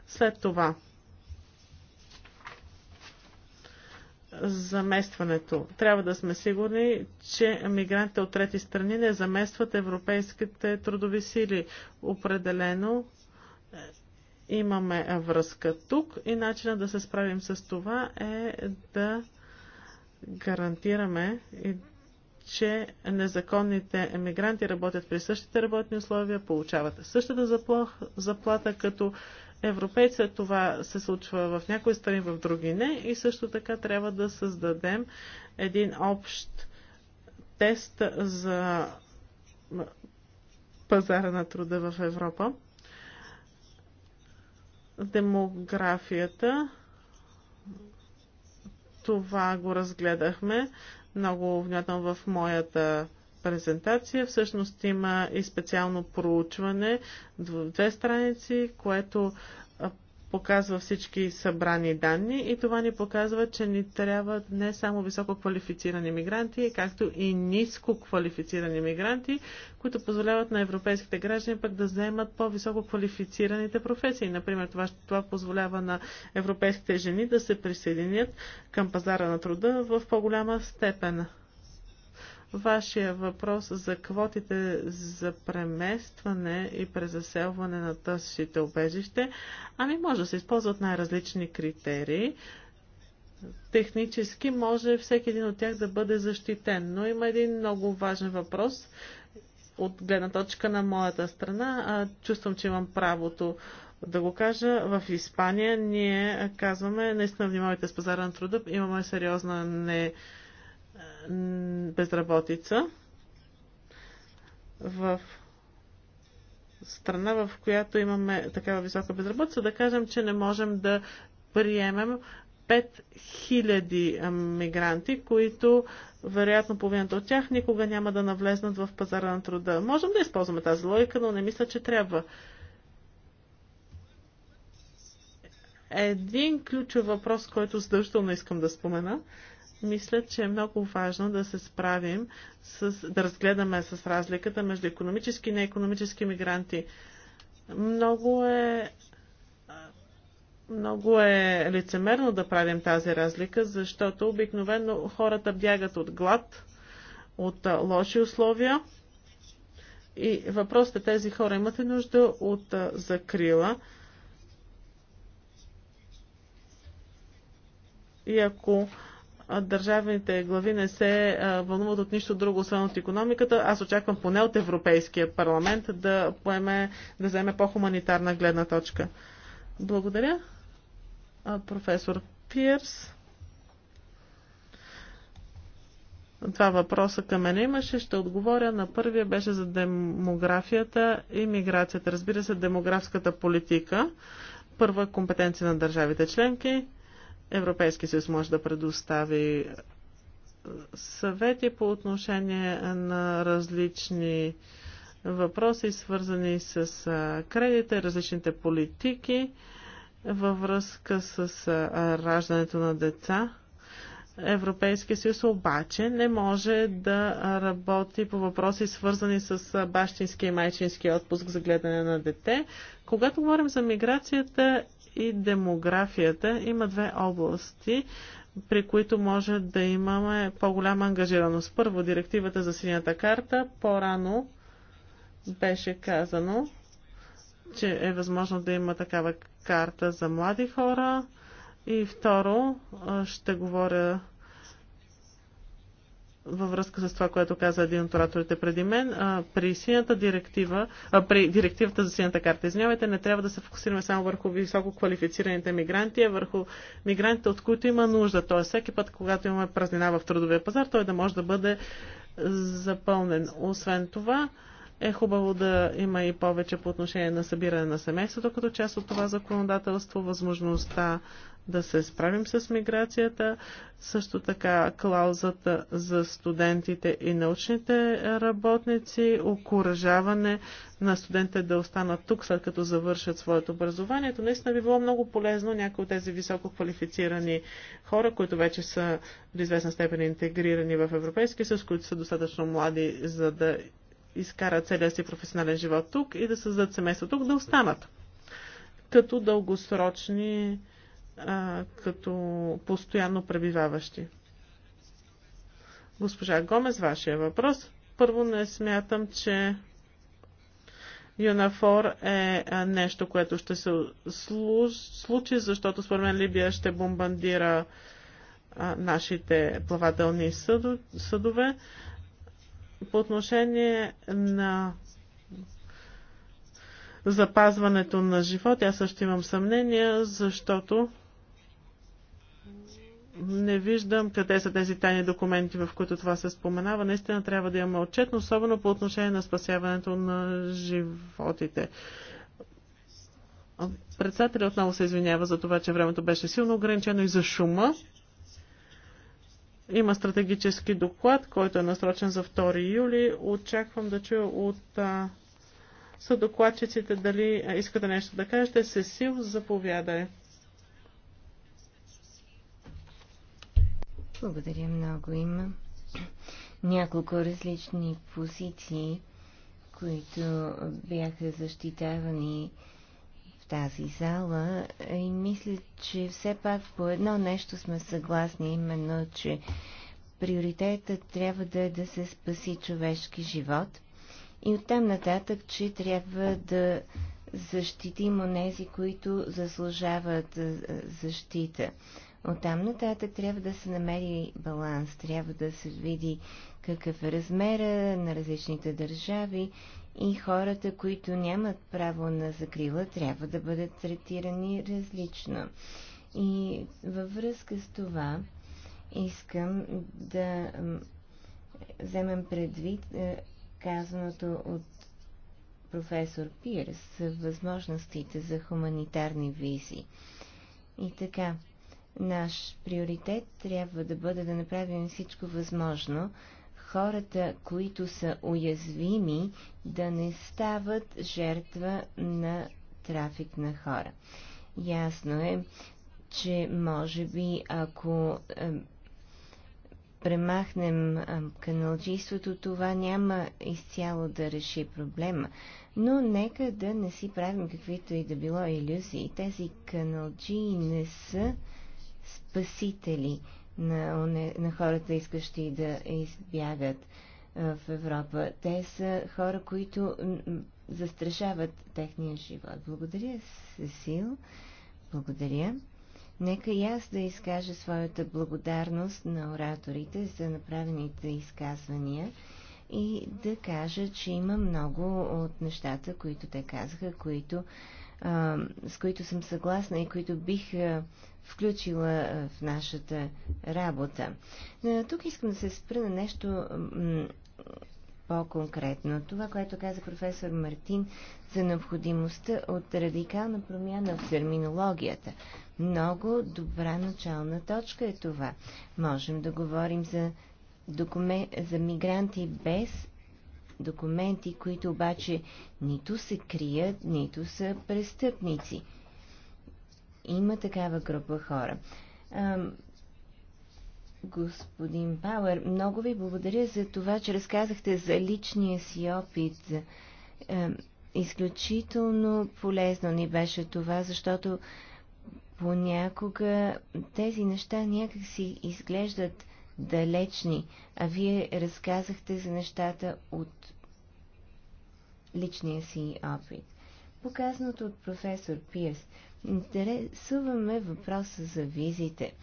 След това, заместването. Трябва да сме сигурни, че мигрантите от трети страни не заместват европейските трудови сили. Определено е, имаме връзка тук и начина да се справим с това е да гарантираме, че незаконните емигранти работят при същите работни условия, получават същата заплата като европейца. Това се случва в някои страни, в други не. И също така трябва да създадем един общ тест за пазара на труда в Европа. Демографията. Това го разгледахме много внятно в моята презентация. Всъщност има и специално проучване, две страници, което показва всички събрани данни и това ни показва, че ни трябва не само високо квалифицирани мигранти, както и ниско квалифицирани мигранти, които позволяват на европейските граждани пък да заемат по-високо квалифицираните професии. Например, това, това позволява на европейските жени да се присъединят към пазара на труда в по-голяма степен. Вашия въпрос за квотите за преместване и презаселване на тъсшите обежище, ами може да се използват най-различни критерии. Технически може всеки един от тях да бъде защитен, но има един много важен въпрос от гледна точка на моята страна. чувствам, че имам правото да го кажа, в Испания ние казваме, наистина внимавайте с пазара на труда, имаме сериозна не безработица в страна, в която имаме такава висока безработица, да кажем, че не можем да приемем 5000 мигранти, които вероятно половината от тях никога няма да навлезнат в пазара на труда. Можем да използваме тази логика, но не мисля, че трябва. Един ключов въпрос, който задължително искам да спомена, мисля, че е много важно да се справим, с, да разгледаме с разликата между економически и неекономически мигранти. Много е много е лицемерно да правим тази разлика, защото обикновено хората бягат от глад, от лоши условия. И въпросът е, тези хора имат ли нужда от закрила? И ако държавните глави не се вълнуват от нищо друго, освен от економиката. Аз очаквам поне от Европейския парламент да поеме, да вземе по-хуманитарна гледна точка. Благодаря. Професор Пирс. Два въпроса към мен имаше. Ще отговоря. На първия беше за демографията и миграцията. Разбира се, демографската политика. Първа компетенция на държавите членки. Европейски съюз може да предостави съвети по отношение на различни въпроси, свързани с кредита, различните политики във връзка с раждането на деца. Европейския съюз обаче не може да работи по въпроси свързани с бащински и майчински отпуск за гледане на дете. Когато говорим за миграцията, и демографията има две области, при които може да имаме по-голяма ангажираност. Първо, директивата за синята карта. По-рано беше казано, че е възможно да има такава карта за млади хора. И второ, ще говоря във връзка с това, което каза един от ораторите преди мен, а, при синята директива, а, при директивата за синята карта, извинявайте, не трябва да се фокусираме само върху високо квалифицираните мигранти, а върху мигрантите, от които има нужда. Тоест, всеки път, когато имаме празнина в трудовия пазар, той да може да бъде запълнен. Освен това, е хубаво да има и повече по отношение на събиране на семейството като част от това законодателство, възможността да се справим с миграцията, също така клаузата за студентите и научните работници, окоръжаване на студентите да останат тук след като завършат своето образование. То наистина би било много полезно някои от тези високо квалифицирани хора, които вече са до известна степен интегрирани в Европейския съюз, които са достатъчно млади, за да изкарат целия си професионален живот тук и да създадат семейство тук, да останат като дългосрочни а, като постоянно пребиваващи. Госпожа Гомес, вашия въпрос. Първо не смятам, че ЮНАФОР е нещо, което ще се случи, защото според мен Либия ще бомбандира нашите плавателни съдове. По отношение на запазването на живот, аз също имам съмнение, защото не виждам къде са тези тайни документи, в които това се споменава. Наистина трябва да имаме отчетно, особено по отношение на спасяването на животите. Председателя отново се извинява за това, че времето беше силно ограничено и за шума. Има стратегически доклад, който е насрочен за 2 юли. Очаквам да чуя от съдокладчиците дали искате нещо да кажете. Сесил, заповядай. Благодаря много. Има няколко различни позиции, които бяха защитавани в тази зала и мисля, че все пак по едно нещо сме съгласни, именно, че приоритетът трябва да е да се спаси човешки живот и оттам нататък, че трябва да защитим онези, които заслужават защита. От там нататък трябва да се намери баланс, трябва да се види какъв е размера на различните държави и хората, които нямат право на закрила, трябва да бъдат третирани различно. И във връзка с това искам да вземем предвид е, казаното от професор Пирс, възможностите за хуманитарни визи. И така, Наш приоритет трябва да бъде да направим всичко възможно хората, които са уязвими, да не стават жертва на трафик на хора. Ясно е, че може би ако е, премахнем е, каналчеството, това няма изцяло да реши проблема. Но нека да не си правим каквито и да било иллюзии. Тези каналджии не са спасители на, на хората, искащи да избягат в Европа. Те са хора, които застрашават техния живот. Благодаря, Сесил. Благодаря. Нека и аз да изкажа своята благодарност на ораторите за направените изказвания и да кажа, че има много от нещата, които те казаха, които с които съм съгласна и които бих включила в нашата работа. тук искам да се спра на нещо по-конкретно. Това, което каза професор Мартин за необходимостта от радикална промяна в терминологията. Много добра начална точка е това. Можем да говорим за, за мигранти без документи, които обаче нито се крият, нито са престъпници. Има такава група хора. А, господин Пауер, много ви благодаря за това, че разказахте за личния си опит. А, изключително полезно ни беше това, защото понякога тези неща някак си изглеждат далечни, а вие разказахте за нещата от личния си опит. Показаното от професор Пиес, интересуваме въпроса за визите.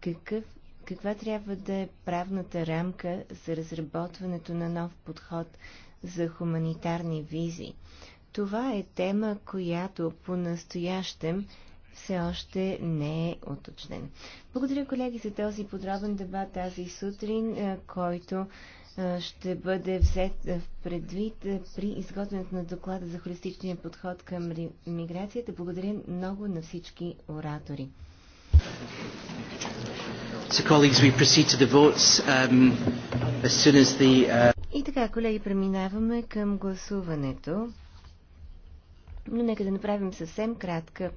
Какъв, каква трябва да е правната рамка за разработването на нов подход за хуманитарни визи? Това е тема, която по-настоящем все още не е уточнен. Благодаря, колеги, за този подробен дебат тази сутрин, е, който е, ще бъде взет е, в предвид при изготвянето на доклада за холистичния подход към миграцията. Благодаря много на всички оратори. Um, uh, И така, колеги, преминаваме към гласуването. Но нека да направим съвсем кратка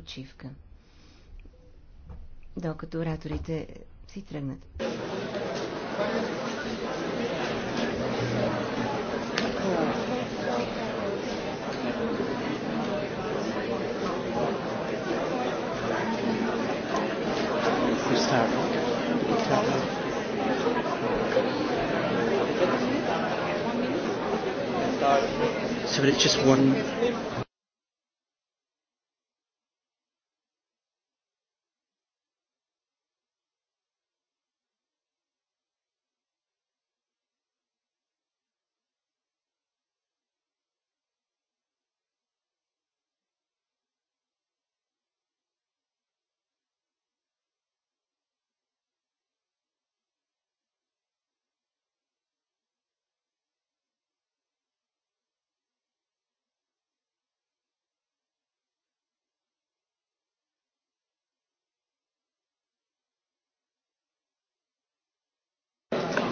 почивка, докато ораторите си тръгнат. Gustavo. Gustavo. So it's just one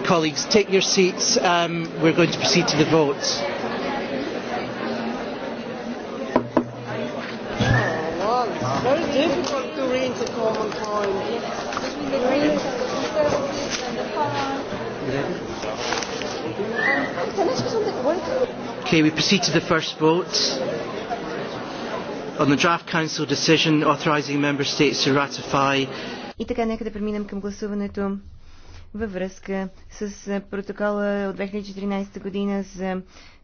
colleagues, take your seats. Um, we're going to proceed to the votes. very difficult to Okay, we proceed to the first vote on the draft council decision authorising member states to ratify. И така, нека да преминем към гласуването във връзка с протокола от 2014 година за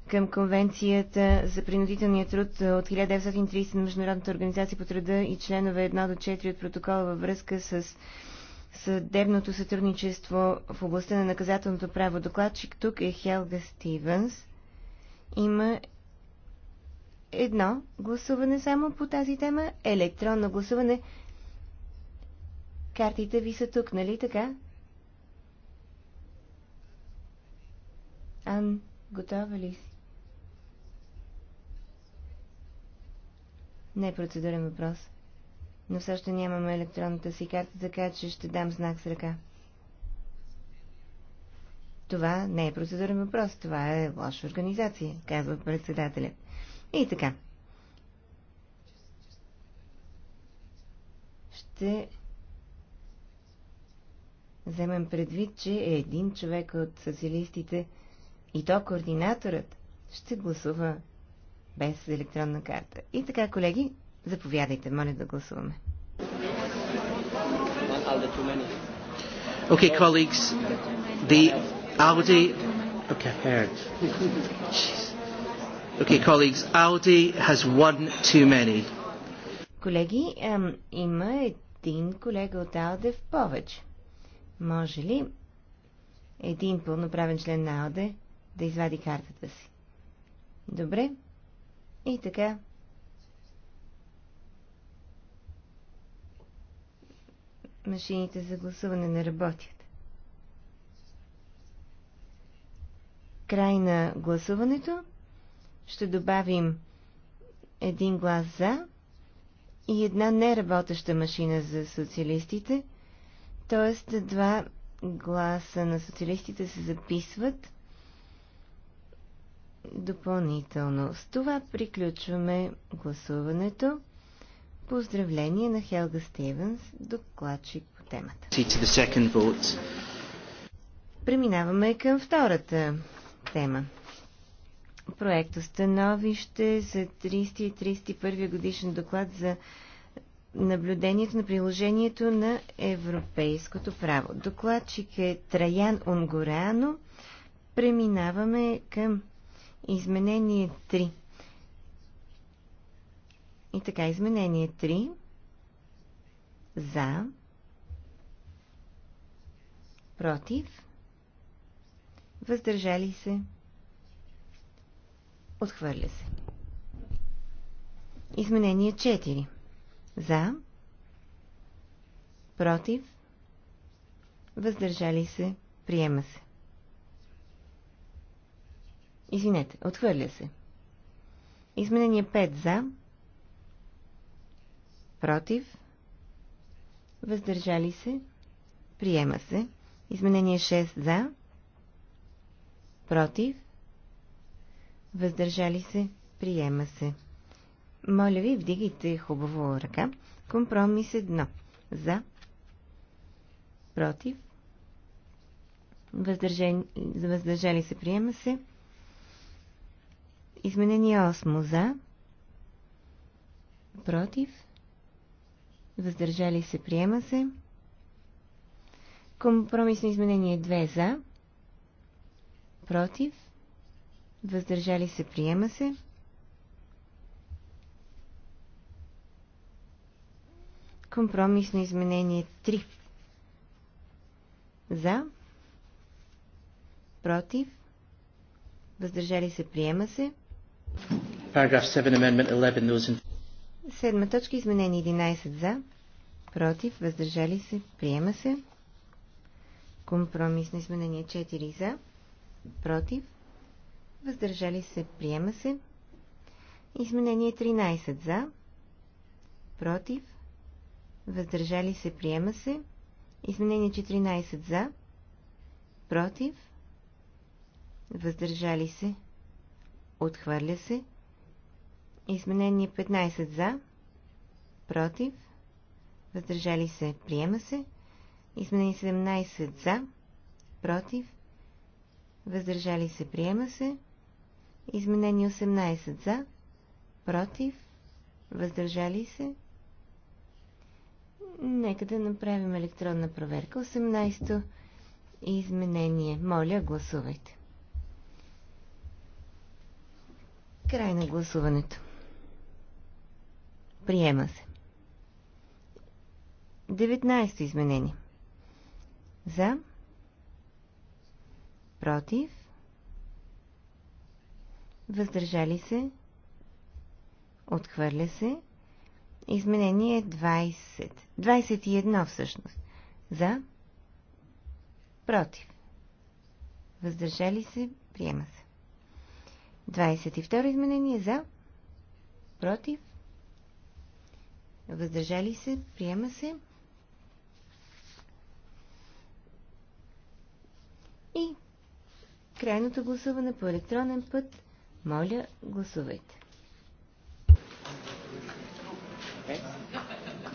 към Конвенцията за принудителния труд от 1930 на Международната организация по труда и членове 1 до 4 от протокола във връзка с съдебното сътрудничество в областта на наказателното право. Докладчик тук е Хелга Стивенс. Има едно гласуване само по тази тема. Електронно гласуване. Картите ви са тук, нали така? Ан, готова ли си? Не е процедурен въпрос. Но все още нямаме електронната си карта, така че ще дам знак с ръка. Това не е процедурен въпрос, това е лоша организация, казва председателят. И така. Ще вземем предвид, че един човек от социалистите и то координаторът ще гласува без електронна карта. И така, колеги, заповядайте, моля да гласуваме. Okay, colleagues, the Audi... Okay, heard. Okay, colleagues, Audi has won too many. Колеги, има един колега от Ауде в повече. Може ли един пълноправен член на Ауде да извади картата си. Добре. И така. Машините за гласуване не работят. Край на гласуването ще добавим един глас за и една неработеща машина за социалистите, т.е. два гласа на социалистите се записват – допълнително. С това приключваме гласуването. Поздравление на Хелга Стивенс, докладчик по темата. Преминаваме към втората тема. Проекто становище за 30 и 31 годишен доклад за наблюдението на приложението на европейското право. Докладчик е Траян Унгоряно. Преминаваме към Изменение 3. И така, изменение 3. За. Против. Въздържали се. Отхвърля се. Изменение 4. За. Против. Въздържали се. Приема се. Извинете, отхвърля се. Изменение 5 за. Против. Въздържали се. Приема се. Изменение 6 за. Против. Въздържали се. Приема се. Моля ви, вдигайте хубаво ръка. Компромис 1. За. Против. Въздържали, въздържали се. Приема се. Изменение 8 за, против, въздържали се, приема се. Компромисно изменение 2 за, против, въздържали се, приема се. Компромисно изменение 3 за, против, въздържали се, приема се. 7, Седма точка, изменение 11 за, против, въздържали се, приема се. Компромис на изменение 4 за, против, въздържали се, приема се. Изменение 13 за, против, въздържали се, приема се. Изменение 14 за, против, въздържали се, Отхвърля се. Изменение 15 за. Против. Въздържали се. Приема се. Изменение 17 за. Против. Въздържали се. Приема се. Изменение 18 за. Против. Въздържали се. Нека да направим електронна проверка. 18 изменение. Моля, гласувайте. Край на гласуването. Приема се. 19 изменени. За. Против. Въздържали се. Отхвърля се. Изменение 20. 21 всъщност. За. Против. Въздържали се. Приема се. 22 изменение за, против, въздържали се, приема се. И крайното гласуване по електронен път. Моля, гласувайте.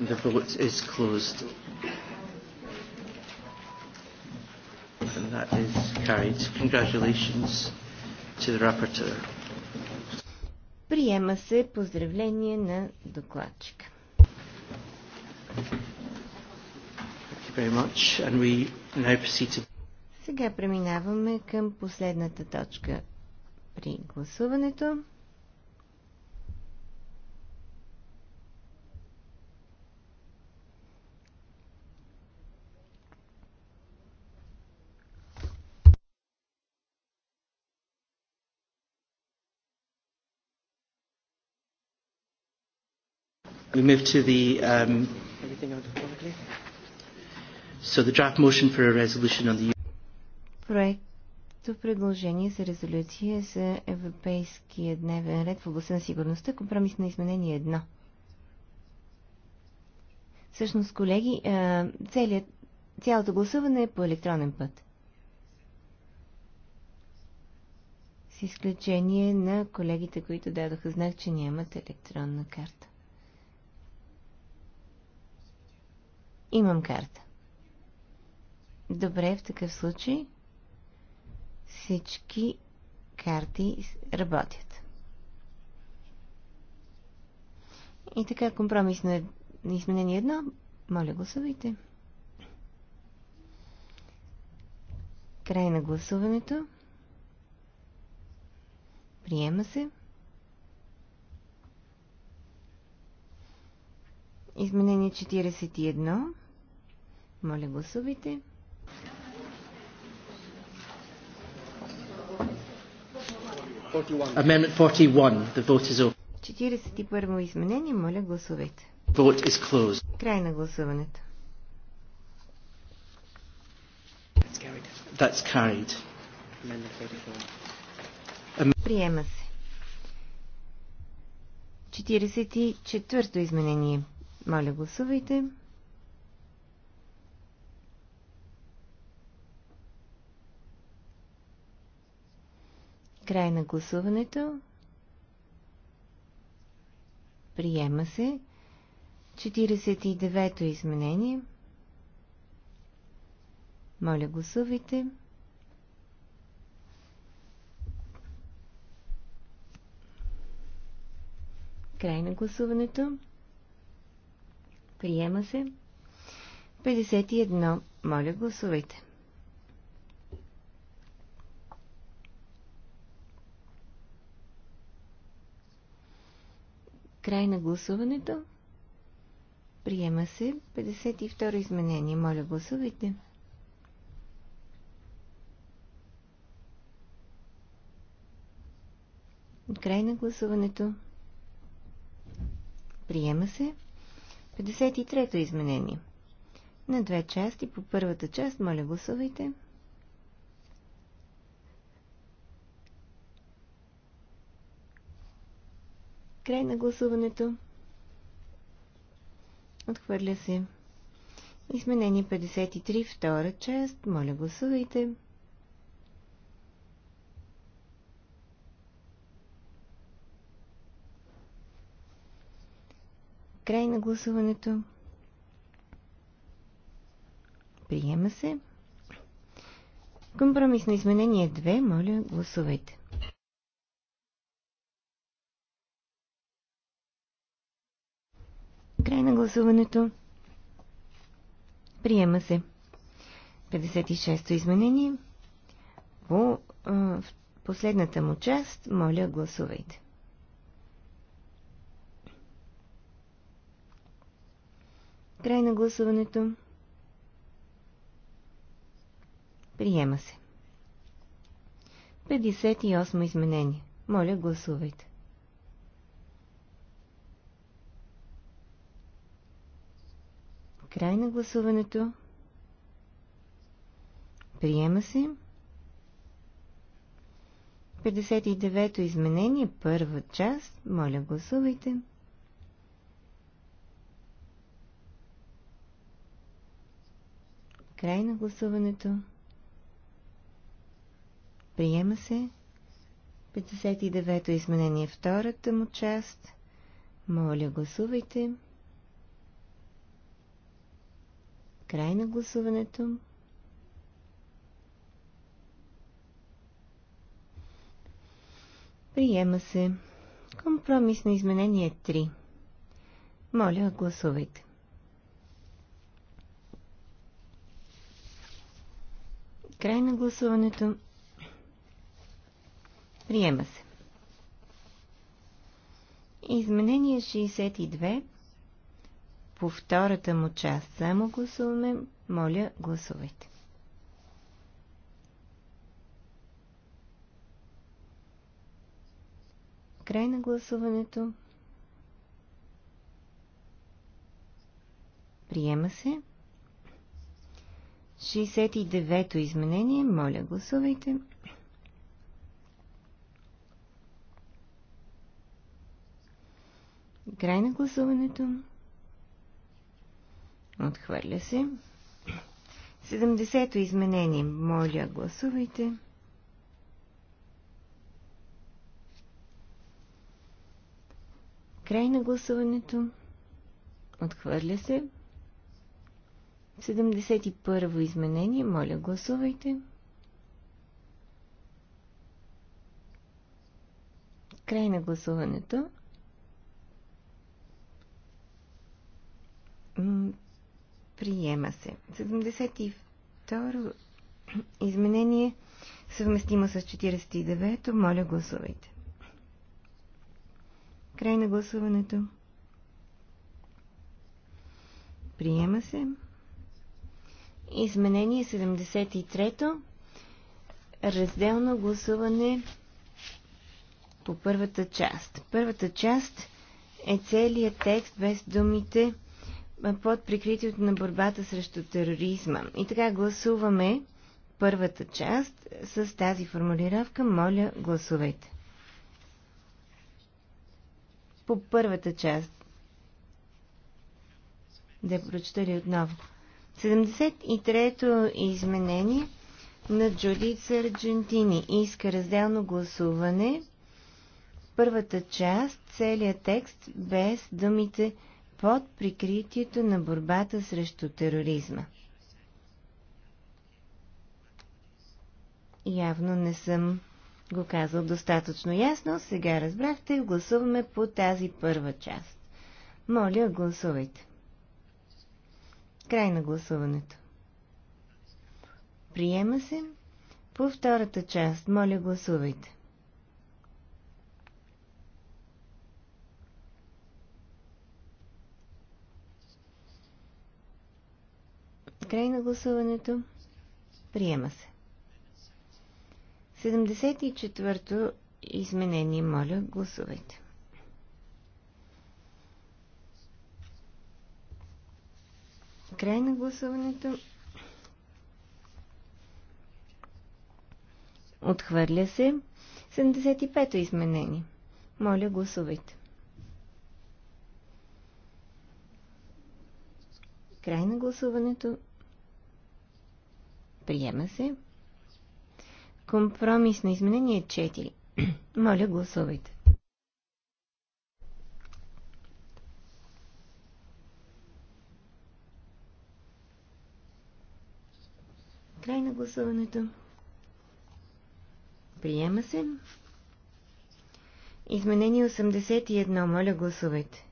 The vote is closed. And that is carried. Congratulations to the rapporteur. Приема се поздравление на докладчика. To... Сега преминаваме към последната точка при гласуването. We move to the. Um, so the draft motion for a resolution on the. Проекто предложение за резолюция за европейския дневен ред в областта на сигурността. Компромис на изменение едно. Всъщност, колеги, целият, цялото гласуване е по електронен път. С изключение на колегите, които дадоха знак, че нямат електронна карта. Имам карта. Добре, в такъв случай всички карти работят. И така, компромисно изменение едно. Моля, гласувайте. Край на гласуването. Приема се. Изменение 41. Моля, гласувайте. Amendment 41. The vote is 41 изменение. Моля, гласувайте. Vote is closed. Край на гласуването. That's carried. Приема се. 44-то изменение. Моля, гласувайте. Край на гласуването. Приема се. 49-то изменение. Моля, гласувайте. Край на гласуването. Приема се. 51. Моля, гласувайте. Край на гласуването. Приема се 52 изменение. Моля, гласувайте. Край на гласуването. Приема се 53-то изменение. На две части. По първата част, моля гласувайте. Край на гласуването. Отхвърля се. Изменение 53, втора част. Моля гласувайте. Край на гласуването. Приема се. Компромисно изменение 2. Моля, гласувайте. Край на гласуването. Приема се. 56-то изменение. По а, последната му част, моля, гласувайте. Край на гласуването. Приема се. 58 изменение. Моля, гласувайте. Край на гласуването. Приема се. 59-то изменение, първа част. Моля, гласувайте. Край на гласуването. Приема се. 59-то изменение, втората му част. Моля, гласувайте. Край на гласуването. Приема се. Компромисно изменение 3. Моля, гласувайте. Край на гласуването. Приема се. Изменение 62 по втората му част само гласуваме. Моля, гласувайте. Край на гласуването. Приема се. 69-то изменение. Моля, гласувайте. Край на гласуването. Отхвърля се. 70-то изменение. Моля, гласувайте. Край на гласуването. Отхвърля се. 71 изменение. Моля, гласувайте. Край на гласуването. Приема се. 72 изменение съвместимо с 49-то. Моля, гласувайте. Край на гласуването. Приема се. Изменение 73-то. Разделно гласуване по първата част. Първата част е целият текст без думите под прикритието на борбата срещу тероризма. И така гласуваме първата част с тази формулировка. Моля, гласувайте. По първата част. Да прочета ли отново? 73-то изменение на Джудица Арджентини иска разделно гласуване. Първата част, целият текст, без думите под прикритието на борбата срещу тероризма. Явно не съм го казал достатъчно ясно. Сега разбрахте, и гласуваме по тази първа част. Моля, гласувайте. Край на гласуването. Приема се. По втората част, моля гласувайте. Край на гласуването. Приема се. 74-то изменение, моля, гласувайте. Край на гласуването. Отхвърля се. 75-то изменение. Моля, гласувайте. Край на гласуването. Приема се. Компромисно изменение 4. Моля, гласувайте. Край на гласуването. Приема се. Изменение 81. Моля, гласувайте.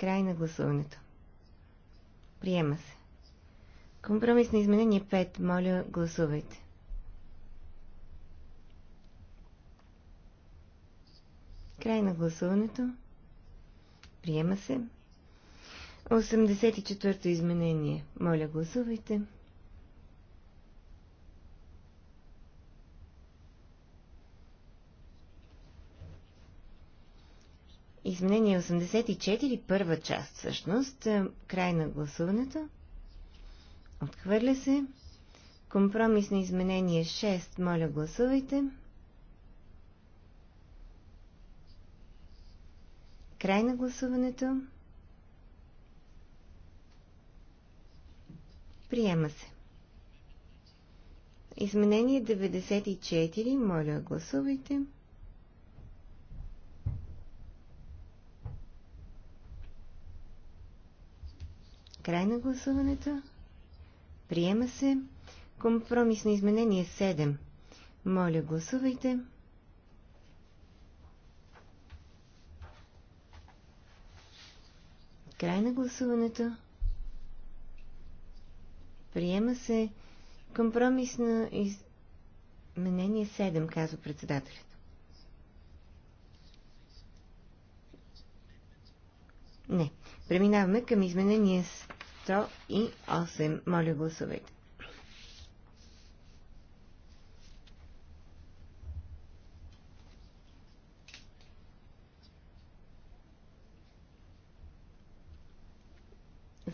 Край на гласуването. Приема се. Компромис на изменение 5. Моля, гласувайте. Край на гласуването. Приема се. 84-то изменение. Моля, гласувайте. Изменение 84, първа част всъщност, е, край на гласуването. Отхвърля се. Компромис на изменение 6, моля гласувайте. Край на гласуването. Приема се. Изменение 94. Моля, гласувайте. Край на гласуването. Приема се. Компромисно изменение 7. Моля, гласувайте. Край на гласуването. Приема се компромисно изменение 7, казва председателят. Не. Преминаваме към изменение 108. Моля, гласувайте.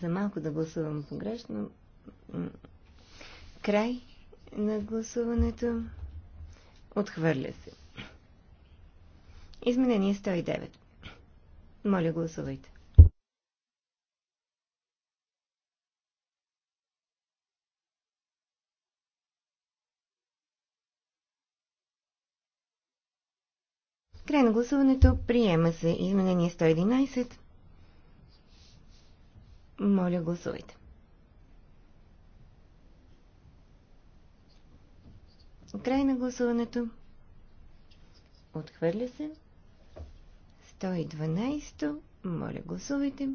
За малко да гласувам погрешно, Край на гласуването. Отхвърля се. Изменение 109. Моля, гласувайте. Край на гласуването приема се изменение 111. Моля, гласувайте. Край на гласуването. Отхвърля се. 112. Моля, гласувайте.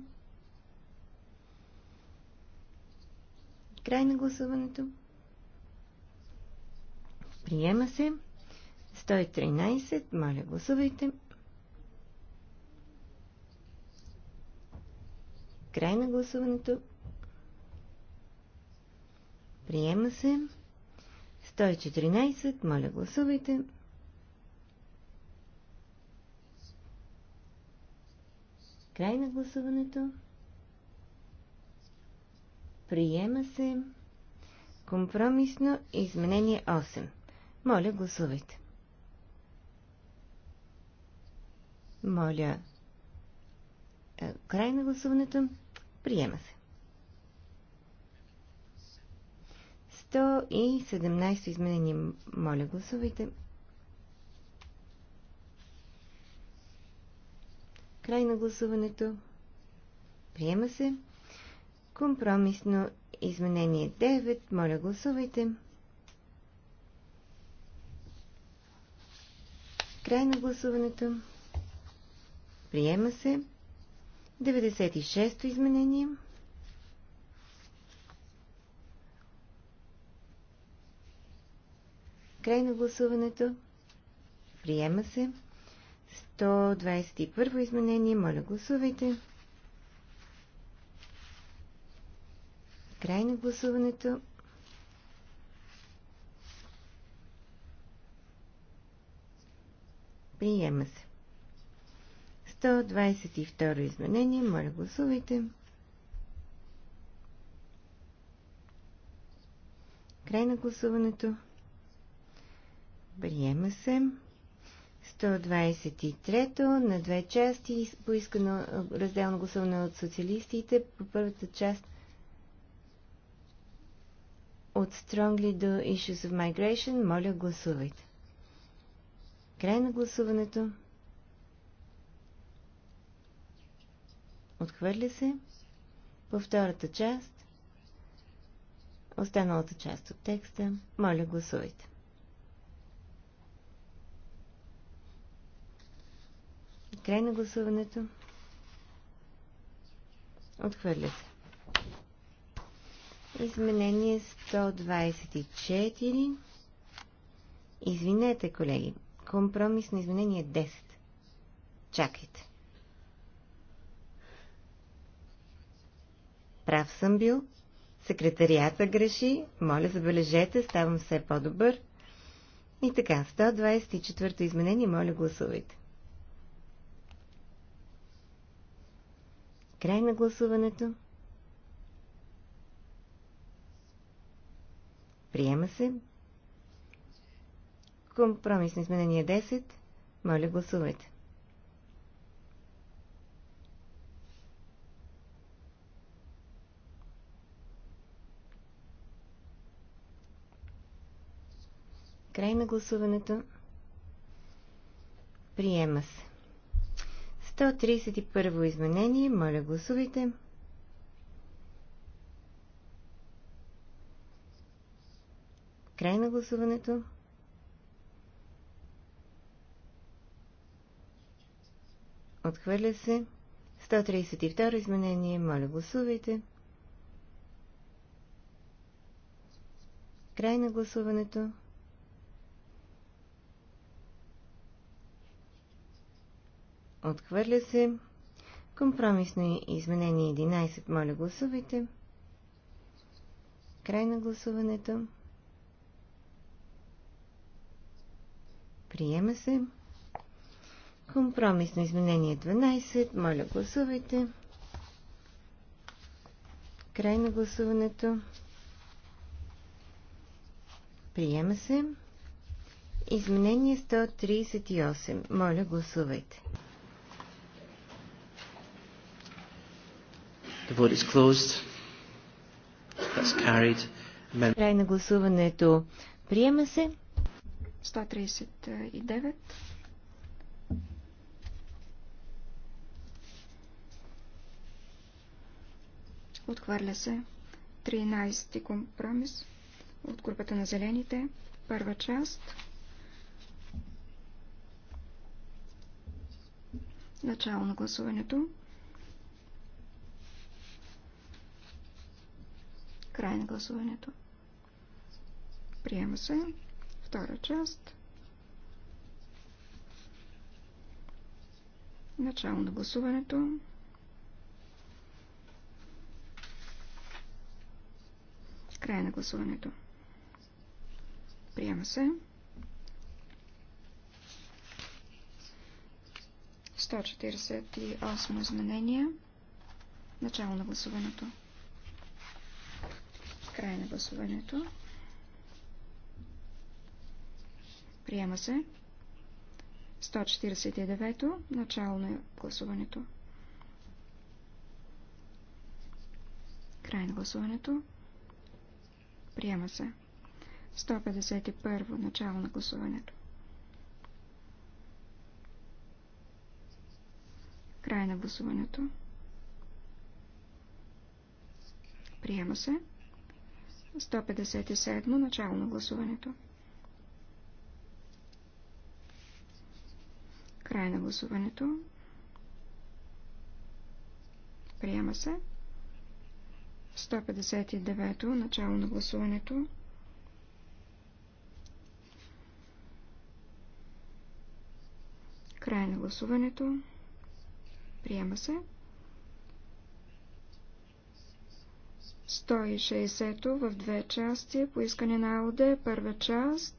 Край на гласуването. Приема се. 113. Моля, гласувайте. Край на гласуването. Приема се. 114. Моля, гласувайте. Край на гласуването. Приема се компромисно изменение 8. Моля, гласувайте. Моля, е, край на гласуването. Приема се. 117 изменения, Моля, гласувайте. Край на гласуването. Приема се. Компромисно изменение 9. Моля, гласувайте. Край на гласуването. Приема се. 96-то изменение. Край на гласуването. Приема се. 121 изменение. Моля, гласувайте. Край на гласуването. Приема се. 122 изменение. Моля, гласувайте. Край на гласуването. Приема се. 123-то на две части, поискано разделно гласуване от социалистите. По първата част от Strongly до Issues of Migration, моля гласувайте. Край на гласуването. Отхвърля се. По втората част, останалата част от текста, моля гласувайте. Край на гласуването. Отхвърля се. Изменение 124. Извинете, колеги. Компромис на изменение 10. Чакайте. Прав съм бил. Секретарията греши. Моля, забележете, ставам все по-добър. И така, 124 изменение, моля гласувайте. Край на гласуването. Приема се. Компромисно изменение 10. Моля, гласувайте. Край на гласуването. Приема се. 131 изменение. Моля, гласувайте. Край на гласуването. Отхвърля се. 132 изменение. Моля, гласувайте. Край на гласуването. Отхвърля се. Компромисно е изменение 11. Моля, гласувайте. Край на гласуването. Приема се. Компромисно изменение 12. Моля, гласувайте. Край на гласуването. Приема се. Изменение 138. Моля, гласувайте. The vote is closed. That's carried. Край на гласуването. Приема се. 139. Отхвърля се 13-ти компромис от групата на зелените. Първа част. Начало на гласуването. Край на гласуването. Приема се. Втора част. Начало на гласуването. Край на гласуването. Приема се. 148 изменения. Начало на гласуването. Край на гласуването. Приема се. 149-то. Начало на гласуването. Край на гласуването. Приема се. 151 во начало на гласуването. Край на гласуването. Приема се. 157. Начало на гласуването. Край на гласуването. Приема се. 159. Начало на гласуването. Край на гласуването. Приема се. 160 в две части, поискане на АОД, първа част,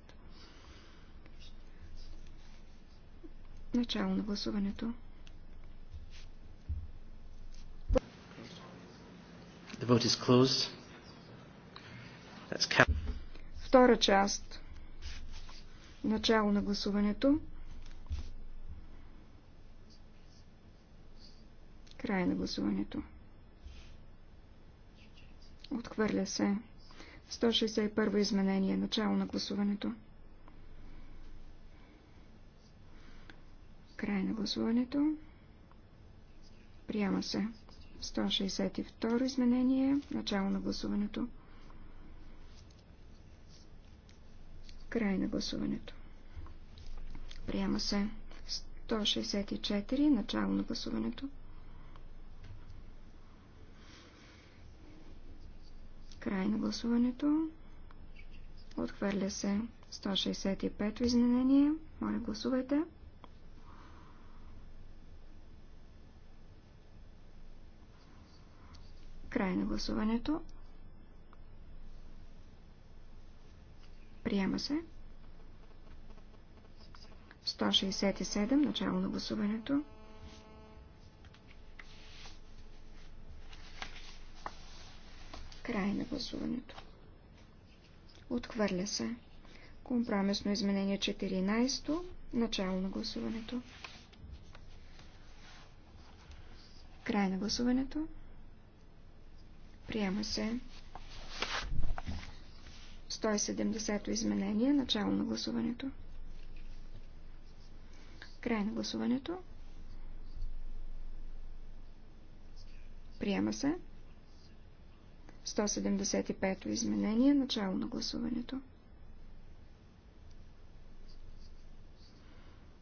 начало на гласуването. The vote is closed. That's Втора част. Начало на гласуването. Край на гласуването. Отхвърля се. 161 изменение. Начало на гласуването. Край на гласуването. Приема се. 162 изменение. Начало на гласуването. Край на гласуването. Приема се. 164. Начало на гласуването. Край на гласуването. Отхвърля се 165 изменение. Моля, гласувайте. Край на гласуването. Приема се. 167. Начало на гласуването. Край на гласуването. Отхвърля се. Компромисно изменение 14. Начало на гласуването. Край на гласуването. Приема се 170-то изменение. Начало на гласуването. Край на гласуването. Приема се. 175-то изменение, начало на гласуването.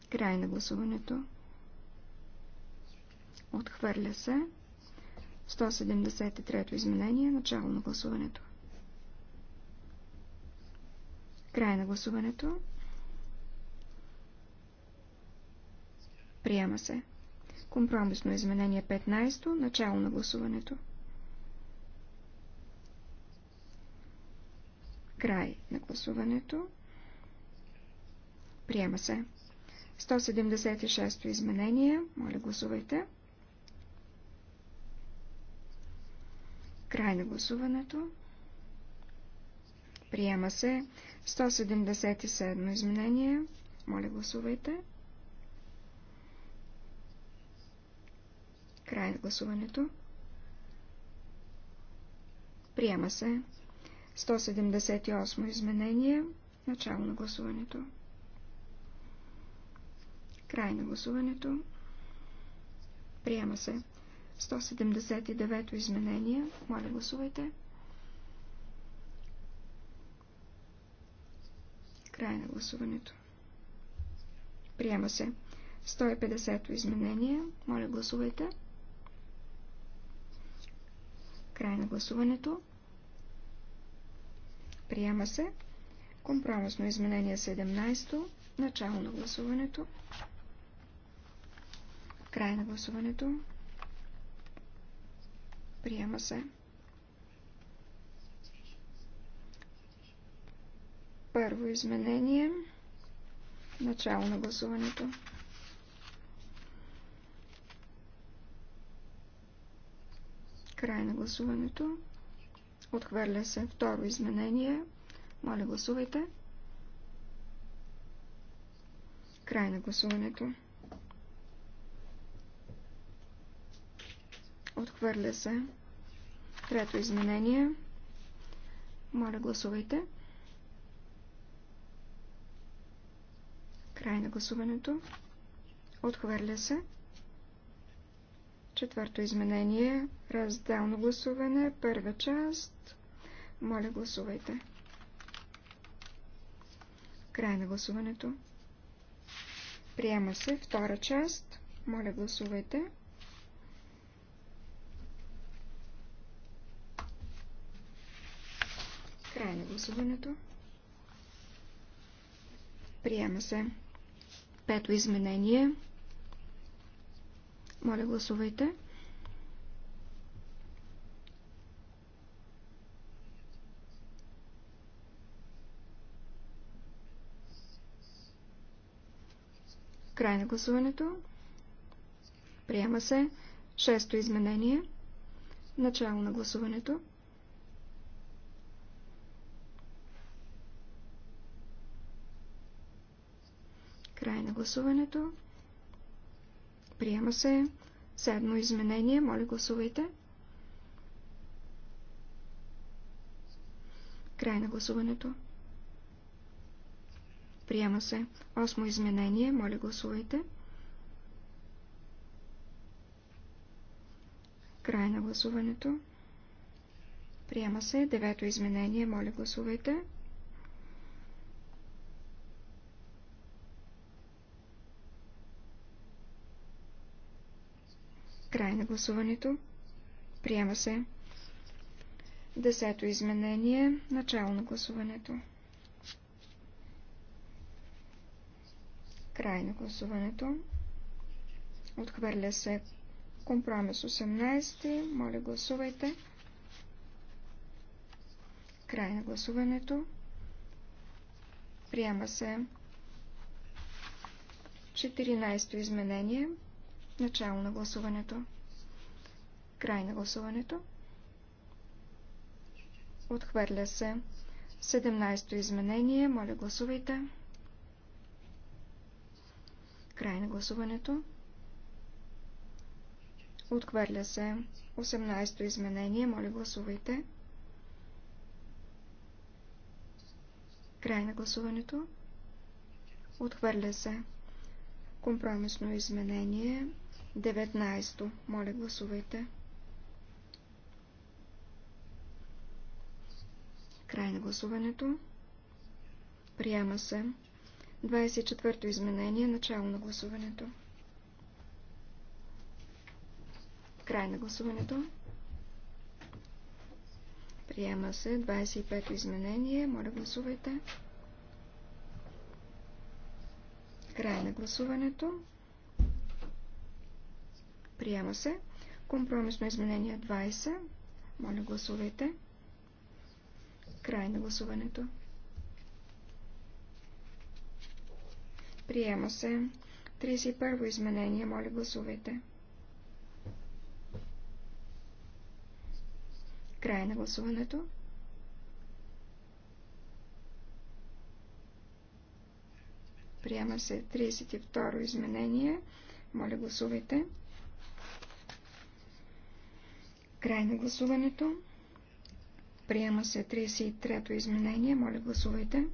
Край на гласуването. Отхвърля се. 173-то изменение, начало на гласуването. Край на гласуването. Приема се. Компромисно изменение 15, то начало на гласуването. Край на гласуването. Приема се. 176-то изменение. Моля, гласувайте. Край на гласуването. Приема се. 177 изменение. Моля, гласувайте. Край на гласуването. Приема се. 178 изменение. Начало на гласуването. Край на гласуването. Приема се. 179 изменение. Моля, гласувайте. Край на гласуването. Приема се. 150 изменение. Моля, гласувайте. Край на гласуването. Приема се. Компромисно изменение 17. Начало на гласуването. Край на гласуването. Приема се. Първо изменение. Начало на гласуването. Край на гласуването. Отхвърля се второ изменение. Моля, гласувайте. Край на гласуването. Отхвърля се. Трето изменение. Моля, гласувайте. Край на гласуването. Отхвърля се. Четвърто изменение. Разделно гласуване. Първа част. Моля, гласувайте. Край на гласуването. Приема се. Втора част. Моля, гласувайте. Край на гласуването. Приема се. Пето изменение. Моля, гласувайте. Край на гласуването. Приема се шесто изменение. Начало на гласуването. Край на гласуването. Приема се. Седмо изменение. Моля, гласувайте. Край на гласуването. Приема се. Осмо изменение. Моля, гласувайте. Край на гласуването. Приема се. Девето изменение. Моля, гласувайте. Край на гласуването. Приема се. Десето изменение. Начало на гласуването. Край на гласуването. Отхвърля се компромис 18. Моля, гласувайте. Край на гласуването. Приема се 14-то изменение. Начало на гласуването. Край на гласуването. Отхвърля се. 17-то изменение. Моля, гласувайте. Край на гласуването. Отхвърля се. 18-то изменение. Моля, гласувайте. Край на гласуването. Отхвърля се. Компромисно изменение 19. Моля, гласувайте. Край на гласуването. Приема се. 24-то изменение. Начало на гласуването. Край на гласуването. Приема се. 25-то изменение. Моля, гласувайте. Край на гласуването. Приема се. Компромисно изменение 20. Моля, гласувайте. Край на гласуването. Приема се. 31 изменение. Моля, гласувайте. Край на гласуването. Приема се 32 изменение. Моля, гласувайте. Край на гласуването. Приема се 33-то изменение. Моля, гласувайте.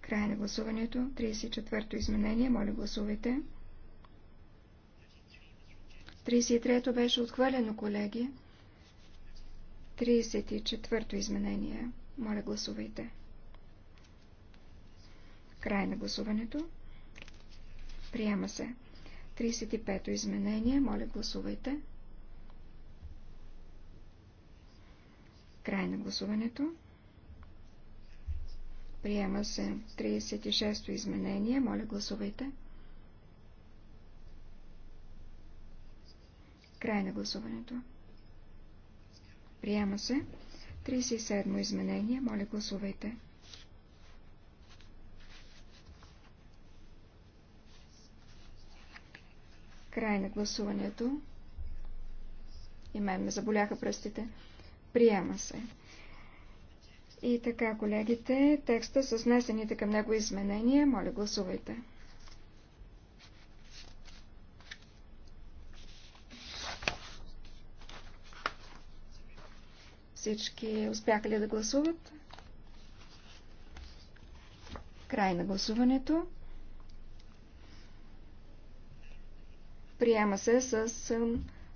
Край на гласуването. 34-то изменение. Моля, гласувайте. 33-то беше отхвърлено, колеги. 34-то изменение. Моля, гласувайте. Край на гласуването. Приема се. 35-то изменение. Моля, гласувайте. Край на гласуването. Приема се 36-то изменение. Моля, гласувайте. Край на гласуването. Приема се 37-то изменение. Моля, гласувайте. Край на гласуването. И мен ме заболяха пръстите. Приема се. И така, колегите, текста с внесените към него изменения, моля гласувайте. Всички успяха ли да гласуват? Край на гласуването. Приема се с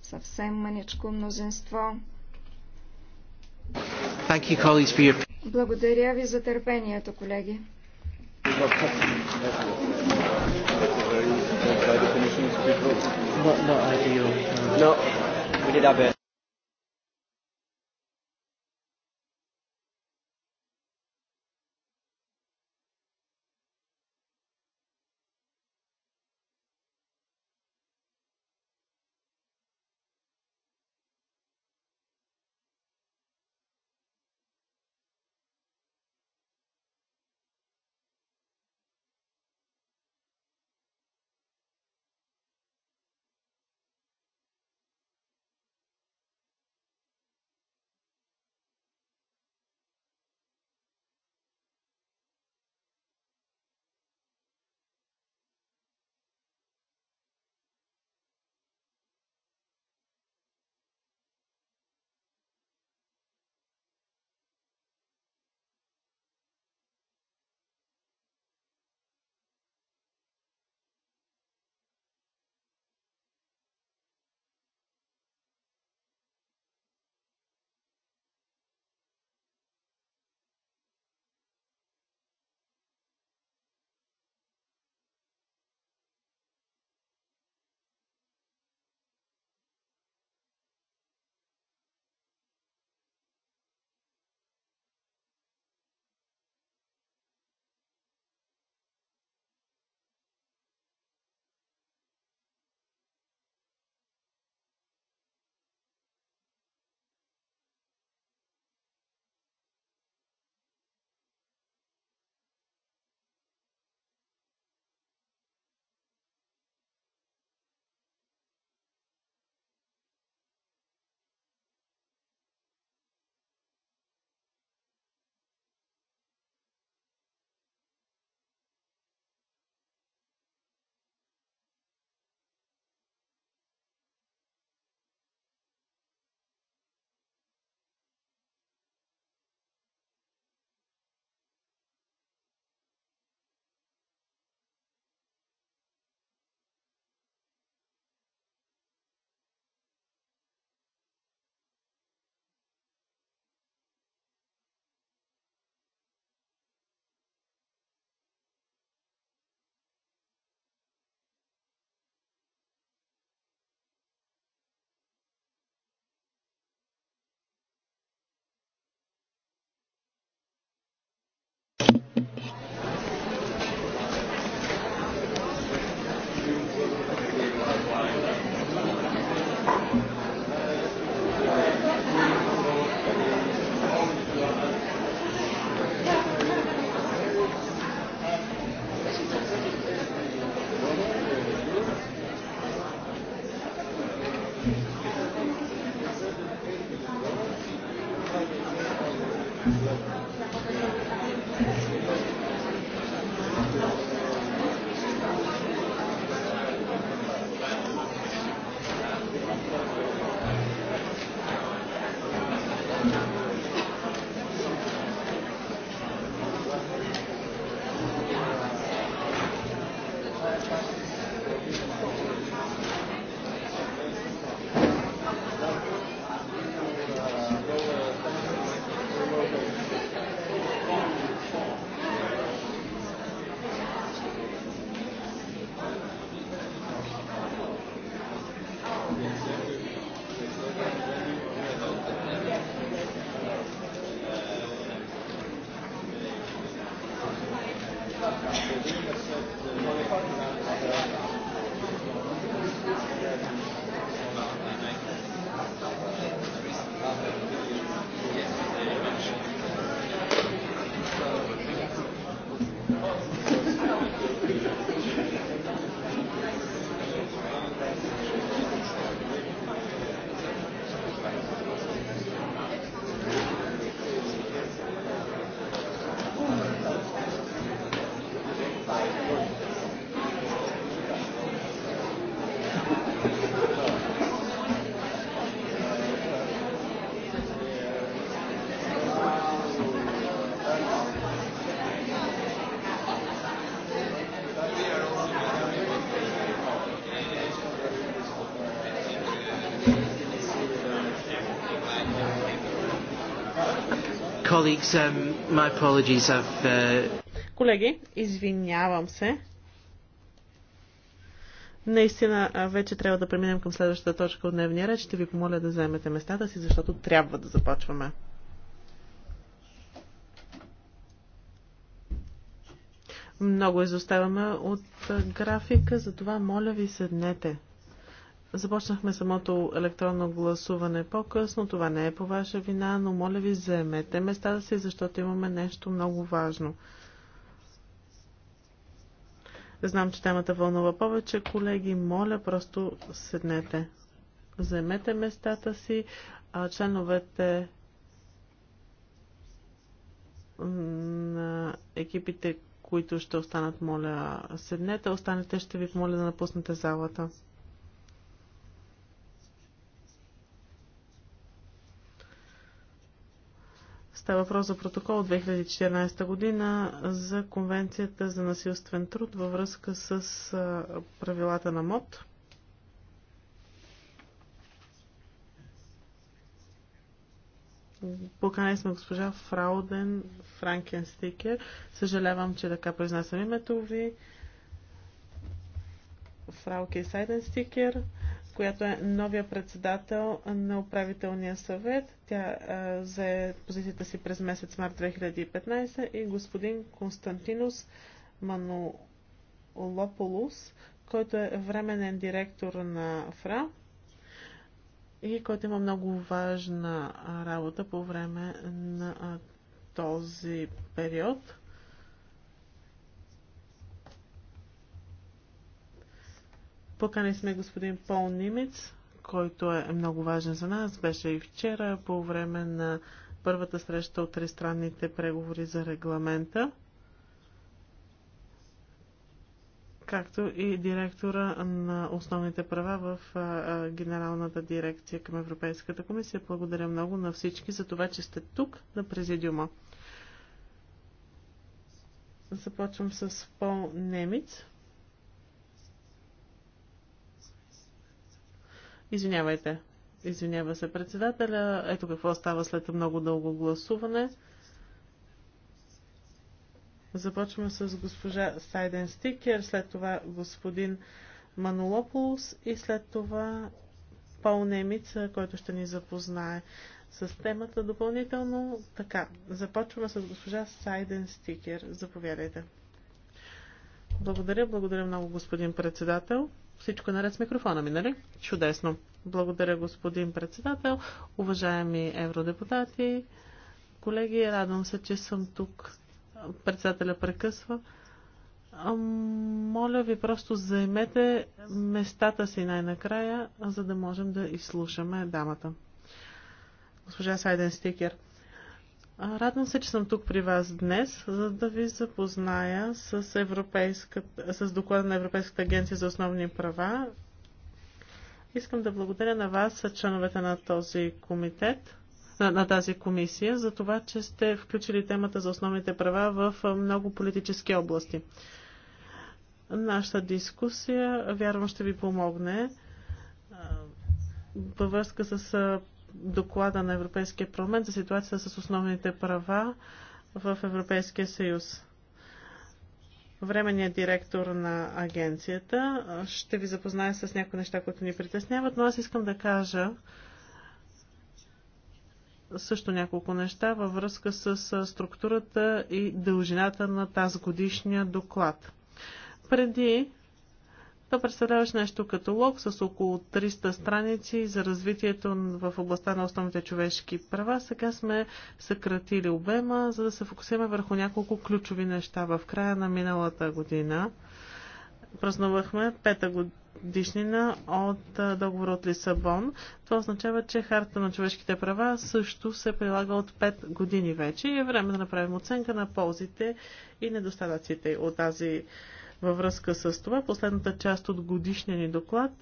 съвсем маничко мнозинство. Благодаря ви за търпението, колеги. Not, not ideal. Uh, no, we did our colleagues, um, my apologies, I've, uh... Колеги, извинявам се. Наистина, вече трябва да преминем към следващата точка от дневния ред. Ще ви помоля да заемете местата си, защото трябва да започваме. Много изоставаме от графика, затова моля ви седнете. Започнахме самото електронно гласуване по-късно. Това не е по ваша вина, но моля ви, заемете местата си, защото имаме нещо много важно. Знам, че темата вълнува повече, колеги. Моля, просто седнете. Заемете местата си, а членовете на екипите, които ще останат, моля, седнете. Останете, ще ви помоля да напуснете залата. Става въпрос за протокол от 2014 година за Конвенцията за насилствен труд във връзка с правилата на МОД. Покани сме госпожа Фрауден Франкенстикер. Съжалявам, че така произнасям името ви. Фрауке Сайденстикер. Стикер която е новия председател на управителния съвет. Тя а, е, зае позицията си през месец март 2015 и господин Константинус Манолополус, който е временен директор на ФРА и който има много важна работа по време на този период. Покани сме господин Пол Нимец, който е много важен за нас. Беше и вчера по време на първата среща от тристранните преговори за регламента. както и директора на основните права в Генералната дирекция към Европейската комисия. Благодаря много на всички за това, че сте тук на президиума. Започвам с Пол Немиц. Извинявайте. Извинява се председателя. Ето какво става след много дълго гласуване. Започваме с госпожа Сайден Стикер, след това господин Манолополус и след това Пол немица който ще ни запознае с темата допълнително. Така, започваме с госпожа Сайден Стикер. Заповядайте. Благодаря, благодаря много господин председател. Всичко е наред с микрофона ми, нали? Чудесно. Благодаря, господин председател. Уважаеми евродепутати, колеги, радвам се, че съм тук. Председателя прекъсва. Моля ви, просто займете местата си най-накрая, за да можем да изслушаме дамата. Госпожа Сайден Стикер. Радвам се, че съм тук при вас днес, за да ви запозная с, с доклада на Европейската агенция за основни права. Искам да благодаря на вас, членовете на този комитет, на, на тази комисия, за това, че сте включили темата за основните права в много политически области. Нашата дискусия, вярвам, ще ви помогне във връзка с доклада на Европейския парламент за ситуацията с основните права в Европейския съюз. Временният директор на агенцията ще ви запознае с някои неща, които ни притесняват, но аз искам да кажа също няколко неща във връзка с структурата и дължината на тази годишния доклад. Преди да представляваш нещо като лог с около 300 страници за развитието в областта на основните човешки права. Сега сме съкратили обема, за да се фокусираме върху няколко ключови неща. В края на миналата година празнувахме пета годишнина от договор от Лисабон. Това означава, че харта на човешките права също се прилага от 5 години вече и е време да направим оценка на ползите и недостатъците от тази във връзка с това, последната част от годишния ни доклад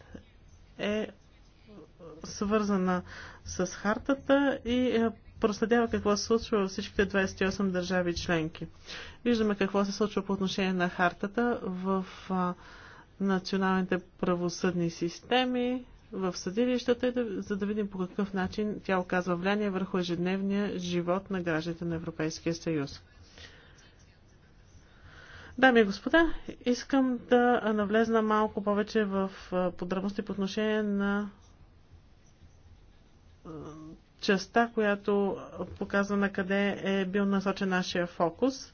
е свързана с хартата и е, проследява какво се случва във всичките 28 държави членки. Виждаме какво се случва по отношение на хартата в националните правосъдни системи, в съдилищата, за да видим по какъв начин тя оказва влияние върху ежедневния живот на гражданите на Европейския съюз. Дами и господа, искам да навлезна малко повече в подробности по отношение на частта, която показва на къде е бил насочен нашия фокус.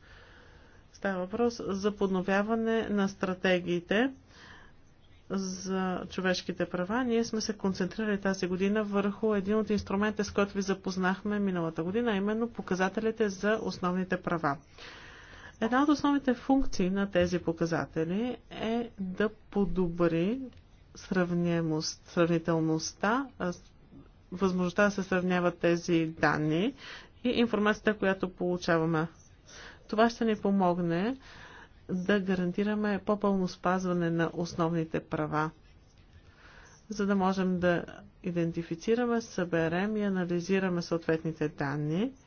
Става въпрос за подновяване на стратегиите за човешките права. Ние сме се концентрирали тази година върху един от инструментите, с който ви запознахме миналата година, именно показателите за основните права. Една от основните функции на тези показатели е да подобри сравнителността, възможността да се сравняват тези данни и информацията, която получаваме. Това ще ни помогне да гарантираме по-пълно спазване на основните права, за да можем да идентифицираме, съберем и анализираме съответните данни –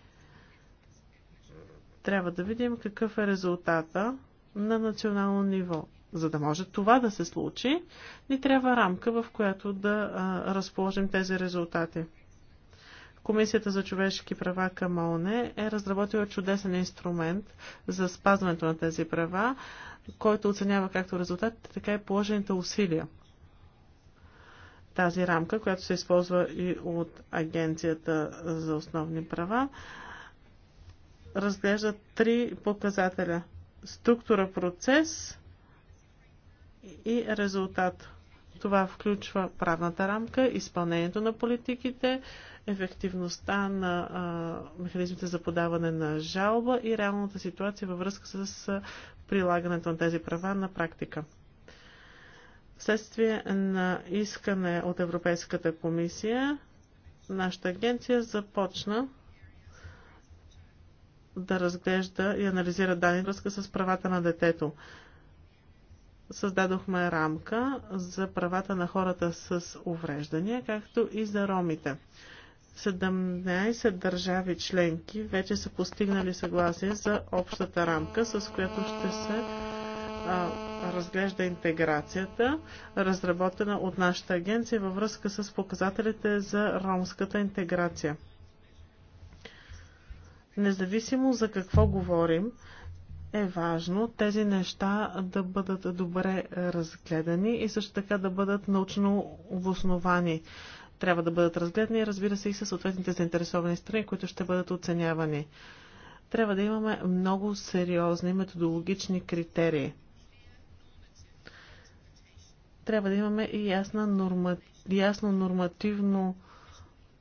трябва да видим какъв е резултата на национално ниво. За да може това да се случи, ни трябва рамка, в която да а, разположим тези резултати. Комисията за човешки права към ООН е разработила чудесен инструмент за спазването на тези права, който оценява както резултатите, така и положените усилия. Тази рамка, която се използва и от Агенцията за основни права, разглежда три показателя. Структура, процес и резултат. Това включва правната рамка, изпълнението на политиките, ефективността на а, механизмите за подаване на жалба и реалната ситуация във връзка с прилагането на тези права на практика. Вследствие на искане от Европейската комисия, нашата агенция започна да разглежда и анализира данни връзка с правата на детето. Създадохме рамка за правата на хората с увреждания, както и за ромите. 17 държави членки вече са постигнали съгласие за общата рамка, с която ще се а, разглежда интеграцията, разработена от нашата агенция във връзка с показателите за ромската интеграция. Независимо за какво говорим, е важно тези неща да бъдат добре разгледани и също така да бъдат научно обосновани. Трябва да бъдат разгледани, разбира се, и със съответните заинтересовани страни, които ще бъдат оценявани. Трябва да имаме много сериозни методологични критерии. Трябва да имаме и ясна норма... ясно нормативно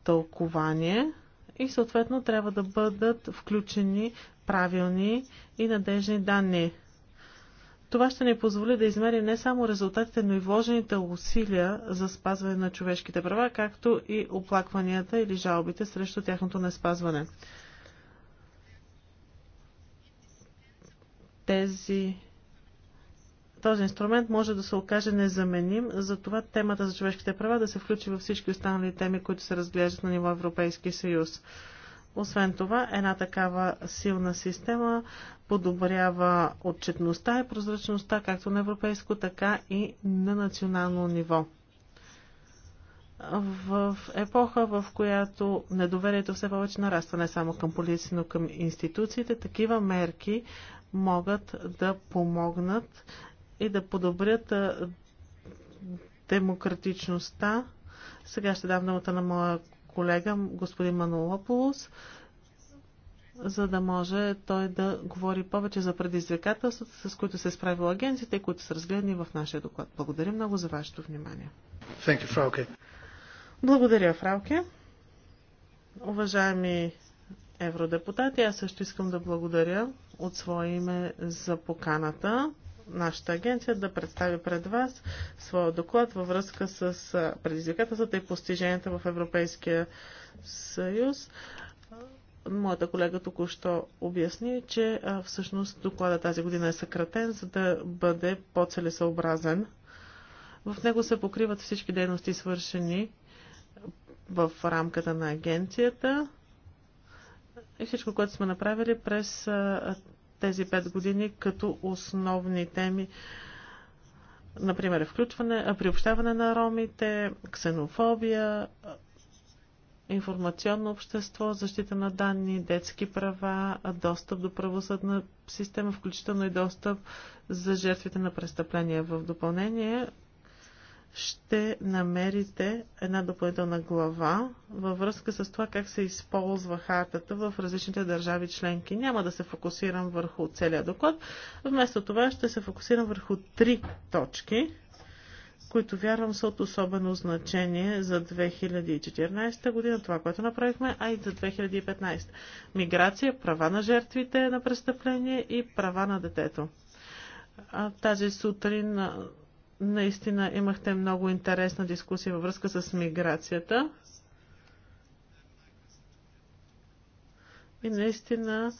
тълкование – и съответно трябва да бъдат включени правилни и надежни данни. Това ще ни позволи да измерим не само резултатите, но и вложените усилия за спазване на човешките права, както и оплакванията или жалбите срещу тяхното неспазване. Тези този инструмент може да се окаже незаменим, затова темата за човешките права да се включи във всички останали теми, които се разглеждат на ниво Европейски съюз. Освен това, една такава силна система подобрява отчетността и прозрачността както на европейско, така и на национално ниво. В епоха, в която недоверието все повече нараства не само към полиция, но към институциите, такива мерки могат да помогнат и да подобрят демократичността. Сега ще дам думата на моя колега, господин Манолополос, за да може той да говори повече за предизвикателствата, с които се е справила агенцията и които са разгледани в нашия доклад. Благодаря много за вашето внимание. Thank you, Благодаря, Фрауке. Уважаеми евродепутати, аз също искам да благодаря от свое име за поканата нашата агенция да представи пред вас своя доклад във връзка с предизвикателствата и постиженията в Европейския съюз. Моята колега току-що обясни, че всъщност доклада тази година е съкратен, за да бъде по-целесъобразен. В него се покриват всички дейности, свършени в рамката на агенцията и всичко, което сме направили през тези пет години като основни теми. Например, включване, приобщаване на ромите, ксенофобия, информационно общество, защита на данни, детски права, достъп до правосъдна система, включително и достъп за жертвите на престъпления. В допълнение, ще намерите една допълнителна глава във връзка с това как се използва хартата в различните държави членки. Няма да се фокусирам върху целия доклад, вместо това ще се фокусирам върху три точки, които вярвам са от особено значение за 2014 година, това, което направихме, а и за 2015. Миграция, права на жертвите на престъпление и права на детето. Тази сутрин Наистина имахте много интересна дискусия във връзка с миграцията. И наистина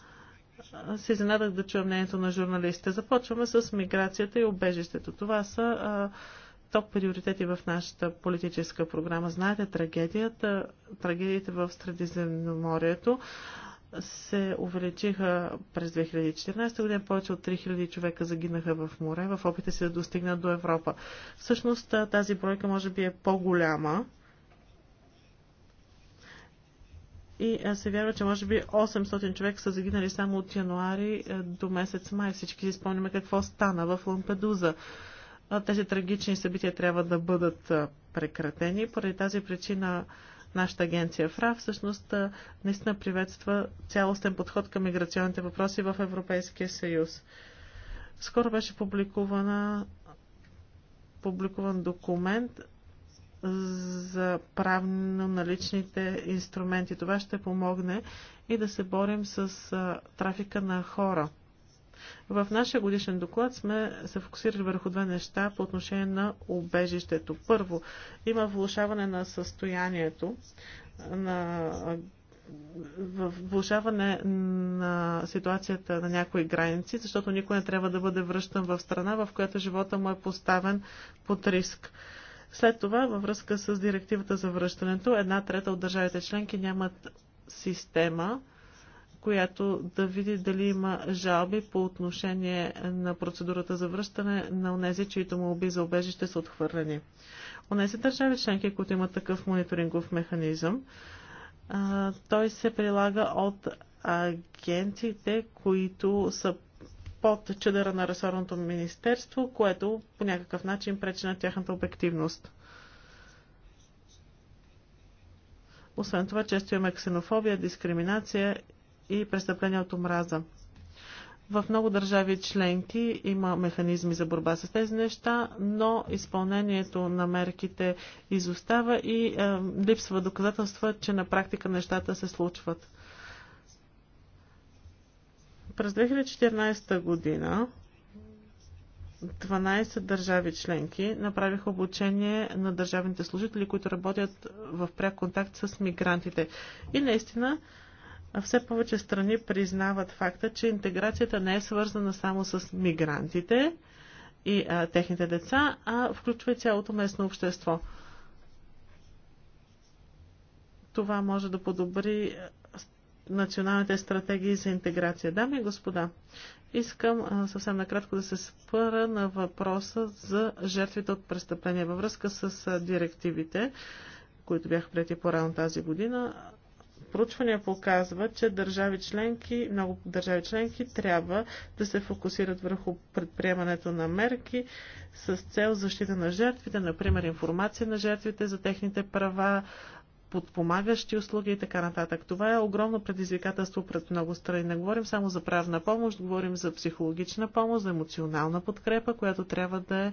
се изненадах да чуя мнението на журналистите. Започваме с миграцията и обежището. Това са топ приоритети в нашата политическа програма. Знаете трагедията, трагедиите в Средиземноморието се увеличиха през 2014 година. Повече от 3000 човека загинаха в море в опита си да достигнат до Европа. Всъщност тази бройка може би е по-голяма. И се вярва, че може би 800 човека са загинали само от януари до месец май. Всички си спомняме какво стана в Лампедуза. Тези трагични събития трябва да бъдат прекратени. Поради тази причина Нашата агенция ФРА всъщност наистина приветства цялостен подход към миграционните въпроси в Европейския съюз. Скоро беше публикувана, публикуван документ за правно наличните инструменти. Това ще помогне и да се борим с трафика на хора. В нашия годишен доклад сме се фокусирали върху две неща по отношение на убежището. Първо, има влушаване на състоянието на влушаване на ситуацията на някои граници, защото никой не трябва да бъде връщан в страна, в която живота му е поставен под риск. След това, във връзка с директивата за връщането, една трета от държавите членки нямат система, която да види дали има жалби по отношение на процедурата за връщане на онези, чието молби за обежище са отхвърлени. Онези държави членки, които имат такъв мониторингов механизъм, той се прилага от агенциите, които са под чедъра на ресорното министерство, което по някакъв начин пречи на тяхната обективност. Освен това, често имаме ксенофобия, дискриминация и престъпления от омраза. В много държави членки има механизми за борба с тези неща, но изпълнението на мерките изостава и е, липсва доказателства, че на практика нещата се случват. През 2014 година 12 държави членки направиха обучение на държавните служители, които работят в пряк контакт с мигрантите. И наистина все повече страни признават факта, че интеграцията не е свързана само с мигрантите и а, техните деца, а включва и цялото местно общество. Това може да подобри националните стратегии за интеграция. Дами и господа, искам съвсем накратко да се спъра на въпроса за жертвите от престъпления във връзка с директивите, които бяха прети по-рано тази година. Проучвания показват, че държави членки, много държави членки трябва да се фокусират върху предприемането на мерки с цел защита на жертвите, например информация на жертвите за техните права, подпомагащи услуги и така нататък. Това е огромно предизвикателство пред много страни. Не говорим само за правна помощ, говорим за психологична помощ, за емоционална подкрепа, която трябва да е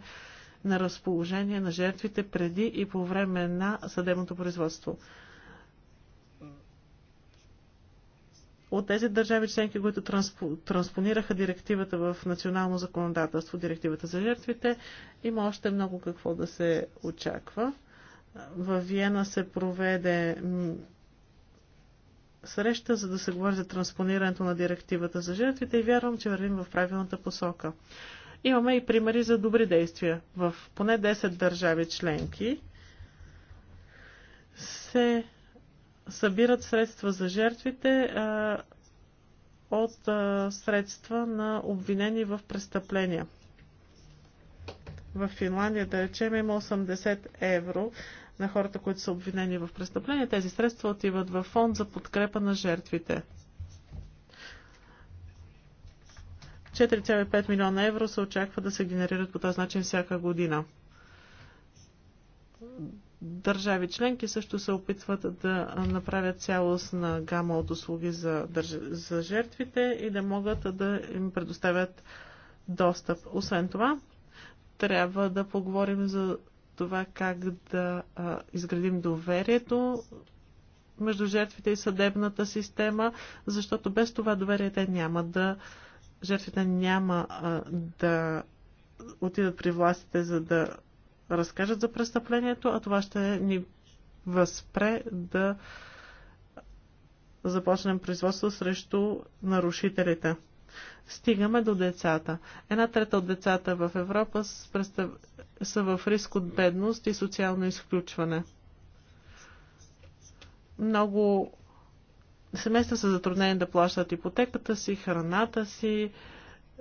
на разположение на жертвите преди и по време на съдебното производство. от тези държави членки, които транспонираха директивата в национално законодателство, директивата за жертвите, има още много какво да се очаква. В Виена се проведе среща, за да се говори за транспонирането на директивата за жертвите и вярвам, че вървим в правилната посока. Имаме и примери за добри действия. В поне 10 държави членки се събират средства за жертвите а, от а, средства на обвинени в престъпления. В Финландия, да речем, има 80 евро на хората, които са обвинени в престъпления. Тези средства отиват в фонд за подкрепа на жертвите. 4,5 милиона евро се очаква да се генерират по този начин всяка година държави членки също се опитват да направят цялостна гама от услуги за, държ... за жертвите и да могат да им предоставят достъп. Освен това, трябва да поговорим за това как да а, изградим доверието между жертвите и съдебната система, защото без това доверие те няма да. Жертвите няма а, да отидат при властите, за да разкажат за престъплението, а това ще ни възпре да започнем производство срещу нарушителите. Стигаме до децата. Една трета от децата в Европа са в риск от бедност и социално изключване. Много семейства са затруднени да плащат ипотеката си, храната си,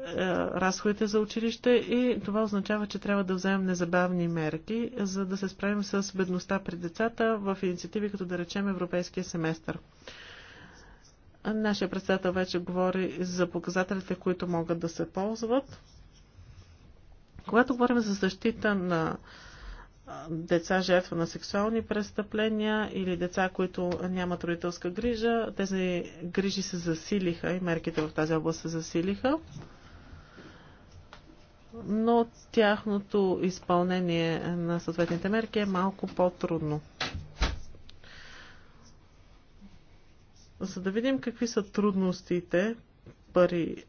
е, разходите за училище и това означава, че трябва да вземем незабавни мерки, за да се справим с бедността при децата в инициативи, като да речем Европейския семестър. Нашия председател вече говори за показателите, които могат да се ползват. Когато говорим за защита на деца жертва на сексуални престъпления или деца, които нямат родителска грижа, тези грижи се засилиха и мерките в тази област се засилиха но тяхното изпълнение на съответните мерки е малко по-трудно. За да видим какви са трудностите пари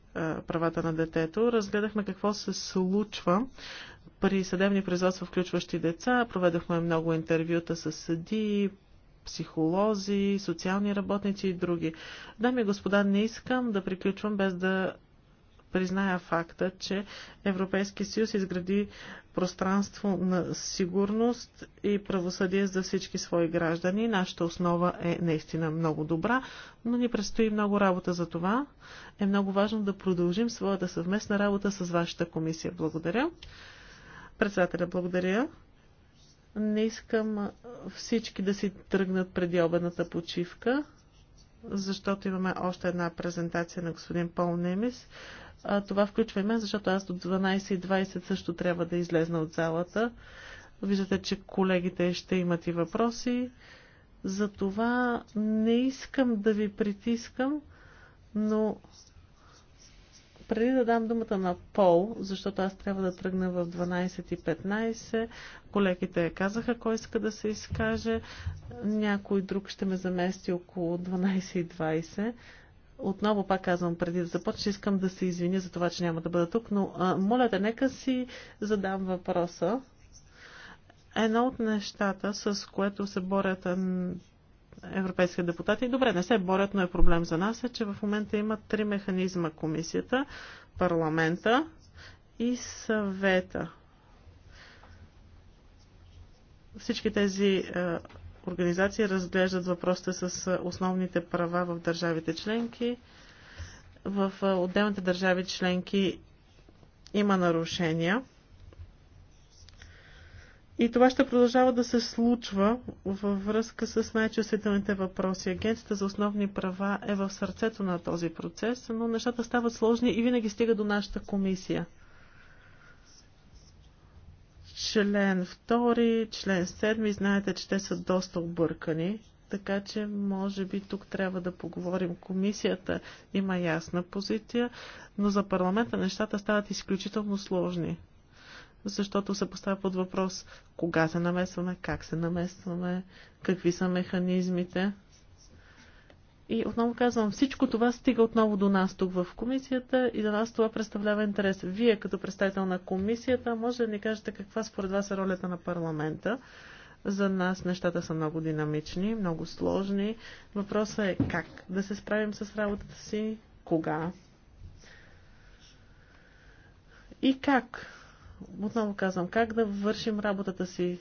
правата на детето, разгледахме какво се случва при съдебни производства, включващи деца. Проведохме много интервюта с съди, психолози, социални работници и други. Дами и господа, не искам да приключвам без да призная факта, че Европейския съюз изгради пространство на сигурност и правосъдие за всички свои граждани. Нашата основа е наистина много добра, но ни предстои много работа за това. Е много важно да продължим своята съвместна работа с вашата комисия. Благодаря. Председателя, благодаря. Не искам всички да си тръгнат преди обедната почивка защото имаме още една презентация на господин Пол Немис. А, това включва и мен, защото аз до 12.20 също трябва да излезна от залата. Виждате, че колегите ще имат и въпроси. Затова не искам да ви притискам, но преди да дам думата на Пол, защото аз трябва да тръгна в 12.15, колегите казаха кой иска да се изкаже, някой друг ще ме замести около 12.20 отново пак казвам, преди да започна, искам да се извиня за това, че няма да бъда тук, но а, моля да нека си задам въпроса. Едно от нещата, с което се борят европейски депутати. Добре, не се борят, но е проблем за нас е, че в момента има три механизма комисията, парламента и съвета. Всички тези е, организации разглеждат въпросите с е, основните права в държавите членки. В е, отделните държави членки има нарушения. И това ще продължава да се случва във връзка с най-чувствителните въпроси. Агенцията за основни права е в сърцето на този процес, но нещата стават сложни и винаги стига до нашата комисия. Член 2, член 7, знаете, че те са доста объркани, така че може би тук трябва да поговорим. Комисията има ясна позиция, но за парламента нещата стават изключително сложни защото се поставя под въпрос кога се намесваме, как се намесваме, какви са механизмите. И отново казвам, всичко това стига отново до нас тук в комисията и за нас това представлява интерес. Вие, като представител на комисията, може да ни кажете каква според вас е ролята на парламента. За нас нещата са много динамични, много сложни. Въпросът е как да се справим с работата си, кога и как отново казвам, как да вършим работата си?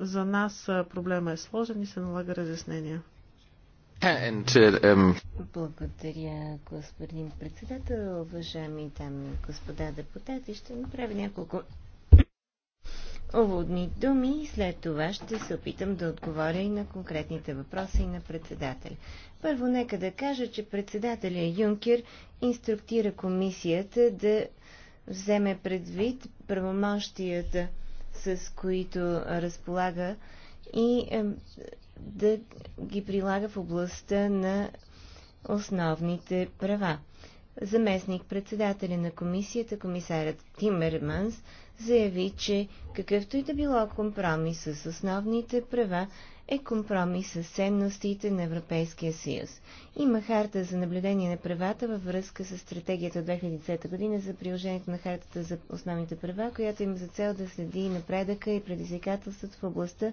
За нас проблема е сложен и се налага разяснения. Um, Благодаря, господин председател, уважаеми дами и господа депутати. Ще направя няколко уводни думи и след това ще се опитам да отговоря и на конкретните въпроси и на председателя. Първо, нека да кажа, че председателя Юнкер инструктира комисията да вземе предвид правомощията, с които разполага и е, да ги прилага в областта на основните права. Заместник председателя на комисията, комисарят Тимерманс, заяви, че какъвто и да било компромис с основните права е компромис с ценностите на Европейския съюз. Има харта за наблюдение на правата във връзка с стратегията от 2010 година за приложението на хартата за основните права, която има за цел да следи напредъка и предизвикателствата в областта,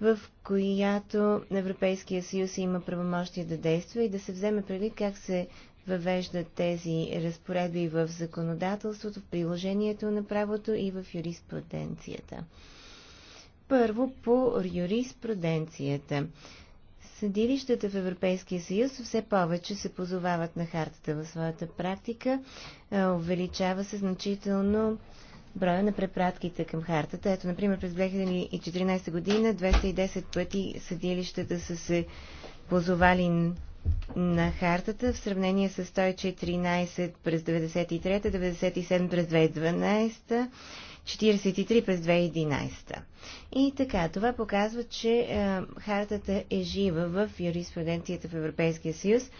в която Европейския съюз има правомощие да действа и да се вземе преди как се въвеждат тези разпоредби в законодателството, в приложението на правото и в юриспруденцията. Първо по юриспруденцията. Съдилищата в Европейския съюз все повече се позовават на хартата в своята практика. Увеличава се значително броя на препратките към хартата. Ето, например, през 2014 година 210 пъти съдилищата са се позовали на хартата в сравнение с 114 през 93, 97 през 2012, 43 през 2011. И така, това показва, че е, хартата е жива в юриспруденцията в Европейския съюз.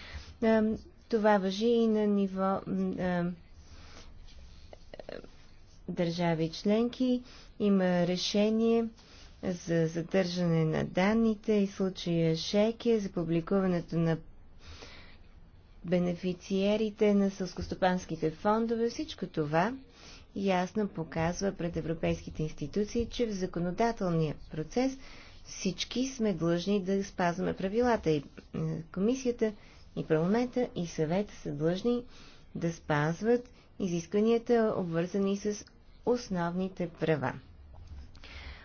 Е, това въжи и на ниво е, държави членки. Има решение за задържане на данните и случая Шеке за публикуването на бенефициерите на сълскостопанските фондове, всичко това ясно показва пред европейските институции, че в законодателния процес всички сме длъжни да спазваме правилата. И е, комисията, и парламента, и съвета са длъжни да спазват изискванията, обвързани с основните права.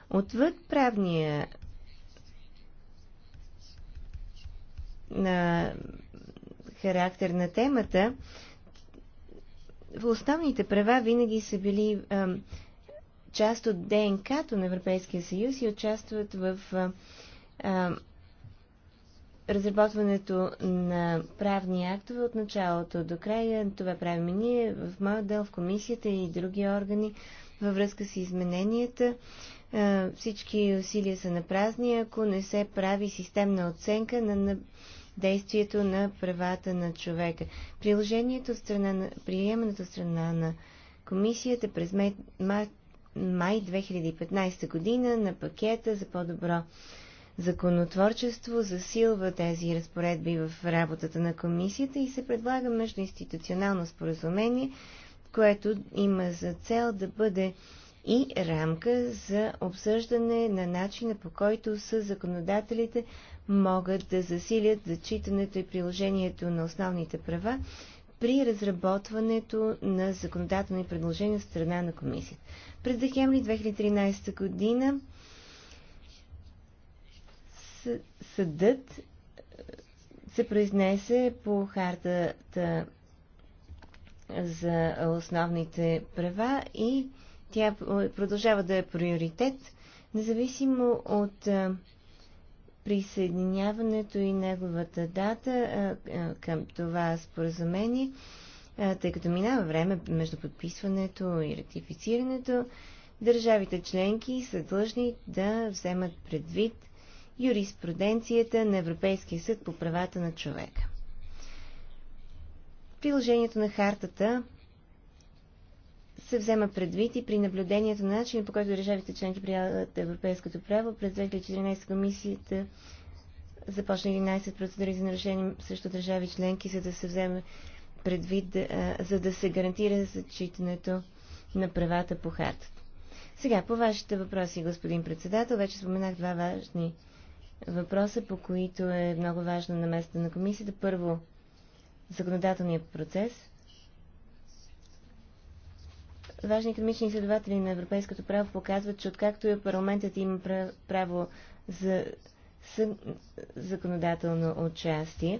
Отвъд правния на характер на темата, в основните права винаги са били а, част от ДНК-то на Европейския съюз и участват в а, а, разработването на правни актове от началото до края. Това правим и ние в моят дел, в комисията и други органи във връзка с измененията. А, всички усилия са на празни, ако не се прави системна оценка на, на действието на правата на човека. Приложението в страна на, приемането страна на комисията през май, май 2015 година на пакета за по-добро законотворчество засилва тези разпоредби в работата на комисията и се предлага междуинституционално споразумение, което има за цел да бъде и рамка за обсъждане на начина по който са законодателите могат да засилят зачитането и приложението на основните права при разработването на законодателни предложения от страна на комисията. През декември 2013 година съдът е, се произнесе по хартата за основните права и тя е, продължава да е приоритет, независимо от е, присъединяването и неговата дата към това споразумение, тъй като минава време между подписването и ратифицирането, държавите членки са длъжни да вземат предвид юриспруденцията на Европейския съд по правата на човека. Приложението на хартата се взема предвид и при наблюдението на начин, по който държавите членки прилагат европейското право. През 2014 комисията започна 11 процедури за нарушение срещу държави членки, за да се вземе предвид, за да се гарантира зачитането на правата по хартата. Сега, по вашите въпроси, господин председател, вече споменах два важни въпроса, по които е много важно на места на комисията. Първо, законодателният процес – Важни академични изследователи на европейското право показват, че откакто и парламентът има право за законодателно участие,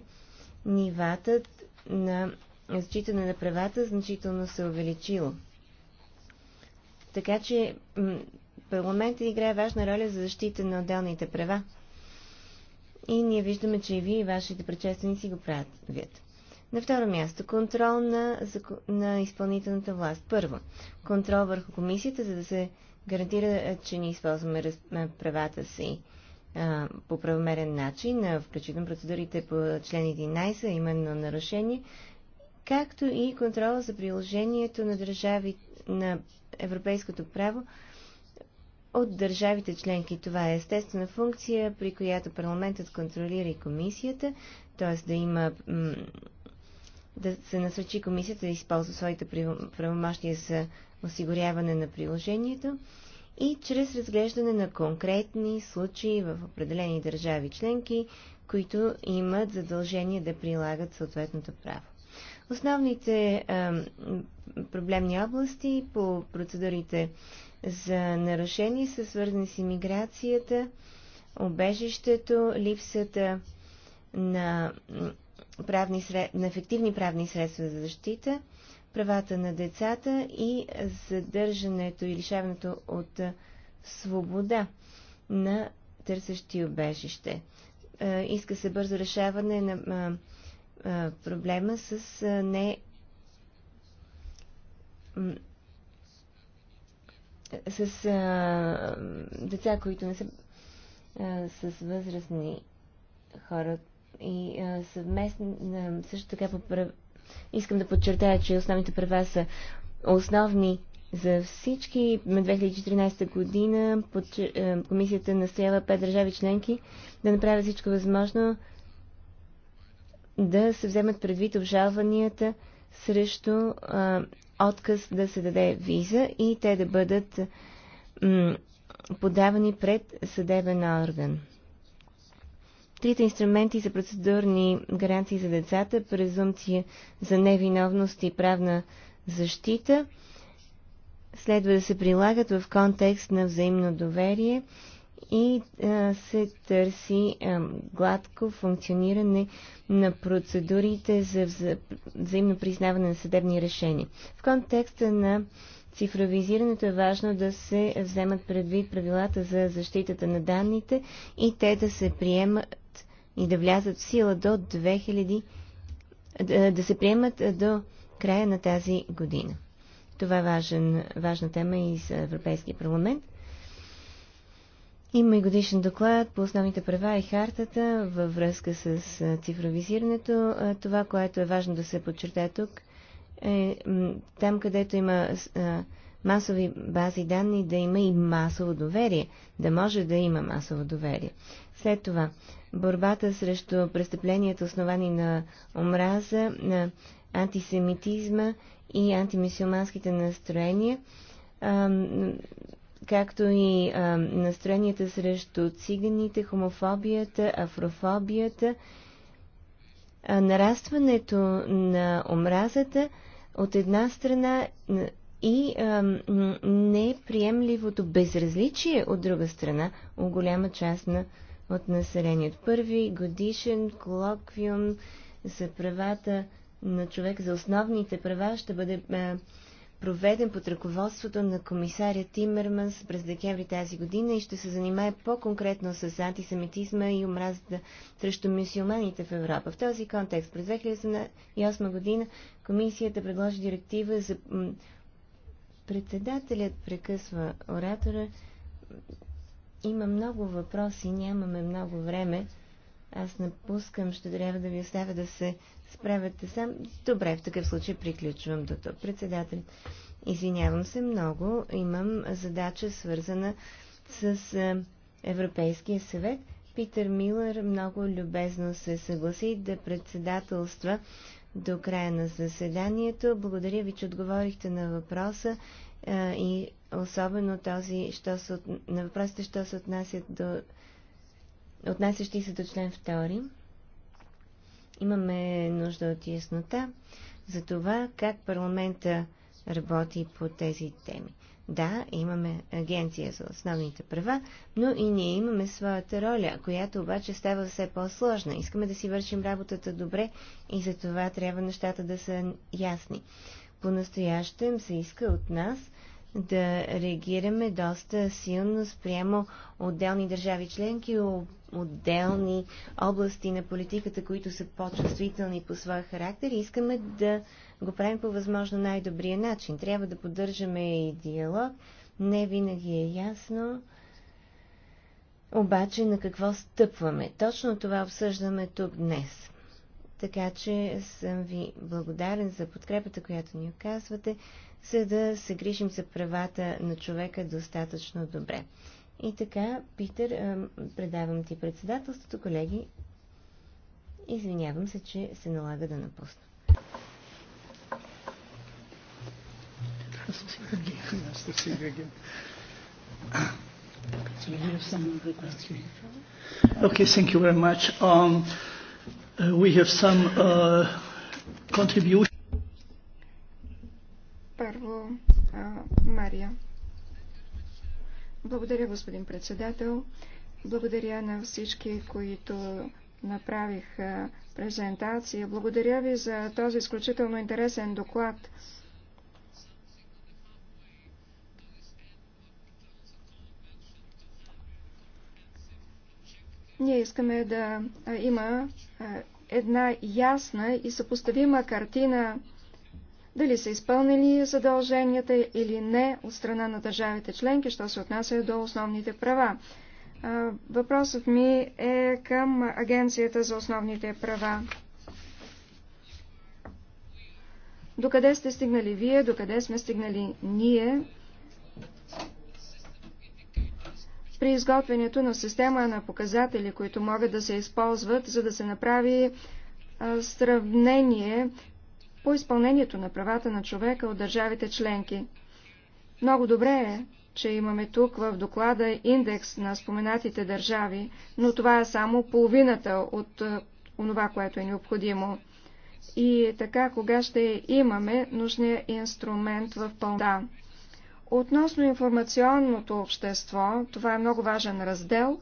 нивата на зачитане на правата значително се увеличило. Така че парламентът играе важна роля за защита на отделните права. И ние виждаме, че и вие и вашите предшественици го правят. На второ място, контрол на, на изпълнителната власт. Първо, контрол върху комисията, за да се гарантира, е, че ние използваме е, правата си а, по правомерен начин, включително процедурите по член 11, именно нарушение, както и контрол за приложението на държави на европейското право от държавите членки. Това е естествена функция, при която парламентът контролира и комисията, т.е. да има да се насочи комисията да използва своите правомощия за осигуряване на приложението и чрез разглеждане на конкретни случаи в определени държави членки, които имат задължение да прилагат съответното право. Основните а, проблемни области по процедурите за нарушение са свързани с иммиграцията, обежището, липсата на правни, на ефективни правни средства за защита, правата на децата и задържането и лишаването от свобода на търсещи обежище. Иска се бързо решаване на проблема с не с а, деца, които не са а, с възрастни хора, и съвместно, също така поправ искам да подчертая, че основните права са основни за всички. На 2014 година комисията настоява пет държави членки да направят всичко възможно да се вземат предвид обжалванията срещу а, отказ да се даде виза и те да бъдат подавани пред съдебен орган трите инструменти за процедурни гаранции за децата, презумпция за невиновност и правна защита следва да се прилагат в контекст на взаимно доверие и а, се търси а, гладко функциониране на процедурите за вза... взаимно признаване на съдебни решения. В контекста на цифровизирането е важно да се вземат предвид правилата за защитата на данните и те да се приемат и да влязат в сила до 2000, да се приемат до края на тази година. Това е важен, важна тема и за Европейския парламент. Има и годишен доклад по основните права и хартата във връзка с цифровизирането. Това, което е важно да се подчертае тук, е там, където има масови бази данни, да има и масово доверие. Да може да има масово доверие. След това, борбата срещу престъпленията, основани на омраза, на антисемитизма и антимисиоманските настроения, както и настроенията срещу циганите, хомофобията, афрофобията, нарастването на омразата от една страна и неприемливото безразличие от друга страна у голяма част на от населението. Първи годишен колоквиум за правата на човек, за основните права ще бъде проведен под ръководството на комисаря Тимерманс през декември тази година и ще се занимае по-конкретно с антисемитизма и омразата срещу мюсюлманите в Европа. В този контекст през 2008 година комисията предложи директива за председателят прекъсва оратора има много въпроси, нямаме много време. Аз напускам, ще трябва да ви оставя да се справяте сам. Добре, в такъв случай приключвам до тук. Председател, извинявам се много. Имам задача свързана с Европейския съвет. Питър Милър много любезно се съгласи да председателства до края на заседанието. Благодаря ви, че отговорихте на въпроса и особено този, що се, от... на въпросите, що се отнасят до отнасящи се до член 2. Имаме нужда от яснота за това как парламента работи по тези теми. Да, имаме агенция за основните права, но и ние имаме своята роля, която обаче става все по-сложна. Искаме да си вършим работата добре и за това трябва нещата да са ясни. По-настоящем се иска от нас да реагираме доста силно спрямо отделни държави членки, отделни области на политиката, които са по-чувствителни по своя характер и искаме да го правим по възможно най-добрия начин. Трябва да поддържаме и диалог. Не винаги е ясно. Обаче на какво стъпваме? Точно това обсъждаме тук днес. Така че съм ви благодарен за подкрепата, която ни оказвате, за да се грижим за правата на човека достатъчно добре. И така, Питер, предавам ти председателството, колеги. Извинявам се, че се налага да напусна. Okay, thank you very much. Um, we have some uh, contribution. Първо, а, Мария. Благодаря, господин председател. Благодаря на всички, които направих презентация. Благодаря ви за този изключително интересен доклад. Ние искаме да има една ясна и съпоставима картина дали са изпълнили задълженията или не от страна на държавите членки, що се отнася до основните права. Въпросът ми е към Агенцията за основните права. Докъде сте стигнали вие, докъде сме стигнали ние при изготвянето на система на показатели, които могат да се използват, за да се направи сравнение по изпълнението на правата на човека от държавите членки. Много добре е, че имаме тук в доклада индекс на споменатите държави, но това е само половината от онова, което е необходимо. И така, кога ще имаме нужния инструмент в пълна. Относно информационното общество, това е много важен раздел.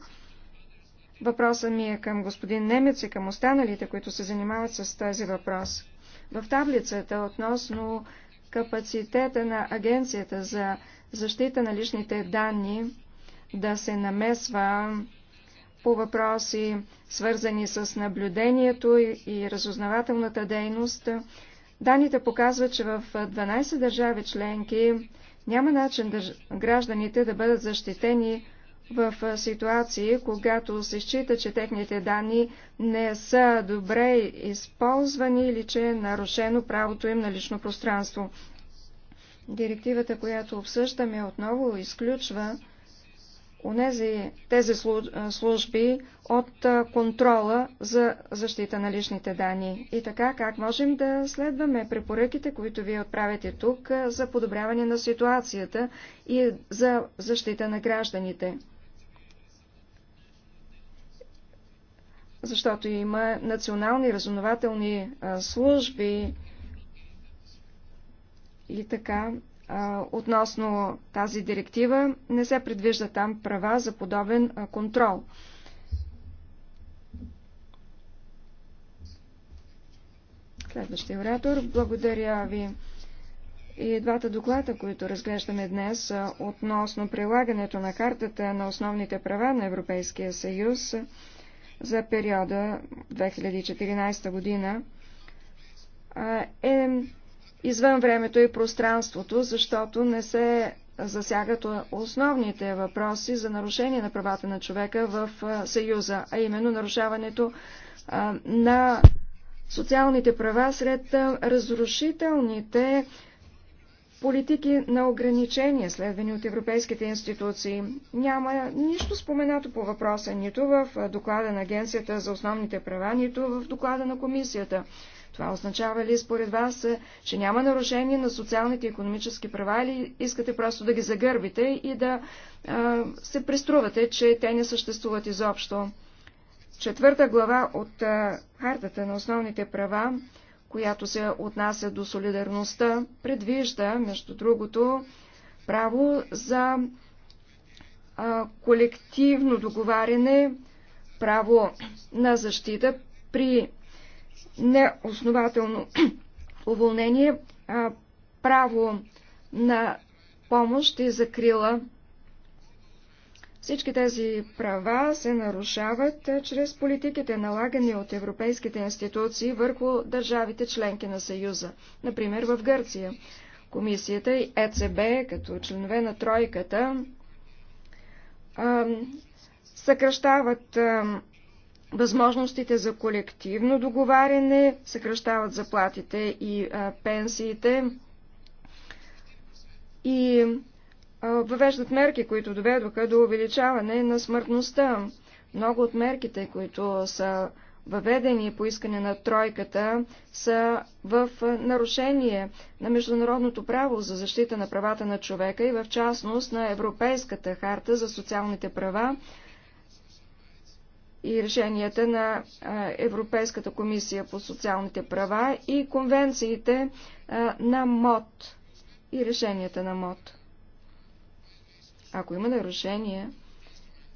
Въпросът ми е към господин Немец и към останалите, които се занимават с този въпрос. В таблицата относно капацитета на Агенцията за защита на личните данни да се намесва по въпроси, свързани с наблюдението и разузнавателната дейност, данните показват, че в 12 държави членки няма начин да гражданите да бъдат защитени в ситуации, когато се счита, че техните данни не са добре използвани или че е нарушено правото им на лично пространство. Директивата, която обсъждаме, отново изключва унези, тези служби от контрола за защита на личните данни. И така, как можем да следваме препоръките, които вие отправяте тук за подобряване на ситуацията и за защита на гражданите? Защото има национални разунователни служби и така относно тази директива, не се предвижда там права за подобен контрол. Следващия оратор. Благодаря ви. И двата доклада, които разглеждаме днес относно прилагането на картата на основните права на Европейския съюз за периода 2014 година, е извън времето и пространството, защото не се засягат основните въпроси за нарушение на правата на човека в Съюза, а именно нарушаването на социалните права сред разрушителните политики на ограничения, следвани от европейските институции. Няма нищо споменато по въпроса, нито в доклада на Агенцията за основните права, нито в доклада на комисията. Това означава ли според вас, е, че няма нарушение на социалните и економически права или искате просто да ги загърбите и да а, се преструвате, че те не съществуват изобщо? Четвърта глава от а, Хартата на основните права, която се отнася до солидарността, предвижда, между другото, право за а, колективно договаряне, право на защита при неоснователно уволнение, право на помощ и е закрила. Всички тези права се нарушават чрез политиките, налагани от европейските институции върху държавите членки на Съюза, например в Гърция. Комисията и ЕЦБ, като членове на тройката, съкръщават възможностите за колективно договаряне, съкръщават заплатите и а, пенсиите и а, въвеждат мерки, които доведоха до увеличаване на смъртността. Много от мерките, които са въведени по искане на тройката, са в нарушение на международното право за защита на правата на човека и в частност на Европейската харта за социалните права, и решенията на Европейската комисия по социалните права и конвенциите на МОД и решенията на МОД. Ако има нарушение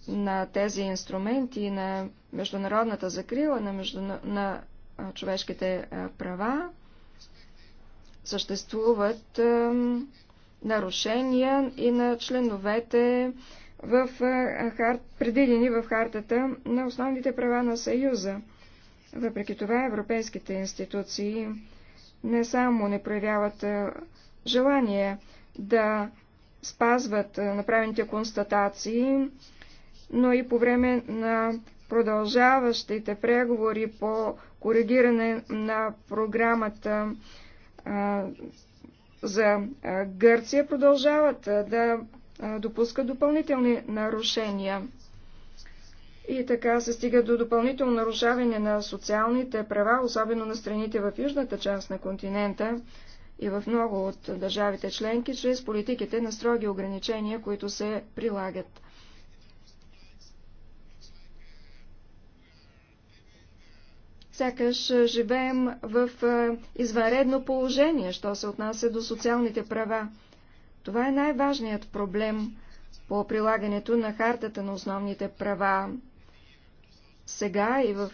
на тези инструменти на международната закрила на, междуна... на човешките права, съществуват нарушения и на членовете в хар... предвидени в хартата на основните права на Съюза. Въпреки това европейските институции не само не проявяват желание да спазват направените констатации, но и по време на продължаващите преговори по коригиране на програмата за Гърция продължават да допуска допълнителни нарушения. И така се стига до допълнително нарушаване на социалните права, особено на страните в южната част на континента и в много от държавите членки, чрез политиките на строги ограничения, които се прилагат. Сякаш живеем в извънредно положение, що се отнася до социалните права. Това е най-важният проблем по прилагането на хартата на основните права сега и в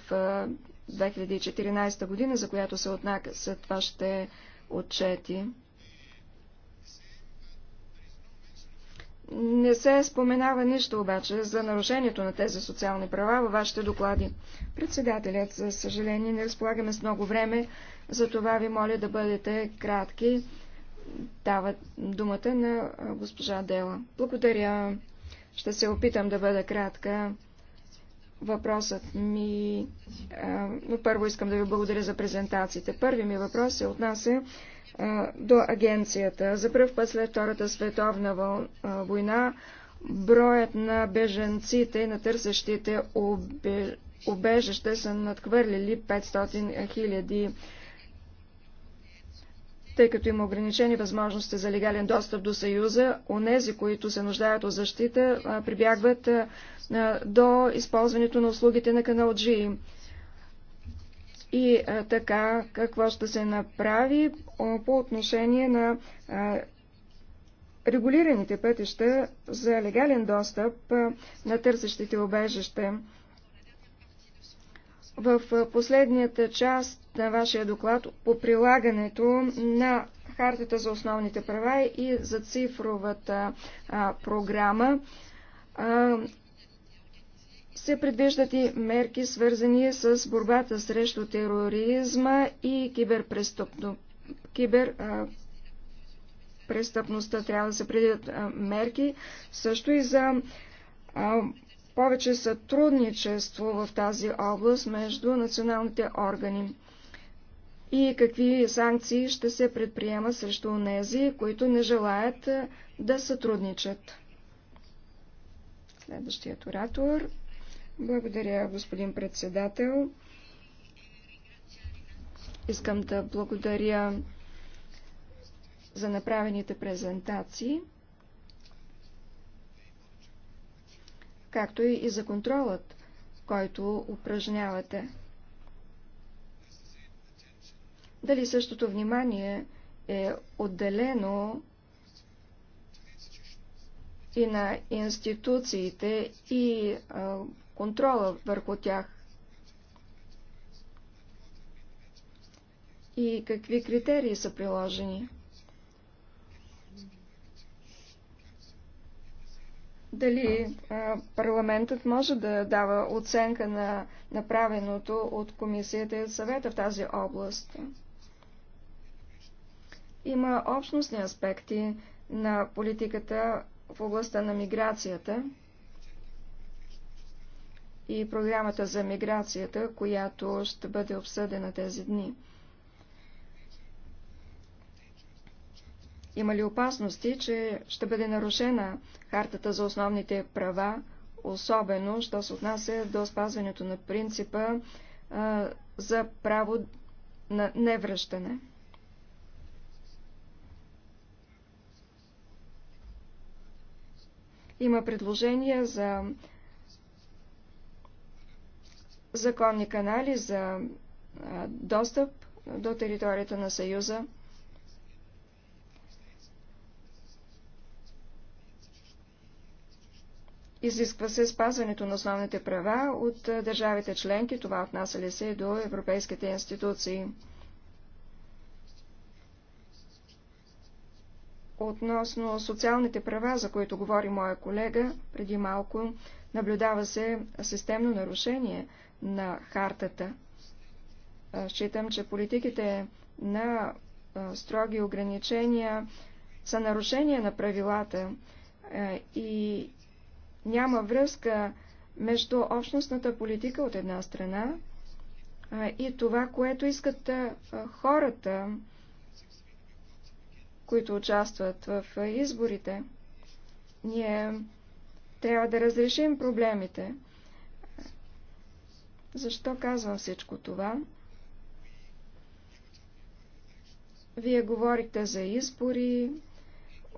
2014 година, за която се отнасят вашите отчети. Не се споменава нищо обаче за нарушението на тези социални права във вашите доклади. Председателят, за съжаление, не разполагаме с много време, за това ви моля да бъдете кратки дава думата на госпожа Дела. Благодаря. Ще се опитам да бъда кратка. Въпросът ми... Но първо искам да ви благодаря за презентациите. Първи ми въпрос се отнася до агенцията. За първ път след Втората световна война броят на беженците и на търсещите обежище са надхвърлили 500 хиляди 000 тъй като има ограничени възможности за легален достъп до Съюза, онези, които се нуждаят от защита, прибягват до използването на услугите на канал G. И така, какво ще се направи по отношение на регулираните пътища за легален достъп на търсещите обежище. В последната част на вашия доклад по прилагането на Хартата за основните права и за цифровата а, програма. А, се предвиждат и мерки, свързани с борбата срещу тероризма и киберпрестъпно... киберпрестъпността. Трябва да се предвидят мерки също и за а, повече сътрудничество в тази област между националните органи и какви санкции ще се предприема срещу нези, които не желаят да сътрудничат. Следващият оратор. Благодаря, господин председател. Искам да благодаря за направените презентации, както и за контролът, който упражнявате. Дали същото внимание е отделено и на институциите и а, контрола върху тях? И какви критерии са приложени? дали парламентът може да дава оценка на направеното от комисията и съвета в тази област. Има общностни аспекти на политиката в областта на миграцията и програмата за миграцията, която ще бъде обсъдена тези дни. Има ли опасности, че ще бъде нарушена хартата за основните права, особено, що се отнася до спазването на принципа а, за право на невръщане? Има предложения за законни канали за достъп до територията на Съюза. Изисква се спазването на основните права от държавите членки, това отнася ли се и до европейските институции. Относно социалните права, за които говори моя колега преди малко, наблюдава се системно нарушение на хартата. Считам, че политиките на строги ограничения са нарушение на правилата и няма връзка между общностната политика от една страна и това, което искат хората които участват в изборите. Ние трябва да разрешим проблемите. Защо казвам всичко това? Вие говорите за избори,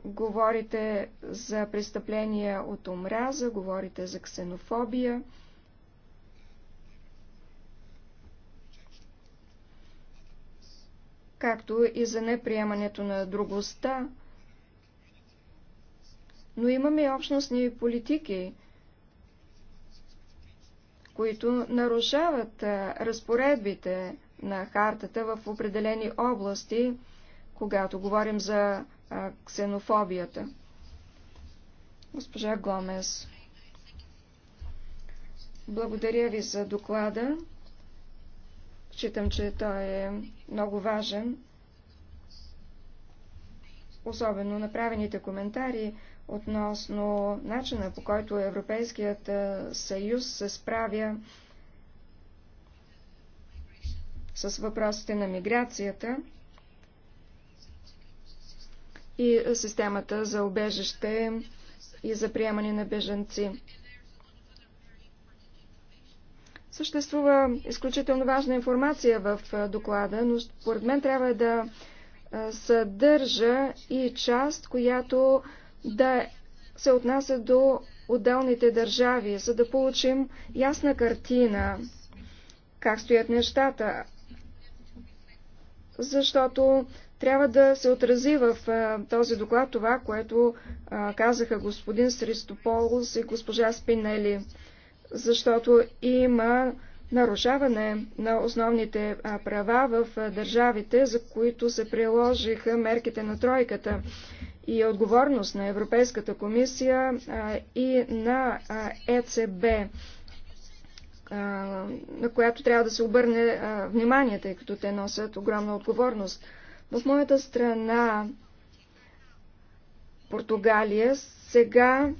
говорите за престъпления от омраза, говорите за ксенофобия. както и за неприемането на другостта. Но имаме общностни политики, които нарушават разпоредбите на хартата в определени области, когато говорим за ксенофобията. Госпожа Гомес. Благодаря ви за доклада. Считам, че той е много важен. Особено направените коментари относно начина по който Европейският съюз се справя с въпросите на миграцията и системата за обежище и за приемане на беженци. Съществува изключително важна информация в доклада, но според мен трябва да съдържа и част, която да се отнася до отделните държави, за да получим ясна картина как стоят нещата, защото трябва да се отрази в този доклад това, което казаха господин Сристополос и госпожа Спинели защото има нарушаване на основните права в държавите, за които се приложиха мерките на тройката и е отговорност на Европейската комисия и на ЕЦБ, на която трябва да се обърне внимание, тъй като те носят огромна отговорност. В моята страна, Португалия, сега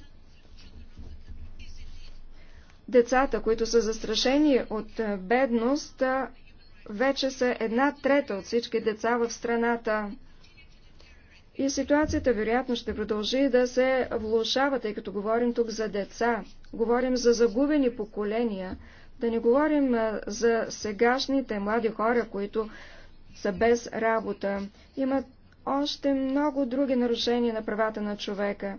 Децата, които са застрашени от е, бедност, вече са една трета от всички деца в страната. И ситуацията вероятно ще продължи да се влушава, тъй като говорим тук за деца, говорим за загубени поколения, да не говорим е, за сегашните млади хора, които са без работа. Имат още много други нарушения на правата на човека.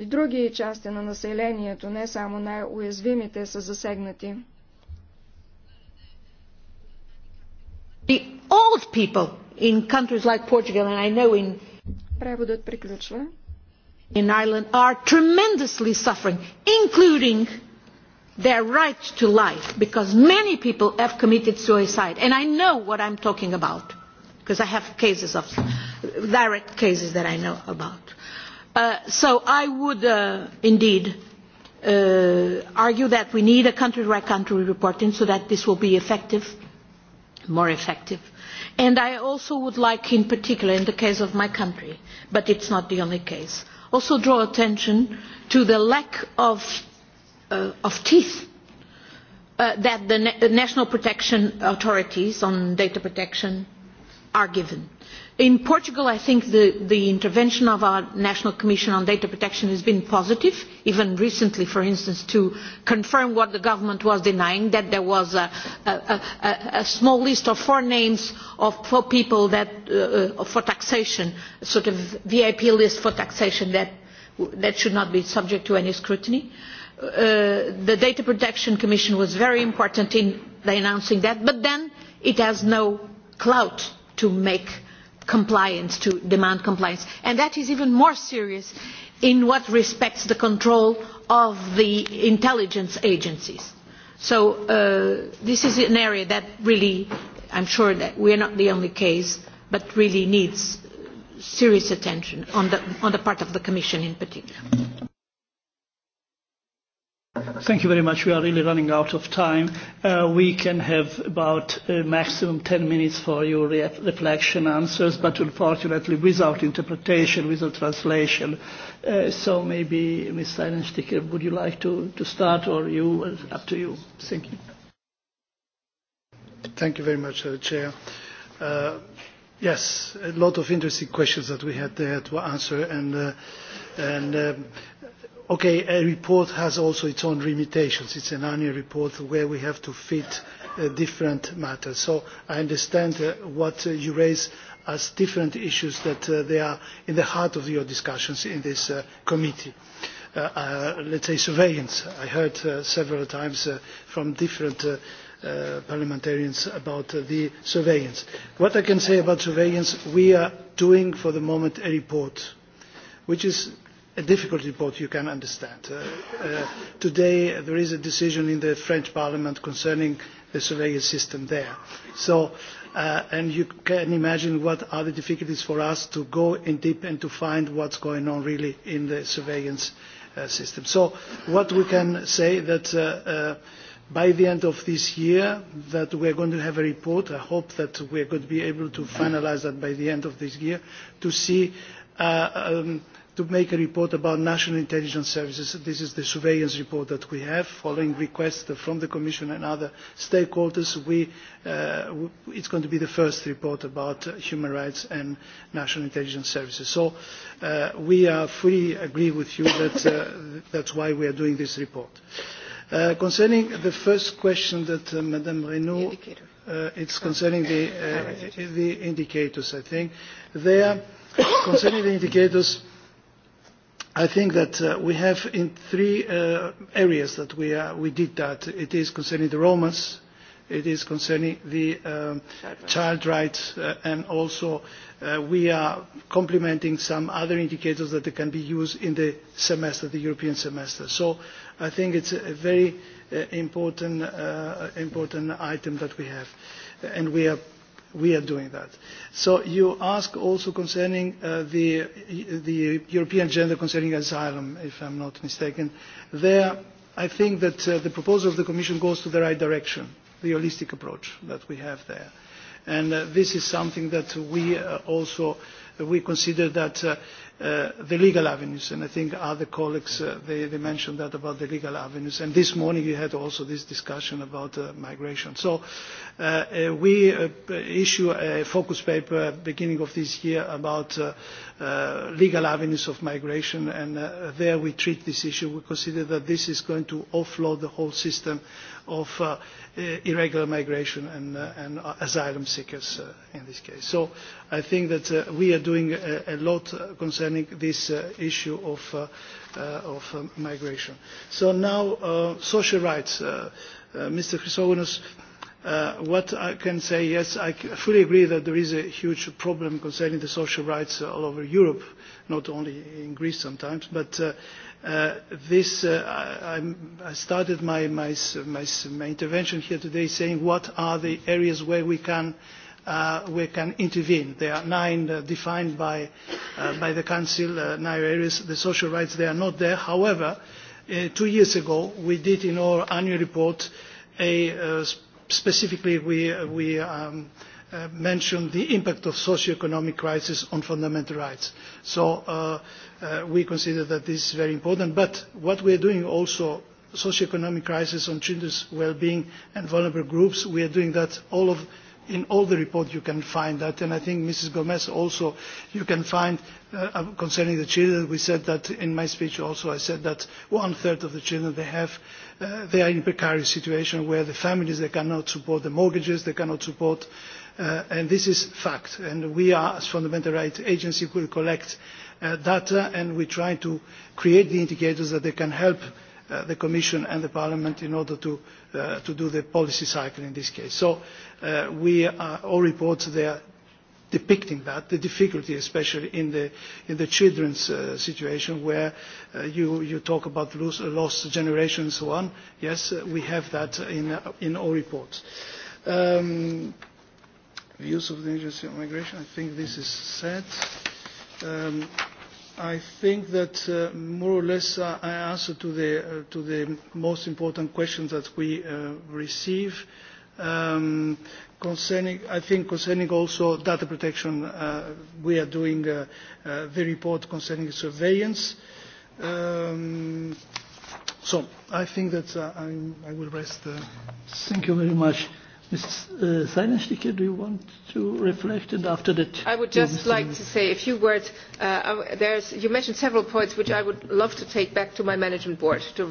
И други части на населението, не само най-уязвимите, са засегнати. Like in... Преводът приключва. In Ireland are tremendously suffering, including their right to life, because many people have committed suicide. And I know what I'm talking about, because I have cases of direct cases that I know about so I would indeed argue that we need a country by country reporting so that this will be effective, more effective. And I also would like, in particular, in the case of my country, but it is not the only case, also draw attention to the lack of, teeth that the national protection authorities on data protection are given in portugal i think the intervention of our national commission on data protection has been positive even recently for instance to confirm what the government was denying that there was a small list of four names of four people for taxation a sort of vip list for taxation that should not be subject to any scrutiny. the data protection commission was very important in announcing that but then it has no clout to make compliance, to demand compliance. And that is even more serious in what respects the control of the intelligence agencies. So this is an area that really, I'm sure that we are not the only case, but really needs serious attention on the, on the part of the Commission in particular. Thank you very much. We are really running out of time. Uh, we can have about uh, maximum 10 minutes for your re- reflection answers, but unfortunately without interpretation, without translation. Uh, so maybe Ms. Seidensticker, would you like to, to start or you? Up to you. Thank you. Thank you very much, uh, Chair. Uh, yes, a lot of interesting questions that we had there to answer, and, uh, and um, Okay, a report has also its own limitations. It's an annual report where we have to fit uh, different matters. So I understand uh, what uh, you raise as different issues that uh, they are in the heart of your discussions in this uh, committee. Uh, uh, let's say surveillance. I heard uh, several times uh, from different uh, uh, parliamentarians about uh, the surveillance. What I can say about surveillance, we are doing for the moment a report, which is a difficult report you can understand. today there is a decision in the French Parliament concerning the surveillance system there. So, and you can imagine what are the difficulties for us to go in deep and to find what's going on really in the surveillance system. So what we can say that by the end of this year that we are going to have a report. I hope that we are going to be able to finalise that by the end of this year to see to make a report about national intelligence services. This is the surveillance report that we have, following requests from the Commission and other stakeholders. We, uh, it's going to be the first report about human rights and national intelligence services. So uh, we are fully agree with you that uh, that's why we are doing this report. Uh, concerning the first question that uh, Madame Renault, uh, it's concerning the, uh, the indicators, I think. There, concerning the indicators, I think that uh, we have in three uh, areas that we, uh, we did that. It is concerning the Romans, it is concerning the um, child rights, uh, and also uh, we are complementing some other indicators that can be used in the semester, the European semester. So I think it's a very uh, important, uh, important item that we have, and we are we are doing that. So you ask also concerning uh, the, the European agenda concerning asylum, if I'm not mistaken. There, I think that uh, the proposal of the Commission goes to the right direction, the holistic approach that we have there. And uh, this is something that we uh, also uh, we consider that uh, the legal avenues, and I think other colleagues, uh, they, they mentioned that about the legal avenues. And this morning you had also this discussion about uh, migration. So uh, uh, we uh, issue a focus paper beginning of this year about uh, uh, legal avenues of migration, and uh, there we treat this issue. We consider that this is going to offload the whole system of uh, irregular migration and, uh, and asylum seekers uh, in this case. So I think that uh, we are doing a, a lot concerning this uh, issue of, uh, uh, of migration. So now, uh, social rights. Uh, uh, Mr. Chrysogonos, uh, what I can say, yes, I fully agree that there is a huge problem concerning the social rights all over Europe, not only in Greece sometimes, but uh, this, I started my, my, my, my intervention here today saying what are the areas where we can, uh, we can intervene. There are nine uh, defined by, uh, by the Council, uh, nine areas. The social rights, they are not there. However, uh, two years ago, we did in our annual report a uh, specifically we, we um, uh, mentioned the impact of socio-economic crisis on fundamental rights. So uh, we consider that this is very important. But what we are doing also, socio-economic crisis on children's well-being and vulnerable groups, we are doing that all of, in all the reports you can find that. And I think Mrs. Gomez also, you can find uh, concerning the children, we said that in my speech also, I said that one-third of the children they have uh, they are in a precarious situation where the families they cannot support the mortgages, they cannot support, uh, and this is fact. And we are, as fundamental rights agency, will collect data and we try to create the indicators that can help the Commission and the Parliament in order to, do the policy cycle in this case. So we are, all reports there depicting that, the difficulty especially in the, in the children's uh, situation where uh, you, you talk about lose, lost generation and so on. Yes, we have that in, uh, in all reports. Um, views of the agency on migration, I think this is said. Um, I think that uh, more or less uh, I answered to the, uh, to the most important questions that we uh, receive. Um, concerning, I think concerning also data protection, uh, we are doing uh, uh, the report concerning surveillance. Um, so I think that uh, I, I will rest. Uh, Thank you very much. Mrs. do you want to reflect? And after that, I would just like to say a few words. Uh, there's, you mentioned several points which I would love to take back to my management board to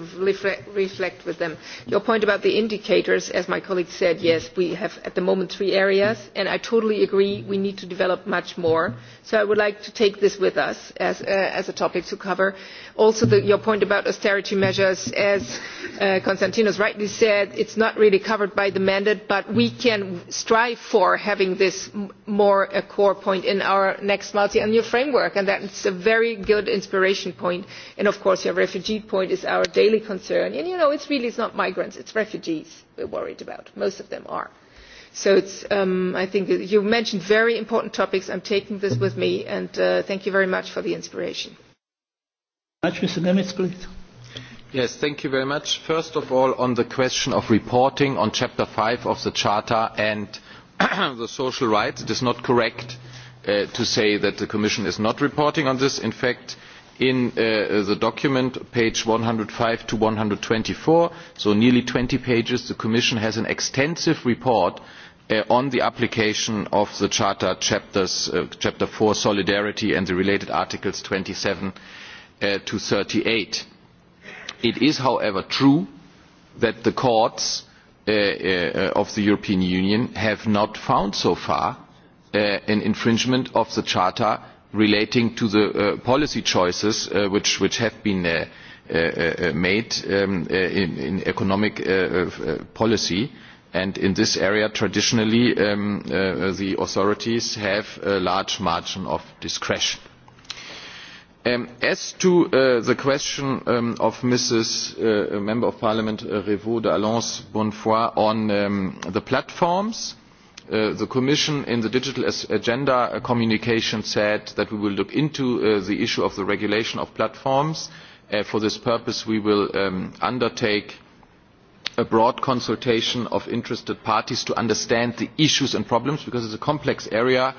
reflect with them. Your point about the indicators, as my colleague said, yes, we have at the moment three areas, and I totally agree we need to develop much more. So I would like to take this with us as, uh, as a topic to cover. Also, the, your point about austerity measures, as uh, Konstantinos rightly said, it's not really covered by the mandate, but we can strive for having this more a core point in our next multiannual framework and that is a very good inspiration point and of course your refugee point is our daily concern and you know it's really not migrants it's refugees we're worried about most of them are so it's um, I think you mentioned very important topics I'm taking this with me and uh, thank you very much for the inspiration Mr. Nemitz please thank you very much. first of all on the question of reporting on chapter five of the charter and the social rights it is not correct to say that the commission is not reporting on this. in fact in the document pages one hundred and five to one hundred and twenty four so nearly twenty pages the commission has an extensive report on the application of the charter chapter four solidarity and the related articles twenty seven to thirty eight It is, however, true that the courts of the European Union have not found so far an infringement of the Charter relating to the policy choices which, have been made in, economic policy. And in this area, traditionally, the authorities have a large margin of discretion as to the question of Mrs. Member of Parliament Revaud d'Alence Bonnefoy on the platforms, the Commission in the Digital Agenda communication said that we will look into the issue of the regulation of platforms. for this purpose, we will undertake a broad consultation of interested parties to understand the issues and problems because it is a complex area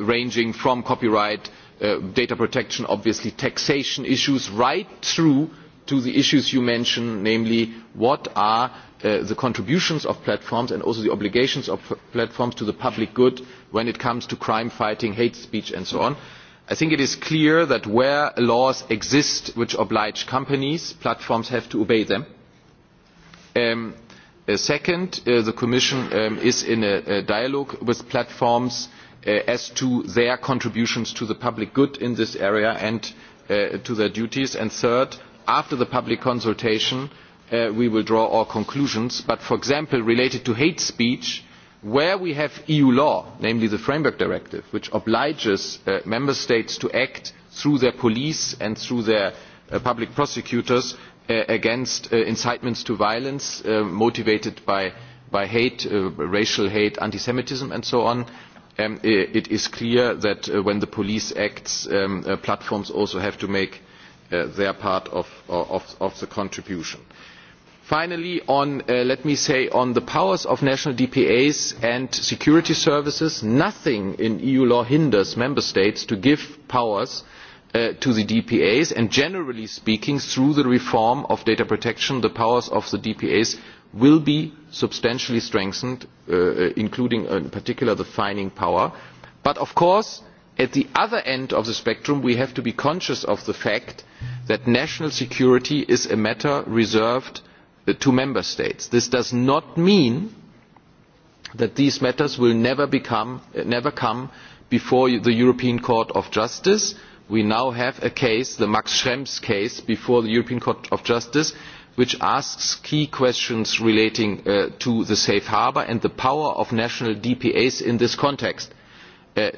ranging from copyright data protection, obviously taxation issues, right through to the issues you mentioned, namely what are the contributions of platforms and also the obligations of platforms to the public good when it comes to crime fighting, hate speech and so on. I think it is clear that where laws exist which oblige companies, platforms have to obey them. second, the Commission is in a dialogue with platforms as to their contributions to the public good in this area and to their duties. And third, after the public consultation, we will draw our conclusions. But, for example, related to hate speech, where we have EU law, namely the Framework Directive, which obliges member states to act through their police and through their public prosecutors against incitements to violence motivated by hate, racial hate, anti-Semitism, and so on, it is clear that when the police acts, platforms also have to make their part of, the contribution. Finally, let me say on the powers of national DPAs and security services, nothing in EU law hinders member states to give powers to the DPAs, and generally speaking, through the reform of data protection, the powers of the DPAs will be substantially strengthened, including in particular the fining power. But of course, at the other end of the spectrum, we have to be conscious of the fact that national security is a matter reserved to member states. This does not mean that these matters will never, become, never come before the European Court of Justice. We now have a case, the Max Schrems case, before the European Court of Justice, which asks key questions relating to the safe harbour and the power of national DPAs in this context.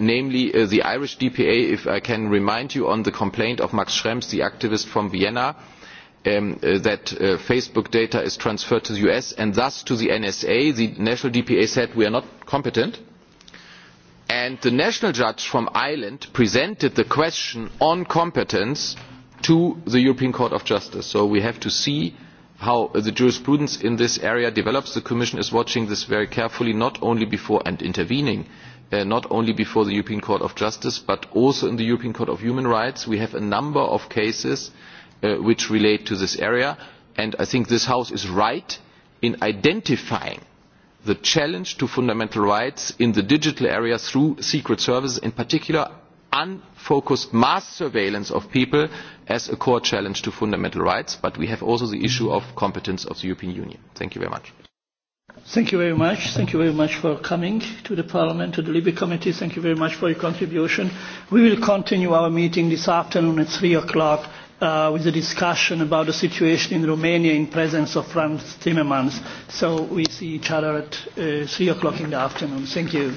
namely, the Irish DPA, if I can remind you on the complaint of Max Schrems, the activist from Vienna, that Facebook data is transferred to the US and thus to the NSA. The national DPA said we are not competent. And the national judge from Ireland presented the question on competence to the European Court of Justice. So we have to see how the jurisprudence in this area develops. The Commission is watching this very carefully, not only before and intervening, not only before the European Court of Justice, but also in the European Court of Human Rights. We have a number of cases which relate to this area, and I think this House is right in identifying the challenge to fundamental rights in the digital area through secret services in particular unfocused mass surveillance of people as a core challenge to fundamental rights. But we have also the issue of competence of the European Union. Thank you very much. Thank you very much. Thank you very much for coming to the Parliament, to the Libe Committee. Thank you very much for your contribution. We will continue our meeting this afternoon at 3 o'clock uh, with a discussion about the situation in Romania in presence of Franz Timmermans. So we see each other at uh, 3 o'clock in the afternoon. Thank you.